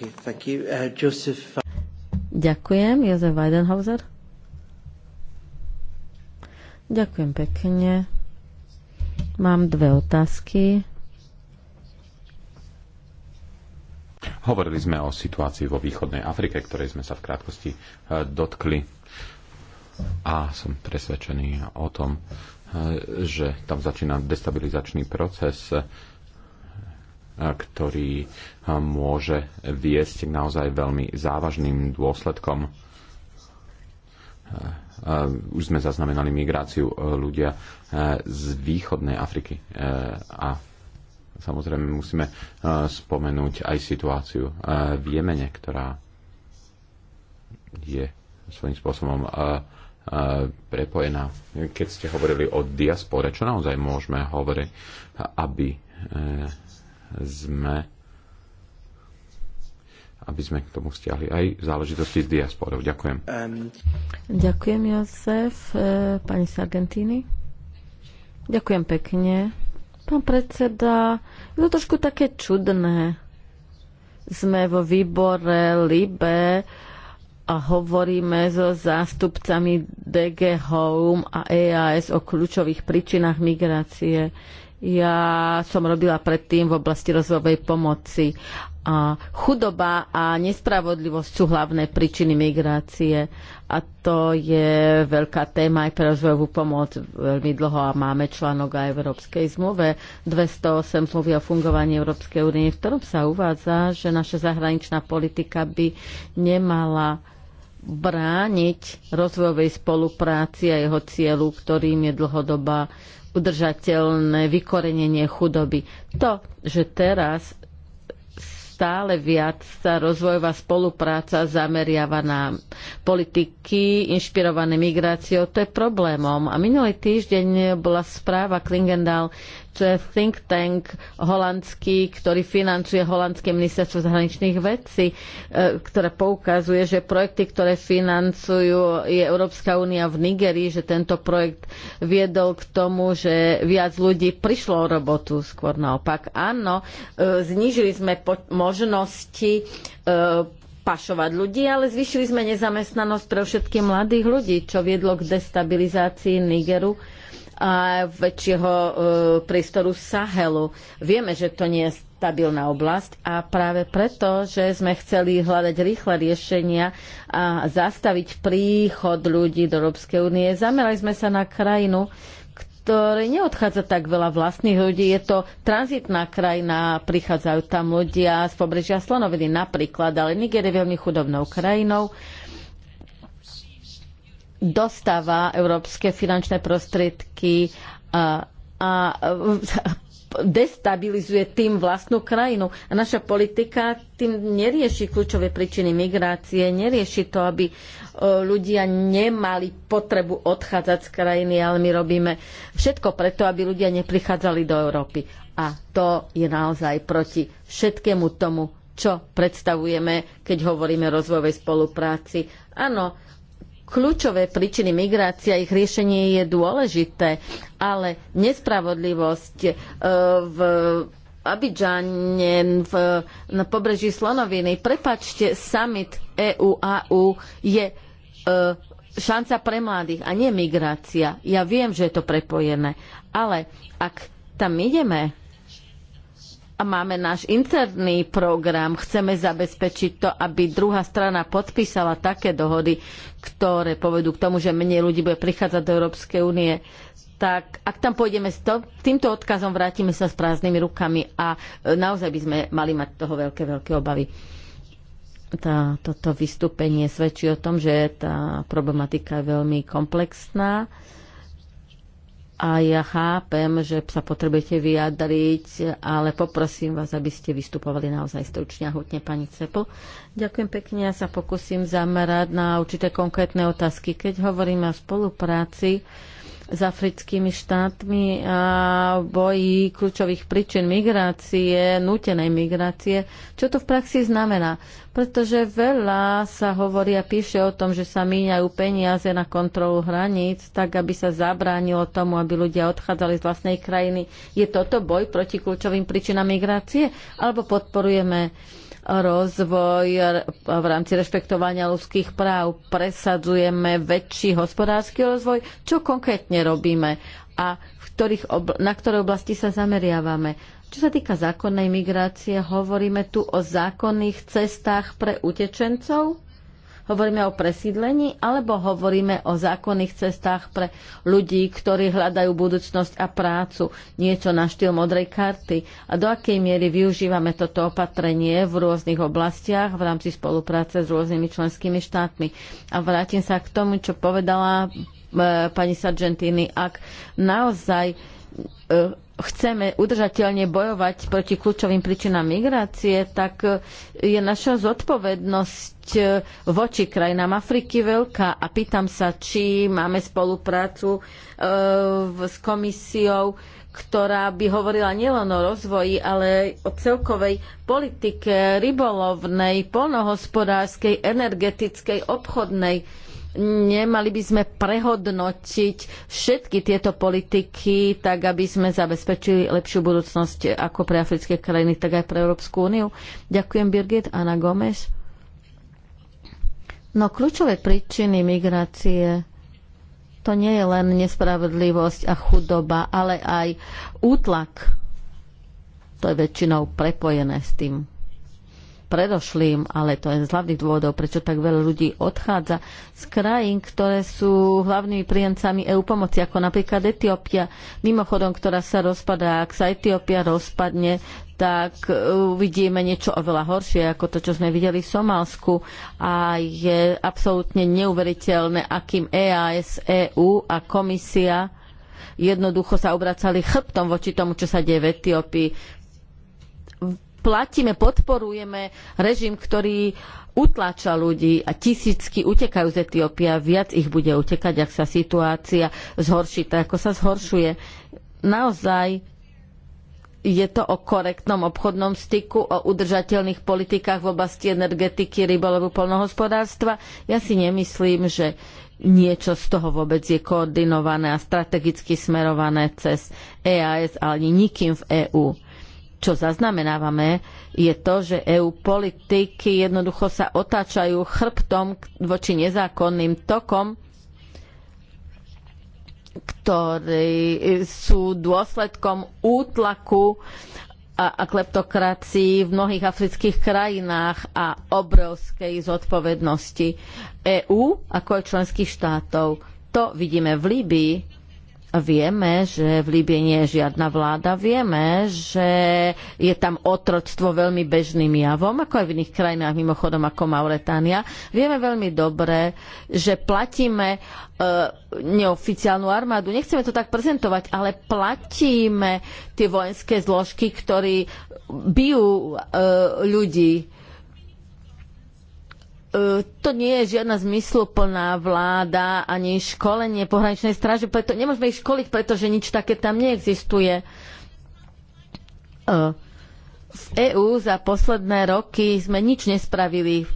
S1: Okay, uh,
S2: Joseph...
S3: Ďakujem, Jozef Weidenhauser. Ďakujem pekne. Mám dve otázky.
S2: Hovorili sme o situácii vo východnej Afrike, ktorej sme sa v krátkosti e, dotkli. A som presvedčený o tom, e, že tam začína destabilizačný proces, e, ktorý môže viesť naozaj veľmi závažným dôsledkom Eh, už sme zaznamenali migráciu eh, ľudia eh, z východnej Afriky. A samozrejme musíme spomenúť aj situáciu v Jemene, ktorá je svojím spôsobom prepojená. Keď ste hovorili o diaspore, čo naozaj môžeme hovoriť, aby sme aby sme k tomu stiahli aj záležitosti z diasporov. Ďakujem. Um...
S3: Ďakujem, Jozef. E, pani z Argentíny. Ďakujem pekne. Pán predseda, je to trošku také čudné. Sme vo výbore LIBE a hovoríme so zástupcami DG Home a EAS o kľúčových príčinách migrácie. Ja som robila predtým v oblasti rozvojovej pomoci a chudoba a nespravodlivosť sú hlavné príčiny migrácie a to je veľká téma aj pre rozvojovú pomoc veľmi dlho a máme článok aj v Európskej zmluve 208 zmluvy o fungovaní Európskej únie, v ktorom sa uvádza, že naša zahraničná politika by nemala brániť rozvojovej spolupráci a jeho cieľu, ktorým je dlhodobá udržateľné vykorenenie chudoby. To, že teraz stále viac sa rozvojová spolupráca zameriava na politiky inšpirované migráciou. To je problémom. A minulý týždeň bola správa Klingendal čo je think tank holandský, ktorý financuje holandské ministerstvo zahraničných vecí, e, ktoré poukazuje, že projekty, ktoré financujú je Európska únia v Nigerii, že tento projekt viedol k tomu, že viac ľudí prišlo o robotu, skôr naopak. Áno, e, znížili sme možnosti e, pašovať ľudí, ale zvyšili sme nezamestnanosť pre všetkých mladých ľudí, čo viedlo k destabilizácii Nigeru a väčšieho e, priestoru Sahelu. Vieme, že to nie je stabilná oblasť a práve preto, že sme chceli hľadať rýchle riešenia a zastaviť príchod ľudí do Európskej únie, zamerali sme sa na krajinu, ktorej neodchádza tak veľa vlastných ľudí. Je to tranzitná krajina, prichádzajú tam ľudia z pobrežia Slonoviny napríklad, ale Niger je veľmi chudobnou krajinou dostáva európske finančné prostriedky a, a destabilizuje tým vlastnú krajinu. A naša politika tým nerieši kľúčové príčiny migrácie, nerieši to, aby e, ľudia nemali potrebu odchádzať z krajiny, ale my robíme všetko preto, aby ľudia neprichádzali do Európy. A to je naozaj proti všetkému tomu, čo predstavujeme, keď hovoríme o rozvojovej spolupráci. Áno, kľúčové príčiny migrácia, ich riešenie je dôležité, ale nespravodlivosť e, v Abidžane, v, na pobreží Slonoviny. Prepačte, summit EU-AU je e, šanca pre mladých a nie migrácia. Ja viem, že je to prepojené, ale ak tam ideme a máme náš interný program. Chceme zabezpečiť to, aby druhá strana podpísala také dohody, ktoré povedú k tomu, že menej ľudí bude prichádzať do Európskej únie tak ak tam pôjdeme s to, týmto odkazom, vrátime sa s prázdnymi rukami a e, naozaj by sme mali mať toho veľké, veľké obavy. Tá, toto vystúpenie svedčí o tom, že tá problematika je veľmi komplexná. Uh, a ja chápem, že sa potrebujete vyjadriť, ale poprosím vás, aby ste vystupovali naozaj stručne a hutne, pani Cepl. Ďakujem pekne, ja sa pokúsim zamerať na určité konkrétne otázky. Keď hovoríme o spolupráci, s africkými štátmi a boji kľúčových príčin migrácie, nutenej migrácie. Čo to v praxi znamená? Pretože veľa sa hovorí a píše o tom, že sa míňajú peniaze na kontrolu hraníc, tak aby sa zabránilo tomu, aby ľudia odchádzali z vlastnej krajiny. Je toto boj proti kľúčovým príčinám migrácie? Alebo podporujeme rozvoj v rámci rešpektovania ľudských práv. Presadzujeme väčší hospodársky rozvoj. Čo konkrétne robíme a v ktorých na ktoré oblasti sa zameriavame? Čo sa týka zákonnej migrácie, hovoríme tu o zákonných cestách pre utečencov Hovoríme o presídlení alebo hovoríme o zákonných cestách pre ľudí, ktorí hľadajú budúcnosť a prácu, niečo na štýl modrej karty a do akej miery využívame toto opatrenie v rôznych oblastiach v rámci spolupráce s rôznymi členskými štátmi. A vrátim sa k tomu, čo povedala e, pani Sargentini. Ak naozaj e, chceme udržateľne bojovať proti kľúčovým príčinám migrácie, tak e, je naša zodpovednosť e, voči krajinám Afriky veľká a pýtam sa, či máme spoluprácu e, s komisiou, ktorá by hovorila nielen o rozvoji, ale o celkovej politike rybolovnej, polnohospodárskej, energetickej, obchodnej nemali by sme prehodnotiť všetky tieto politiky, tak aby sme zabezpečili lepšiu budúcnosť ako pre africké krajiny, tak aj pre Európsku úniu. Ďakujem Birgit, Ana Gomez. No kľúčové príčiny migrácie to nie je len nespravodlivosť a chudoba, ale aj útlak. To je väčšinou prepojené s tým predošlým, ale to je z hlavných dôvodov, prečo tak veľa ľudí odchádza z krajín, ktoré sú hlavnými príjemcami EU pomoci, ako napríklad Etiópia, mimochodom, ktorá sa rozpadá. Ak sa Etiópia rozpadne, tak e, uvidíme niečo oveľa horšie ako to, čo sme videli v Somálsku a je absolútne neuveriteľné, akým EAS, EU a komisia jednoducho sa obracali chrbtom voči tomu, čo sa deje v Etiópii platíme, podporujeme režim, ktorý utláča ľudí a tisícky utekajú z Etiópia, viac ich bude utekať, ak sa situácia zhorší, tak ako sa zhoršuje. Naozaj je to o korektnom obchodnom styku, o udržateľných politikách v oblasti energetiky, rybolovu, polnohospodárstva. Ja si nemyslím, že niečo z toho vôbec je koordinované a strategicky smerované cez EAS, ani nikým v EÚ čo zaznamenávame, je to, že EU politiky jednoducho sa otáčajú chrbtom voči nezákonným tokom, ktorí sú dôsledkom útlaku a, kleptokracii v mnohých afrických krajinách a obrovskej zodpovednosti EÚ ako aj členských štátov. To vidíme v Líbii, Vieme, že v Líbie nie je žiadna vláda, vieme, že je tam otroctvo veľmi bežným javom, ako aj v iných krajinách, mimochodom ako Mauretánia. Vieme veľmi dobre, že platíme e, neoficiálnu armádu. Nechceme to tak prezentovať, ale platíme tie vojenské zložky, ktorí bijú e, ľudí E, to nie je žiadna zmysluplná vláda ani školenie pohraničnej stráže, preto nemôžeme ich školiť, pretože nič také tam neexistuje. E, v EÚ za posledné roky sme nič nespravili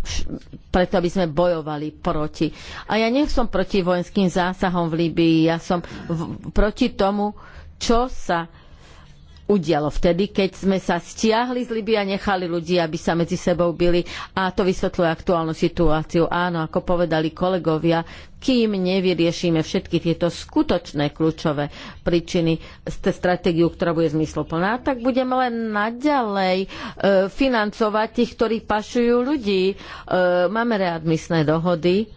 S3: preto, aby sme bojovali proti. A ja nie som proti vojenským zásahom v Líbii, ja som v, proti tomu, čo sa udialo vtedy, keď sme sa stiahli z Libia a nechali ľudí, aby sa medzi sebou byli a to vysvetľuje aktuálnu situáciu. Áno, ako povedali kolegovia, kým nevyriešime všetky tieto skutočné kľúčové príčiny stratégiu, ktorá bude zmysluplná, tak budeme len naďalej e, financovať tých, ktorí pašujú ľudí. E, máme readmisné dohody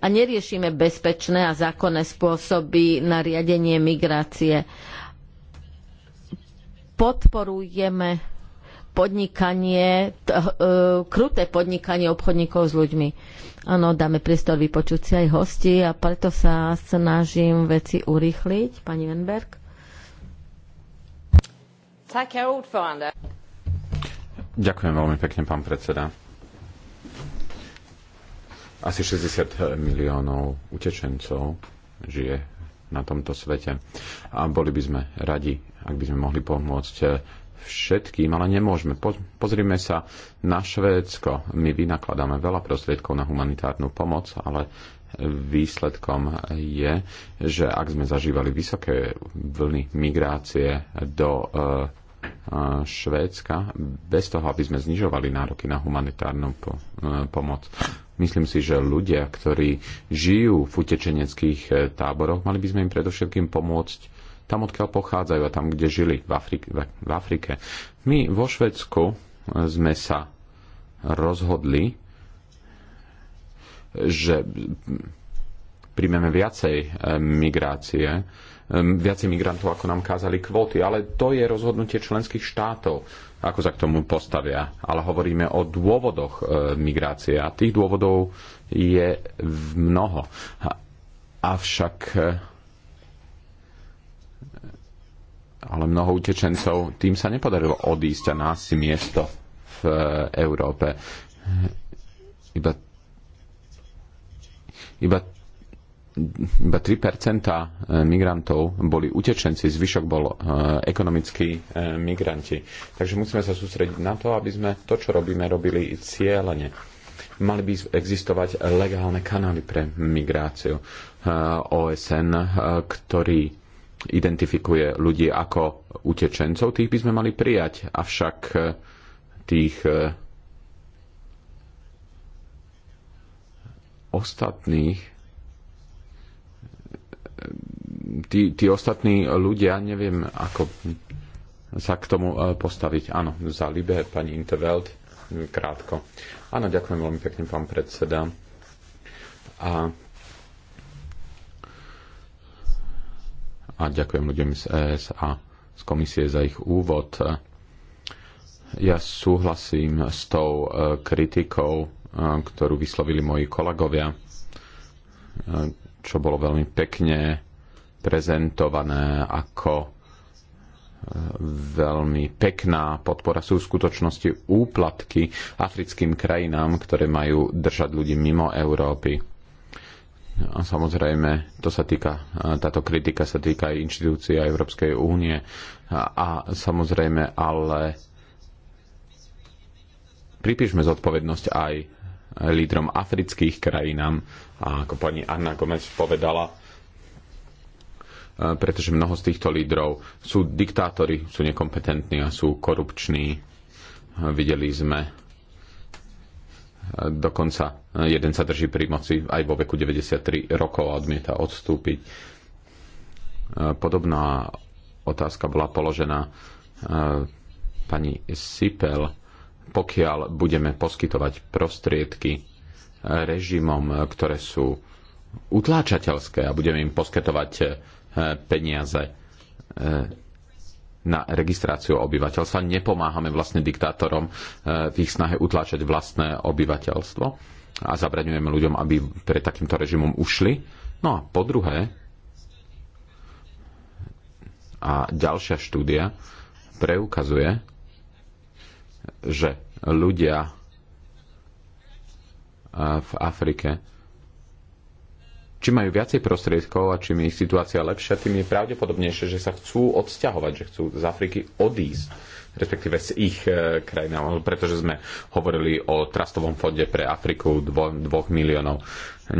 S3: a neriešime bezpečné a zákonné spôsoby na riadenie migrácie podporujeme podnikanie, t- e, kruté podnikanie obchodníkov s ľuďmi. Áno, dáme priestor vypočuť si aj hosti a preto sa snažím veci urýchliť. Pani Venberg.
S2: Ďakujem veľmi pekne, pán predseda. Asi 60 miliónov utečencov žije na tomto svete a boli by sme radi, ak by sme mohli pomôcť eh, všetkým, ale nemôžeme. Po, pozrime sa na Švédsko. My vynakladáme veľa prostriedkov na humanitárnu pomoc, ale výsledkom je, že ak sme zažívali vysoké vlny migrácie do eh, eh, Švédska, bez toho, aby sme znižovali nároky na humanitárnu pomoc. Myslím si, že ľudia, ktorí žijú v utečeneckých táboroch, mali by sme im predovšetkým pomôcť tam, odkiaľ pochádzajú a tam, kde žili v, Afrike. v Afrike. My vo Švedsku sme sa rozhodli, že príjmeme viacej eh, migrácie, eh, viacej migrantov, ako nám kázali kvóty, ale to je rozhodnutie členských štátov, ako sa k tomu postavia. Ale hovoríme o dôvodoch eh, migrácie a tých dôvodov je mnoho. Avšak ale mnoho utečencov tým sa nepodarilo odísť a nájsť si miesto v e, Európe. Iba, iba, iba 3% e, migrantov boli utečenci, zvyšok bol e, ekonomickí migranti. Takže musíme sa sústrediť na to, aby sme to, čo robíme, robili cieľene. Mali by existovať legálne kanály pre migráciu. OSN, ktorý identifikuje ľudí ako utečencov, tých by sme mali prijať. Avšak e, tých e, ostatných e, tí, tí ostatní ľudia, neviem, ako sa k tomu postaviť. Áno, za Libe, pani Interveld, krátko. Áno, ďakujem veľmi pekne, pán predseda. A a ďakujem ľuďom z ES a z komisie za ich úvod. Ja súhlasím s tou e, kritikou, e, ktorú vyslovili moji kolegovia, e, čo bolo veľmi pekne prezentované ako veľmi pekná podpora sú v skutočnosti úplatky africkým krajinám, ktoré majú držať ľudí mimo Európy a samozrejme, to sa týka, táto kritika sa týka aj inštitúcia Európskej únie a, a samozrejme, ale pripíšme zodpovednosť aj lídrom afrických krajinám, a ako pani Anna Gomez povedala, pretože mnoho z týchto lídrov sú diktátori, sú nekompetentní a sú korupční. Videli sme Dokonca eh, jeden sa drží pri moci aj vo veku 93 rokov a odmieta odstúpiť. Eh, podobná otázka bola položená eh, pani Sipel. Pokiaľ budeme poskytovať prostriedky režimom, ktoré sú utláčateľské a budeme im poskytovať peniaze, na registráciu obyvateľstva, nepomáhame vlastne diktátorom e, v ich snahe utláčať vlastné obyvateľstvo a zabraňujeme ľuďom, aby pred takýmto režimom ušli. No a po druhé, a ďalšia štúdia preukazuje, že ľudia e, v Afrike Čím majú viacej prostriedkov a čím je ich situácia lepšia, tým je pravdepodobnejšie, že sa chcú odsťahovať, že chcú z Afriky odísť respektíve z ich e, krajín, pretože sme hovorili o trastovom fonde pre Afriku 2 miliónov.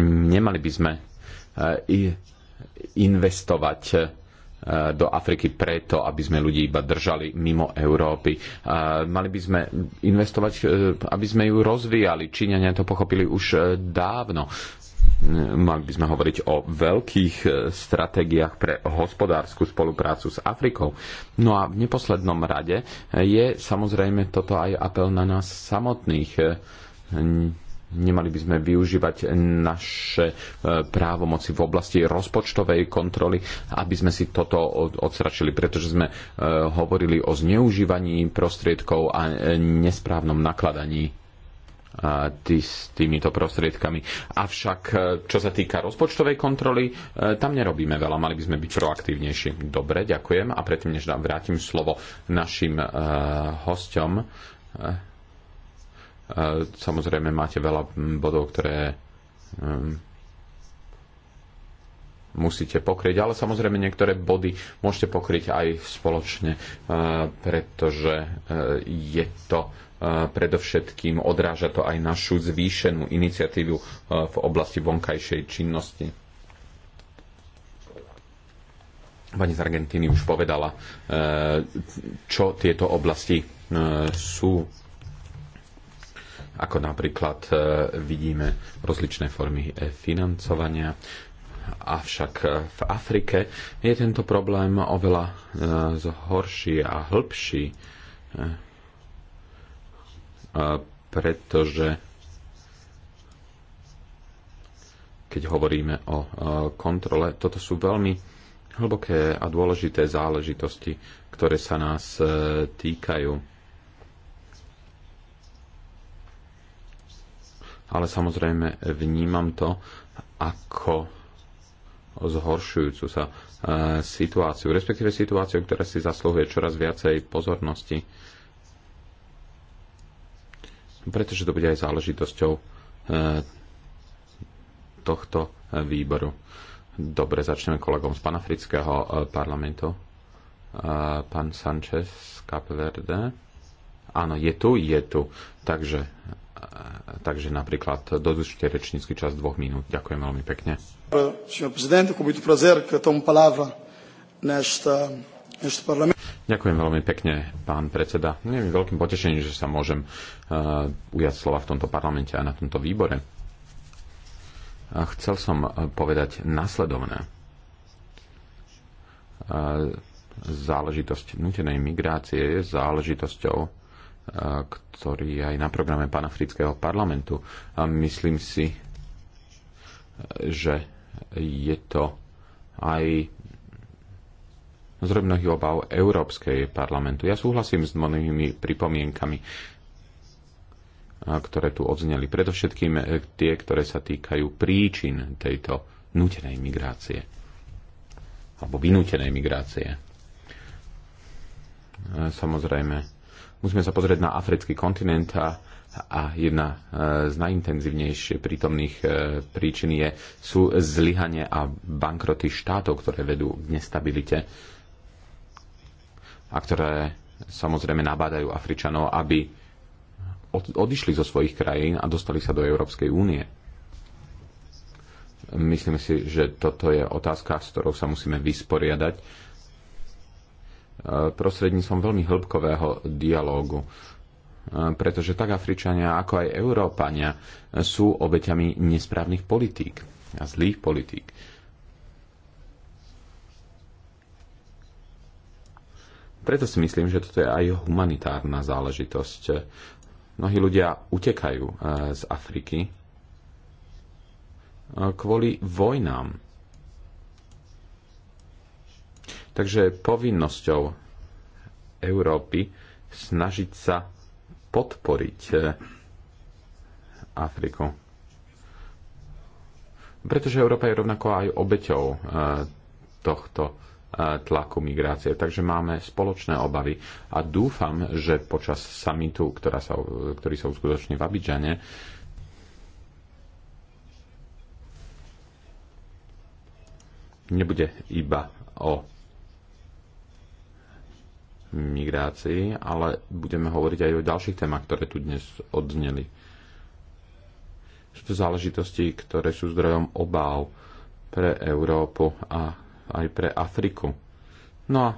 S2: Nemali by sme e, investovať e, do Afriky preto, aby sme ľudí iba držali mimo Európy. E, mali by sme investovať, e, aby sme ju rozvíjali. Číňania to pochopili už dávno mali by sme hovoriť o veľkých e, stratégiách pre hospodárskú spoluprácu s Afrikou. No a v neposlednom rade e, je samozrejme toto aj apel na nás samotných. E, nemali by sme využívať naše právomoci v oblasti rozpočtovej kontroly, aby sme si toto odstračili, pretože sme hovorili o zneužívaní prostriedkov a nesprávnom nakladaní tý, s týmito prostriedkami. Avšak, e, čo sa týka rozpočtovej kontroly, e, tam nerobíme veľa, mali by sme byť proaktívnejší. Dobre, ďakujem. A predtým, než dám, vrátim slovo našim uh, hosťom, uh, samozrejme máte veľa bodov, ktoré um, musíte pokryť, ale samozrejme niektoré body môžete pokryť aj spoločne, uh, pretože uh, je to uh, predovšetkým odráža to aj našu zvýšenú iniciatívu e, v oblasti vonkajšej činnosti. Pani z Argentíny už povedala, e, čo tieto oblasti e, sú. Ako napríklad vidíme rozličné formy financovania, avšak v Afrike je tento problém oveľa horší a hĺbší pretože keď hovoríme o kontrole, toto sú veľmi hlboké a dôležité záležitosti, ktoré sa nás e, týkajú. Ale samozrejme vnímam to ako zhoršujúcu sa e, situáciu, respektíve situáciu, ktorá si zasluhuje čoraz viacej pozornosti pretože to bude aj záležitosťou e, tohto výboru. Dobre, začneme kolegom z panafrického e, parlamentu. E, pán Sanchez z KPVRD. Áno, je tu, je tu. Takže, takže napríklad dodržte rečnícky čas dvoch minút. Ďakujem veľmi pekne. prezident, ako by tu prazer k tomu palavra nešta Ďakujem veľmi pekne, pán predseda. Je mi veľkým potešením, že sa môžem uh, ujať slova v tomto parlamente a na tomto výbore. A chcel som uh, povedať nasledovné. Uh, záležitosť nutenej migrácie je záležitosťou, uh, ktorý je aj na programe panafrického parlamentu. A myslím si, že je to aj zdroj mnohých obav Európskej parlamentu. Ja súhlasím s mnohými pripomienkami, ktoré tu odzneli. Predovšetkým e, tie, ktoré sa týkajú príčin tejto nutenej migrácie. Alebo vynútenej migrácie. E, samozrejme, musíme sa pozrieť na africký kontinent a a jedna e, z najintenzívnejšie prítomných príčin je, sú zlyhanie a bankroty štátov, ktoré vedú k nestabilite a ktoré samozrejme nabádajú Afričanov, aby odišli zo svojich krajín a dostali sa do Európskej únie. Myslím si, že toto je otázka, s ktorou sa musíme vysporiadať e, prostredníctvom veľmi hĺbkového dialógu. E, pretože tak Afričania, ako aj Európania sú obeťami nesprávnych politík a zlých politík Preto si myslím, že toto je aj humanitárna záležitosť. Mnohí ľudia utekajú e, z Afriky e, kvôli vojnám. Takže povinnosťou Európy snažiť sa podporiť e, Afriku. Pretože Európa je rovnako aj obeťou tohto tlaku migrácie. Takže máme spoločné obavy a dúfam, že počas samitu, ktorá sa, ktorý sa uskutoční v Abidžane, nebude iba o migrácii, ale budeme hovoriť aj o ďalších témach, ktoré tu dnes odzneli. Sú to záležitosti, ktoré sú zdrojom obáv pre Európu a aj pre Afriku. No a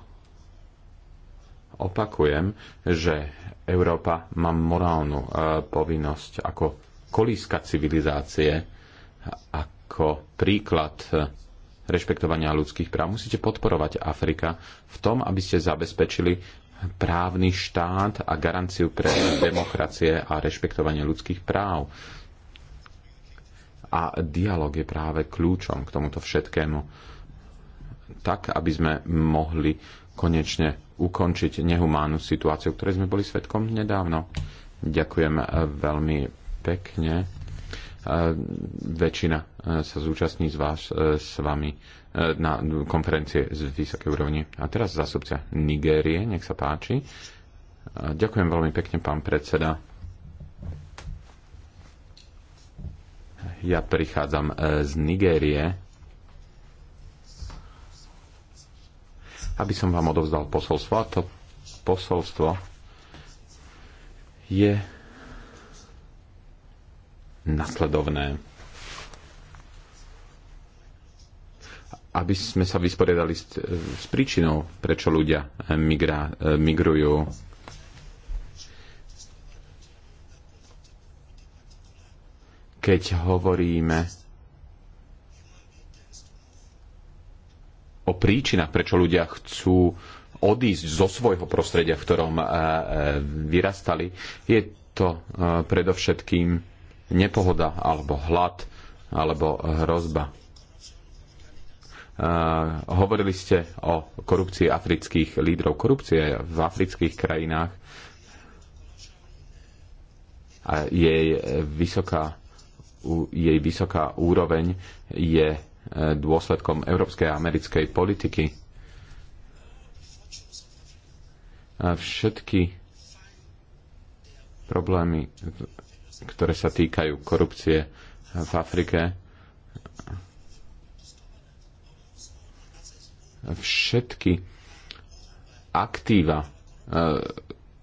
S2: opakujem, že Európa má morálnu e, povinnosť ako kolíska civilizácie, ako príklad e, rešpektovania ľudských práv. Musíte podporovať Afrika v tom, aby ste zabezpečili právny štát a garanciu pre demokracie a rešpektovanie ľudských práv. A dialog je práve kľúčom k tomuto všetkému tak, aby sme mohli konečne ukončiť nehumánnu situáciu, ktorej sme boli svetkom nedávno. Ďakujem e, veľmi pekne. E, väčšina e, sa zúčastní z vás s vami na konferencie z vysokej úrovni. A teraz zásobca Nigérie, nech sa páči. Ďakujem veľmi pekne, pán predseda. Ja prichádzam z Nigérie aby som vám odovzdal posolstvo. A to posolstvo je nasledovné. Aby sme sa vysporiadali s, s príčinou, prečo ľudia eh, migra, eh, migrujú. Keď hovoríme o príčinách, prečo ľudia chcú odísť zo svojho prostredia, v ktorom e, e, vyrastali, je to e, predovšetkým nepohoda alebo hlad alebo hrozba. Hovorili ste o korupcii afrických lídrov. Korupcie v afrických krajinách a jej vysoká, jej vysoká úroveň je dôsledkom európskej a americkej politiky. A všetky problémy, ktoré sa týkajú korupcie v Afrike, všetky aktíva e,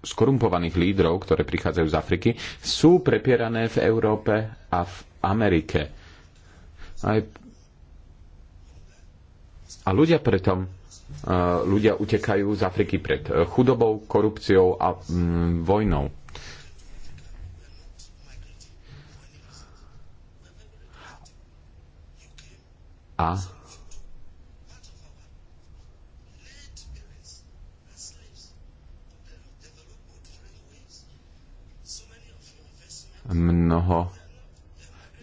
S2: skorumpovaných lídrov, ktoré prichádzajú z Afriky, sú prepierané v Európe a v Amerike. Aj a ľudia preto ľudia utekajú z Afriky pred e, chudobou, korupciou a mm, vojnou. A mnoho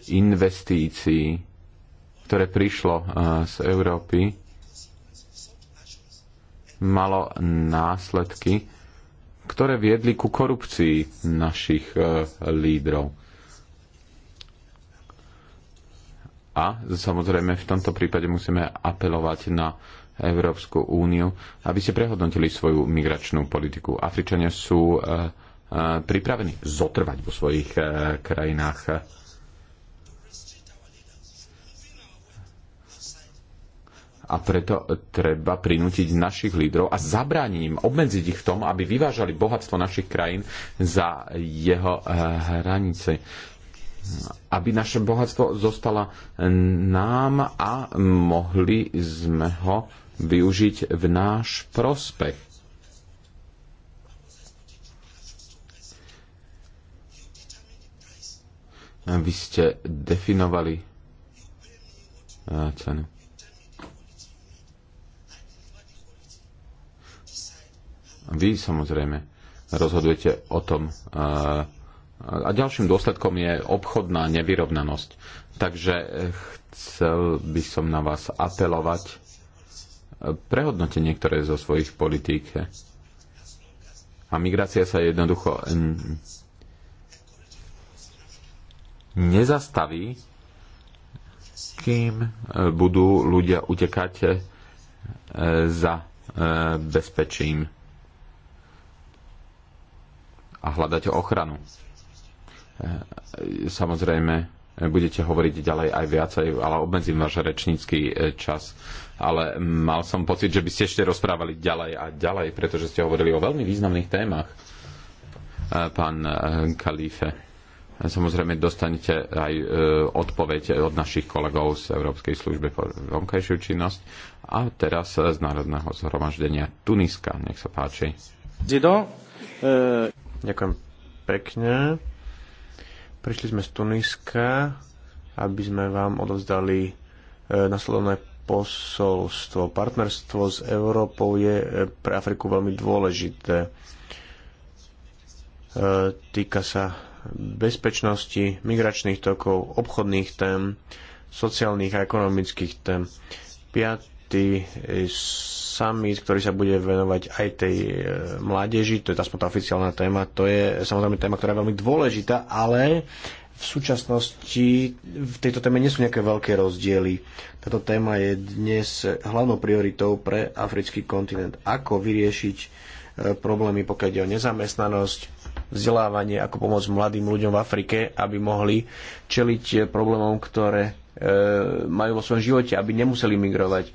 S2: investícií, ktoré prišlo e, z Európy, malo následky, ktoré viedli ku korupcii našich e, lídrov. A samozrejme v tomto prípade musíme apelovať na Európsku úniu, aby ste prehodnotili svoju migračnú politiku. Afričania sú e, e, pripravení zotrvať vo svojich krajinách a preto treba prinútiť našich lídrov a zabrániť im, obmedziť ich v tom, aby vyvážali bohatstvo našich krajín za jeho eh, hranice. Aby naše bohatstvo zostala nám a mohli sme ho využiť v náš prospech. Vy ste definovali eh, cenu Vy samozrejme rozhodujete o tom. A ďalším dôsledkom je obchodná nevyrovnanosť. Takže e, chcel by som na vás apelovať. E, Prehodnote niektoré zo svojich politík. A migrácia sa jednoducho nezastaví, kým e, budú ľudia utekať za bezpečím a hľadať ochranu. E, samozrejme, budete hovoriť ďalej aj viacej, ale obmedzím váš rečnícky e, čas. Ale mal som pocit, že by ste ešte rozprávali ďalej a ďalej, pretože ste hovorili o veľmi významných témach, e, pán Kalife. Samozrejme, dostanete aj odpoveď od našich kolegov z Európskej služby pre vonkajšiu činnosť a teraz z Národného zhromaždenia Tuniska. Nech sa páči.
S1: Zido, uh... Ďakujem pekne. Prišli sme z Tuniska, aby sme vám odovzdali e, nasledovné posolstvo. Partnerstvo s Európou je e, pre Afriku veľmi dôležité. E, týka sa bezpečnosti, migračných tokov, obchodných tém, sociálnych a ekonomických tém. 5 dôležitý summit, ktorý sa bude venovať aj tej e, mládeži, to je aspoň tá oficiálna téma, to je samozrejme téma, ktorá je veľmi dôležitá, ale v súčasnosti v tejto téme nie sú nejaké veľké rozdiely. Táto téma je dnes hlavnou prioritou pre africký kontinent. Ako vyriešiť e, problémy, pokiaľ ide o nezamestnanosť, vzdelávanie, ako pomôcť mladým ľuďom v Afrike, aby mohli čeliť e, problémom, ktoré E, majú vo svojom živote, aby nemuseli migrovať.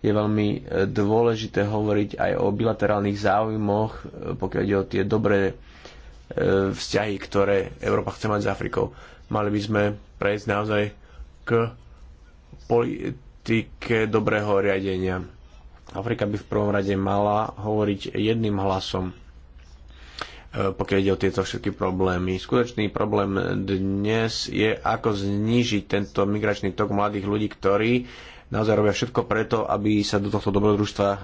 S1: Je veľmi e, dôležité hovoriť aj o bilaterálnych záujmoch, e, pokiaľ ide o tie dobré vzťahy, ktoré Európa chce mať s Afrikou. Mali by sme prejsť naozaj k politike dobrého riadenia. Afrika by v prvom rade mala hovoriť jedným hlasom E, pokiaľ ide o tieto všetky problémy. Skutočný problém dnes je, ako znížiť tento migračný tok mladých ľudí, ktorí naozaj robia všetko preto, aby sa do tohto dobrodružstva, e,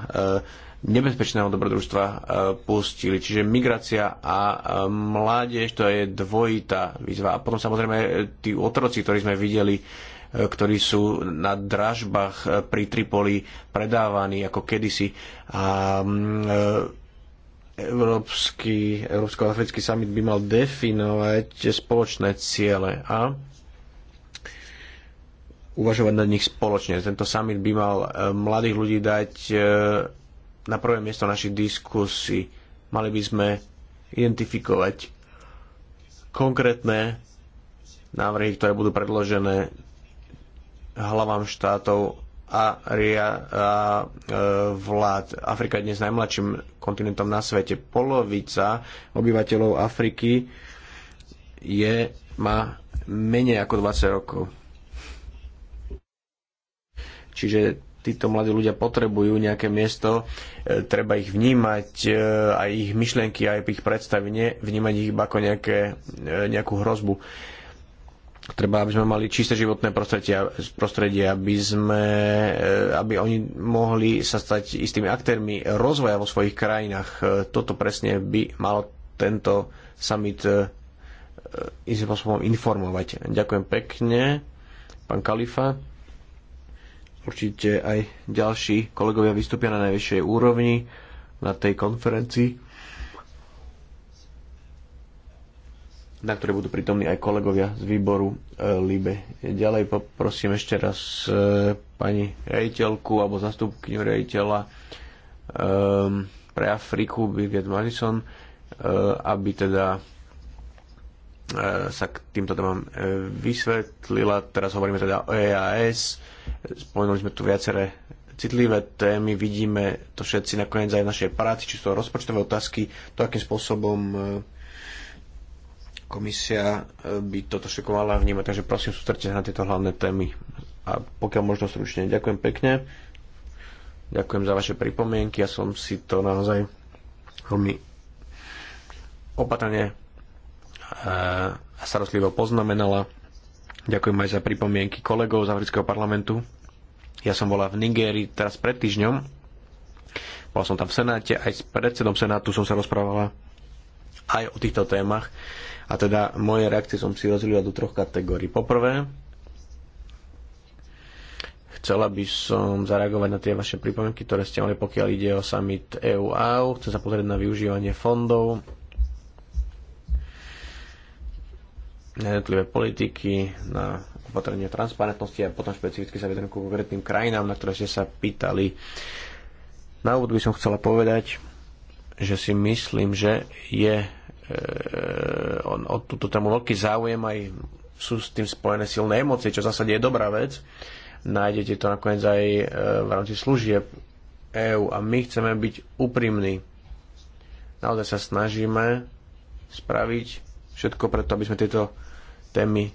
S1: nebezpečného dobrodružstva e, pustili. Čiže migrácia a mládež, to je dvojitá výzva. A potom samozrejme tí otroci, ktorí sme videli, ktorí sú na dražbách pri Tripoli predávaní ako kedysi. A mm, Európsky, Európsko-africký summit by mal definovať spoločné ciele a uvažovať nad nich spoločne. Tento summit by mal e, mladých ľudí dať e, na prvé miesto našich diskusí. Mali by sme identifikovať konkrétne návrhy, ktoré budú predložené hlavám štátov a, ria, a e, vlád. Afrika je dnes najmladším kontinentom na svete. Polovica obyvateľov Afriky je, má menej ako 20 rokov. Čiže títo mladí ľudia potrebujú nejaké miesto, e, treba ich vnímať, e, aj ich myšlienky, aj ich predstavenie, vnímať ich iba ako nejaké, nejakú hrozbu treba, aby sme mali čisté životné prostredie, prostredie aby, sme, e, aby oni mohli sa stať istými aktérmi rozvoja vo svojich krajinách. E, toto presne by malo tento summit e, istým spôsobom informovať. Ďakujem pekne, pán Kalifa. Určite aj ďalší kolegovia vystúpia na najvyššej úrovni na tej konferencii. na ktoré budú prítomní aj kolegovia z výboru e, LIBE. Ďalej poprosím ešte raz e, pani rejiteľku alebo zastupkyňu rejiteľa e, pre Afriku Birgit Madison, e, aby teda e, sa k týmto témam e, vysvetlila. Teraz hovoríme teda o EAS, spomenuli sme tu viaceré citlivé témy, vidíme to všetci nakoniec aj v našej práci, či sú to rozpočtové otázky, to akým spôsobom e, Komisia e, by toto všetko mala vnímať, takže prosím, sústrte na tieto hlavné témy. A pokiaľ možno stručne, ďakujem pekne. Ďakujem za vaše pripomienky. Ja som si to naozaj veľmi opatrne e, a starostlivo poznamenala. Ďakujem aj za pripomienky kolegov z Afrického parlamentu. Ja som bola v Nigérii teraz pred týždňom. Bola som tam v Senáte, aj s predsedom Senátu som sa rozprávala aj o týchto témach. A teda moje reakcie som si rozdelila do troch kategórií. Poprvé, chcela by som zareagovať na tie vaše pripomienky, ktoré ste mali, pokiaľ ide o summit EU-AU. Chcem sa pozrieť na využívanie fondov, na jednotlivé politiky, na opatrenie transparentnosti a potom špecificky sa vyjadrím ku konkrétnym krajinám, na ktoré ste sa pýtali. Na úvod by som chcela povedať, že si myslím, že je e, on, o túto tému veľký záujem aj sú s tým spojené silné emócie, čo v zásade je dobrá vec. Nájdete to nakoniec aj e, v rámci služieb EÚ a my chceme byť úprimní. Naozaj sa snažíme spraviť všetko preto, aby sme tieto témy e,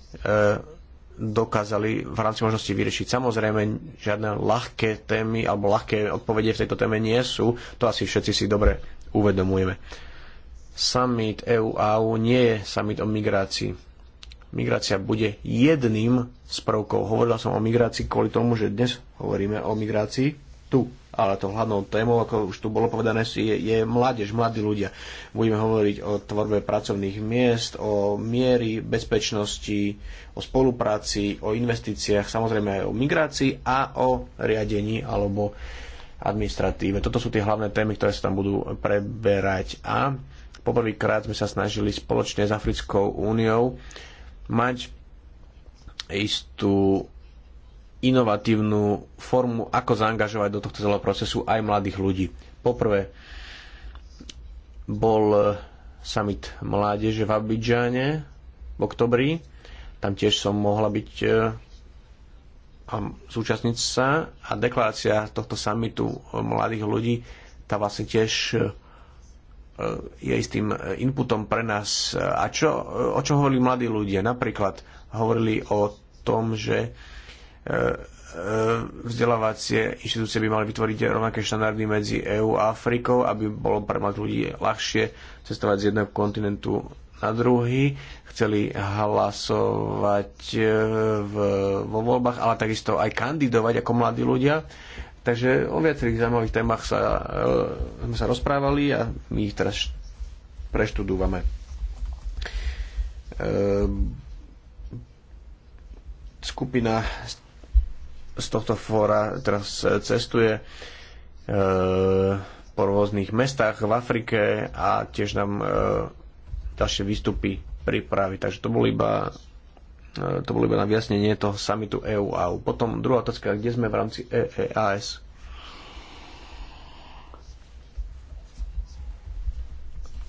S1: dokázali v rámci možnosti vyriešiť. Samozrejme, žiadne ľahké témy alebo ľahké odpovede v tejto téme nie sú, to asi všetci si dobre uvedomujeme. Summit eu EU nie je summit o migrácii. Migrácia bude jedným z prvkov. Hovorila som o migrácii kvôli tomu, že dnes hovoríme o migrácii tu. Ale to hlavnou témou, ako už tu bolo povedané, je, je mládež, mladí ľudia. Budeme hovoriť o tvorbe pracovných miest, o miery bezpečnosti, o spolupráci, o investíciách, samozrejme aj o migrácii a o riadení alebo administratíve. Toto sú tie hlavné témy, ktoré sa tam budú preberať. A poprvýkrát sme sa snažili spoločne s Africkou úniou mať istú inovatívnu formu, ako zaangažovať do tohto celého procesu aj mladých ľudí. Poprvé bol eh, summit mládeže v Abidžane v oktobri. Tam tiež som mohla byť eh, zúčastniť sa a deklarácia tohto samitu eh, mladých ľudí, tá vlastne tiež eh, je istým eh, inputom pre nás. A čo, o čo hovorili mladí ľudia? Napríklad hovorili o tom, že vzdelávacie inštitúcie by mali vytvoriť rovnaké štandardy medzi EÚ a Afrikou, aby bolo pre mladých ľudí ľahšie cestovať z jedného kontinentu a druhý chceli hlasovať e, v, vo voľbách, ale takisto aj kandidovať ako mladí ľudia. Takže o viacerých zaujímavých témach sa, uh, sme sa rozprávali a my ich teraz preštudúvame. Uh, skupina z tohto fóra teraz cestuje uh, po rôznych mestách v Afrike a tiež nám ďalšie výstupy pripraviť. Takže to bolo iba e, to bolo iba na vyjasnenie toho samitu EU a e potom druhá otázka, kde sme v rámci EEAS?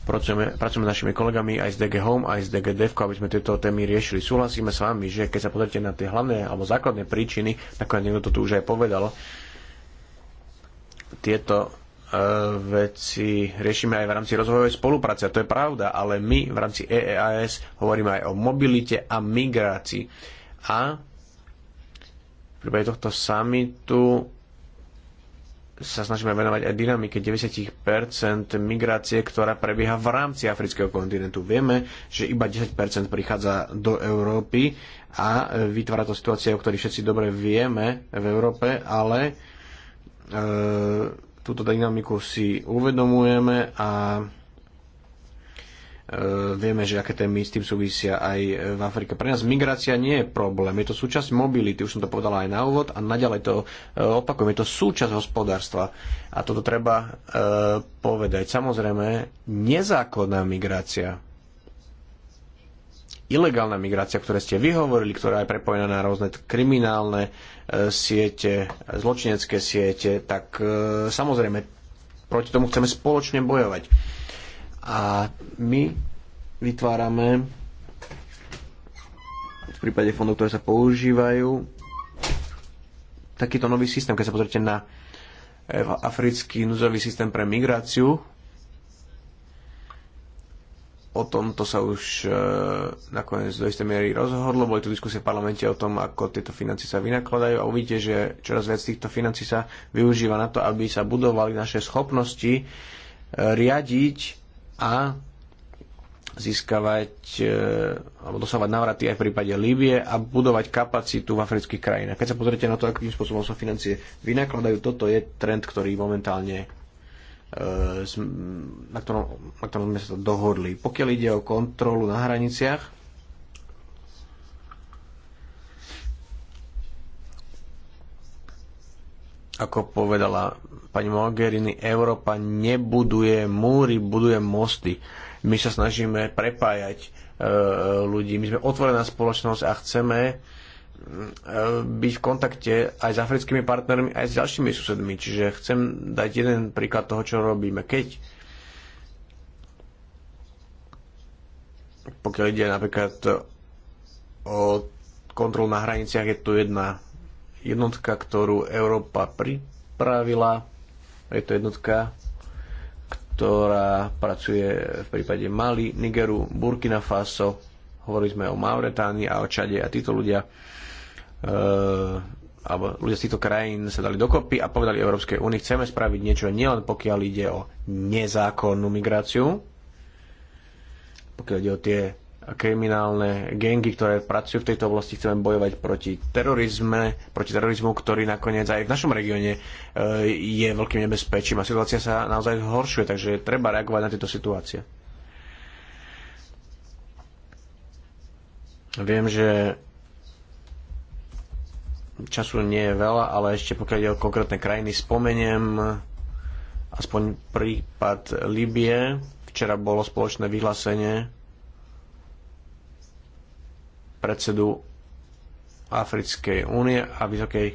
S1: Pracujeme, pracujeme s našimi kolegami aj z DG Home, aj z DG Devko, aby sme tieto témy riešili. Súhlasíme s vami, že keď sa pozrite na tie hlavné alebo základné príčiny, ako niekto to tu už aj povedal, tieto E, veci riešime aj v rámci rozvojovej spolupráce. A to je pravda, ale my v rámci EEAS hovoríme aj o mobilite a migrácii. A v prípade tohto samitu sa snažíme venovať aj dynamike 90% migrácie, ktorá prebieha v rámci afrického kontinentu. Vieme, že iba 10% prichádza do Európy a vytvára to situácia, o ktorej všetci dobre vieme v Európe, ale e, Túto dynamiku si uvedomujeme a e, vieme, že aké témy s tým súvisia aj v Afrike. Pre nás migrácia nie je problém, je to súčasť mobility, už som to povedala aj na úvod a naďalej to e, opakujem, je to súčasť hospodárstva a toto treba e, povedať. Samozrejme, nezákonná migrácia, ilegálna migrácia, ktoré ste vyhovorili, ktorá je prepojená na rôzne kriminálne siete, zločinecké siete, tak e, samozrejme proti tomu chceme spoločne bojovať. A my vytvárame v prípade fondov, ktoré sa používajú, takýto nový systém, keď sa pozrite na e, africký núzový systém pre migráciu, O tomto sa už e, nakoniec do istej miery rozhodlo. Boli tu diskusie v parlamente o tom, ako tieto financie sa vynakladajú a uvidíte, že čoraz viac týchto financí sa využíva na to, aby sa budovali naše schopnosti e, riadiť a získavať e, alebo dosávať návraty aj v prípade Líbie a budovať kapacitu v afrických krajinách. Keď sa pozriete na to, akým spôsobom sa financie vynakladajú, toto je trend, ktorý momentálne E, na ktorom, na ktorom sme sa dohodli. Pokiaľ ide o kontrolu na hraniciach, ako povedala pani Mogherini, Európa nebuduje múry, buduje mosty. My sa snažíme prepájať e, ľudí. My sme otvorená spoločnosť a chceme byť v kontakte aj s africkými partnermi, aj s ďalšími susedmi. Čiže chcem dať jeden príklad toho, čo robíme. Keď pokiaľ ide napríklad o kontrol na hraniciach, je tu jedna jednotka, ktorú Európa pripravila. Je to jednotka, ktorá pracuje v prípade Mali, Nigeru, Burkina Faso, hovorili sme o Mauretánii a o Čade a títo ľudia Eh, alebo ľudia z týchto krajín sa dali dokopy a povedali Európskej únii, chceme spraviť niečo nielen pokiaľ ide o nezákonnú migráciu, pokiaľ ide o tie kriminálne gengy, ktoré pracujú v tejto oblasti, chceme bojovať proti terorizme, proti terorizmu, ktorý nakoniec aj v našom regióne eh, je veľkým nebezpečím a situácia sa naozaj zhoršuje, takže treba reagovať na tieto situácie. Viem, že času nie je veľa, ale ešte pokiaľ ide o konkrétne krajiny, spomeniem aspoň prípad Libie. Včera bolo spoločné vyhlásenie predsedu Africkej únie a vysokej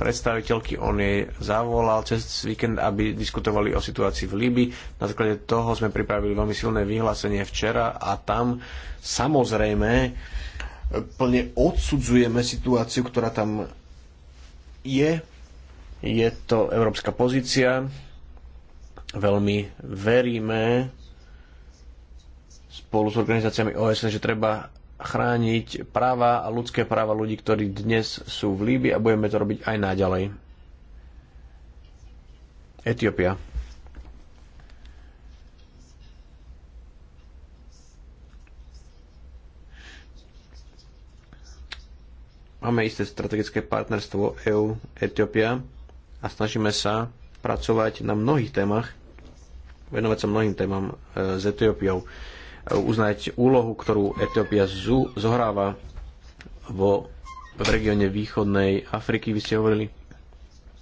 S1: predstaviteľky. On jej zavolal cez víkend, aby diskutovali o situácii v Líbii. Na základe toho sme pripravili veľmi silné vyhlásenie včera a tam samozrejme plne odsudzujeme situáciu, ktorá tam je. Je to európska pozícia. Veľmi veríme spolu s organizáciami OSN, že treba chrániť práva a ľudské práva ľudí, ktorí dnes sú v Líbi a budeme to robiť aj naďalej. Etiópia. Máme isté strategické partnerstvo EU-Etiópia a snažíme sa pracovať na mnohých témach, venovať sa mnohým témam e, s Etiópiou, e, uznať úlohu, ktorú Etiópia zohráva vo, v regióne východnej Afriky. Vy ste hovorili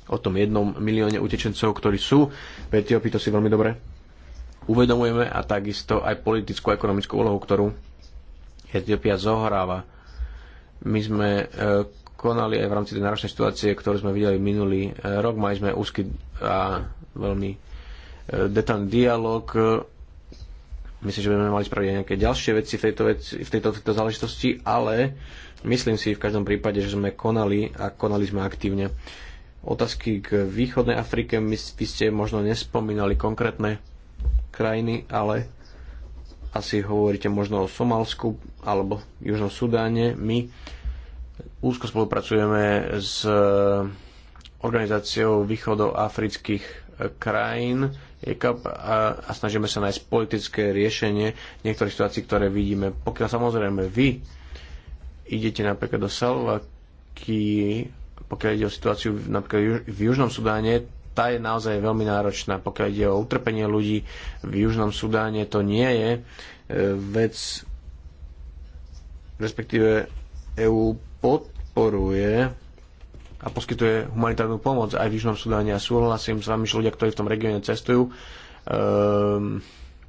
S1: o tom jednom milióne utečencov, ktorí sú v Etiópii, to si veľmi dobre uvedomujeme a takisto aj politickú a ekonomickú úlohu, ktorú Etiópia zohráva my sme e, konali aj v rámci tej náročnej situácie, ktorú sme videli minulý e, rok. Mali sme úzky a veľmi e, detailný dialog. Myslím, že by sme mali spraviť aj nejaké ďalšie veci v tejto, veci, v tejto, tejto záležitosti, ale myslím si v každom prípade, že sme konali a konali sme aktívne. Otázky k východnej Afrike, my, ste možno nespomínali konkrétne krajiny, ale asi hovoríte možno o Somálsku alebo Južnom Sudáne. My úzko spolupracujeme s e, organizáciou východoafrických e, krajín ECAP a, a snažíme sa nájsť politické riešenie niektorých situácií, ktoré vidíme. Pokiaľ samozrejme vy idete napríklad do Salvaky, pokiaľ ide o situáciu napríklad v Južnom Sudáne, tá je naozaj veľmi náročná. Pokiaľ ide o utrpenie ľudí v Južnom Sudáne, to nie je e, vec, respektíve EÚ podporuje a poskytuje humanitárnu pomoc aj v Južnom Sudáne a súhlasím s vami, že ľudia, ktorí v tom regióne cestujú, um,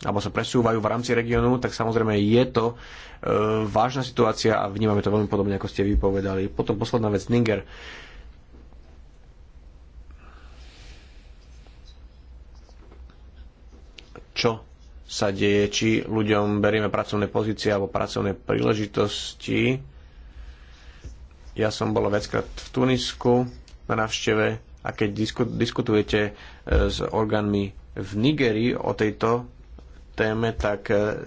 S1: alebo sa presúvajú v rámci regiónu, tak samozrejme je to e, vážna situácia a vnímame to veľmi podobne, ako ste vypovedali. Potom posledná vec, Niger. čo sa deje, či ľuďom berieme pracovné pozície alebo pracovné príležitosti. Ja som bol veckrát v Tunisku na návšteve a keď diskutujete e, s orgánmi v Nigerii o tejto téme, tak e,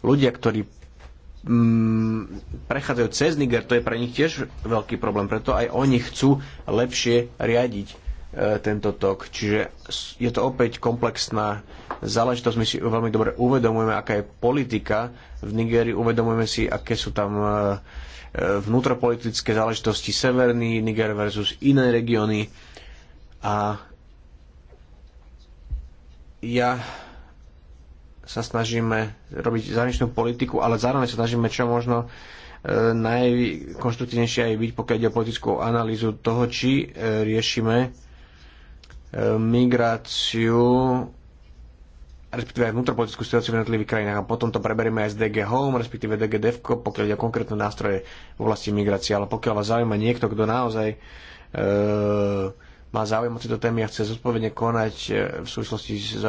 S1: ľudia, ktorí mm, prechádzajú cez Niger, to je pre nich tiež veľký problém, preto aj oni chcú lepšie riadiť e, tento tok. Čiže je to opäť komplexná záležitosť. My si veľmi dobre uvedomujeme, aká je politika v Nigérii, uvedomujeme si, aké sú tam e, e, vnútropolitické záležitosti Severný Niger versus iné regióny. A ja sa snažíme robiť zahraničnú politiku, ale zároveň sa snažíme čo možno e, najkonštruktívnejšie aj byť, pokiaľ ide o politickú analýzu toho, či riešime migráciu respektíve aj vnútropolitickú situáciu v jednotlivých krajinách a potom to preberieme aj z DG Home, respektíve DG DEVCO, pokiaľ ide o konkrétne nástroje v oblasti migrácie. Ale pokiaľ vás zaujíma niekto, kto naozaj e, má záujem o tieto témy a chce zodpovedne konať e, v súvislosti s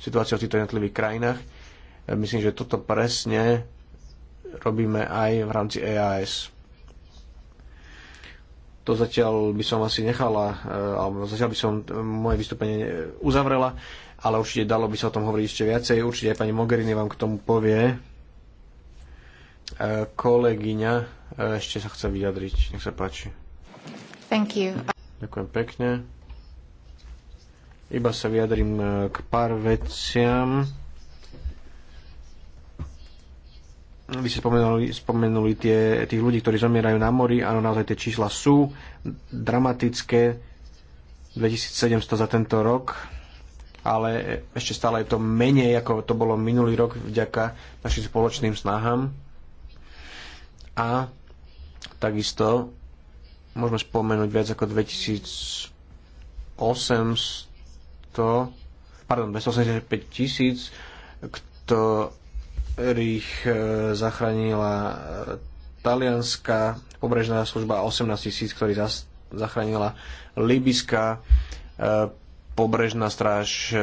S1: situáciou v týchto jednotlivých krajinách, e, myslím, že toto presne robíme aj v rámci EAS. To zatiaľ by som asi nechala, e, alebo zatiaľ by som moje vystúpenie uzavrela ale určite dalo by sa o tom hovoriť ešte viacej. Určite aj pani Mogherini vám k tomu povie. E, kolegyňa e, ešte sa chce vyjadriť. Nech sa páči. Thank you. Ďakujem pekne. Iba sa vyjadrím e, k pár veciam. Vy ste spomenuli, spomenuli tie, tých ľudí, ktorí zomierajú na mori. Áno, naozaj tie čísla sú dramatické. 2700 za tento rok ale ešte stále je to menej, ako to bolo minulý rok vďaka našim spoločným snahám. A takisto môžeme spomenúť viac ako 2800, pardon, 285 tisíc, ktorých e, zachránila e, talianská pobrežná služba 18 tisíc, ktorý zachránila libyská e, pobrežná stráž, e,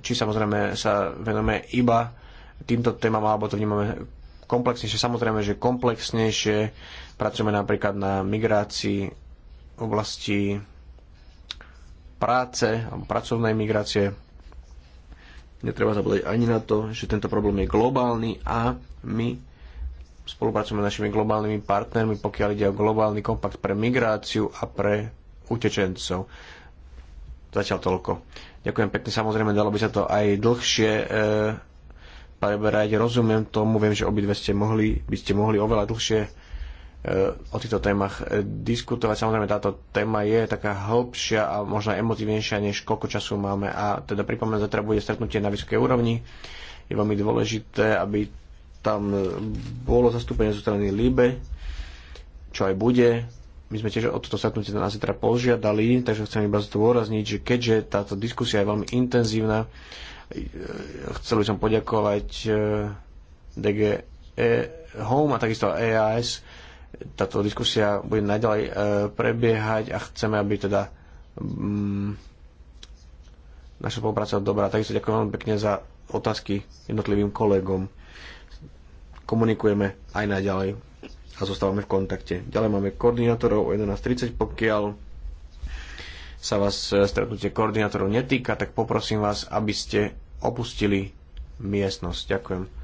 S1: či samozrejme sa venujeme iba týmto témam, alebo to vnímame komplexnejšie. Samozrejme, že komplexnejšie pracujeme napríklad na migrácii v oblasti práce alebo pracovnej migrácie. Netreba zabúdať ani na to, že tento problém je globálny a my spolupracujeme s našimi globálnymi partnermi, pokiaľ ide o globálny kompakt pre migráciu a pre utečencov. Zatiaľ toľko. Ďakujem pekne. Samozrejme, dalo by sa to aj dlhšie e, preberať. Rozumiem tomu, viem, že obidve ste mohli, by ste mohli oveľa dlhšie e, o týchto témach e, diskutovať. Samozrejme, táto téma je taká hĺbšia a možno emotívnejšia, než koľko času máme. A teda pripomínam, zatiaľ bude stretnutie na vysokej úrovni. Je veľmi dôležité, aby tam e, bolo zastúpenie zo strany Líbe, čo aj bude my sme tiež o toto stretnutie na zajtra požiadali, takže chcem iba zdôrazniť, že keďže táto diskusia je veľmi intenzívna, e, chcel by som poďakovať e, DG e Home a takisto EAS. Táto diskusia bude naďalej prebiehať a chceme, aby teda mm, naša spolupráca dobrá. Takisto ďakujem veľmi pekne za otázky jednotlivým kolegom. Komunikujeme aj naďalej a zostávame v kontakte. Ďalej máme koordinátorov o 11.30, pokiaľ sa vás eh, stretnutie koordinátorov netýka, tak poprosím vás, aby ste opustili miestnosť. Ďakujem.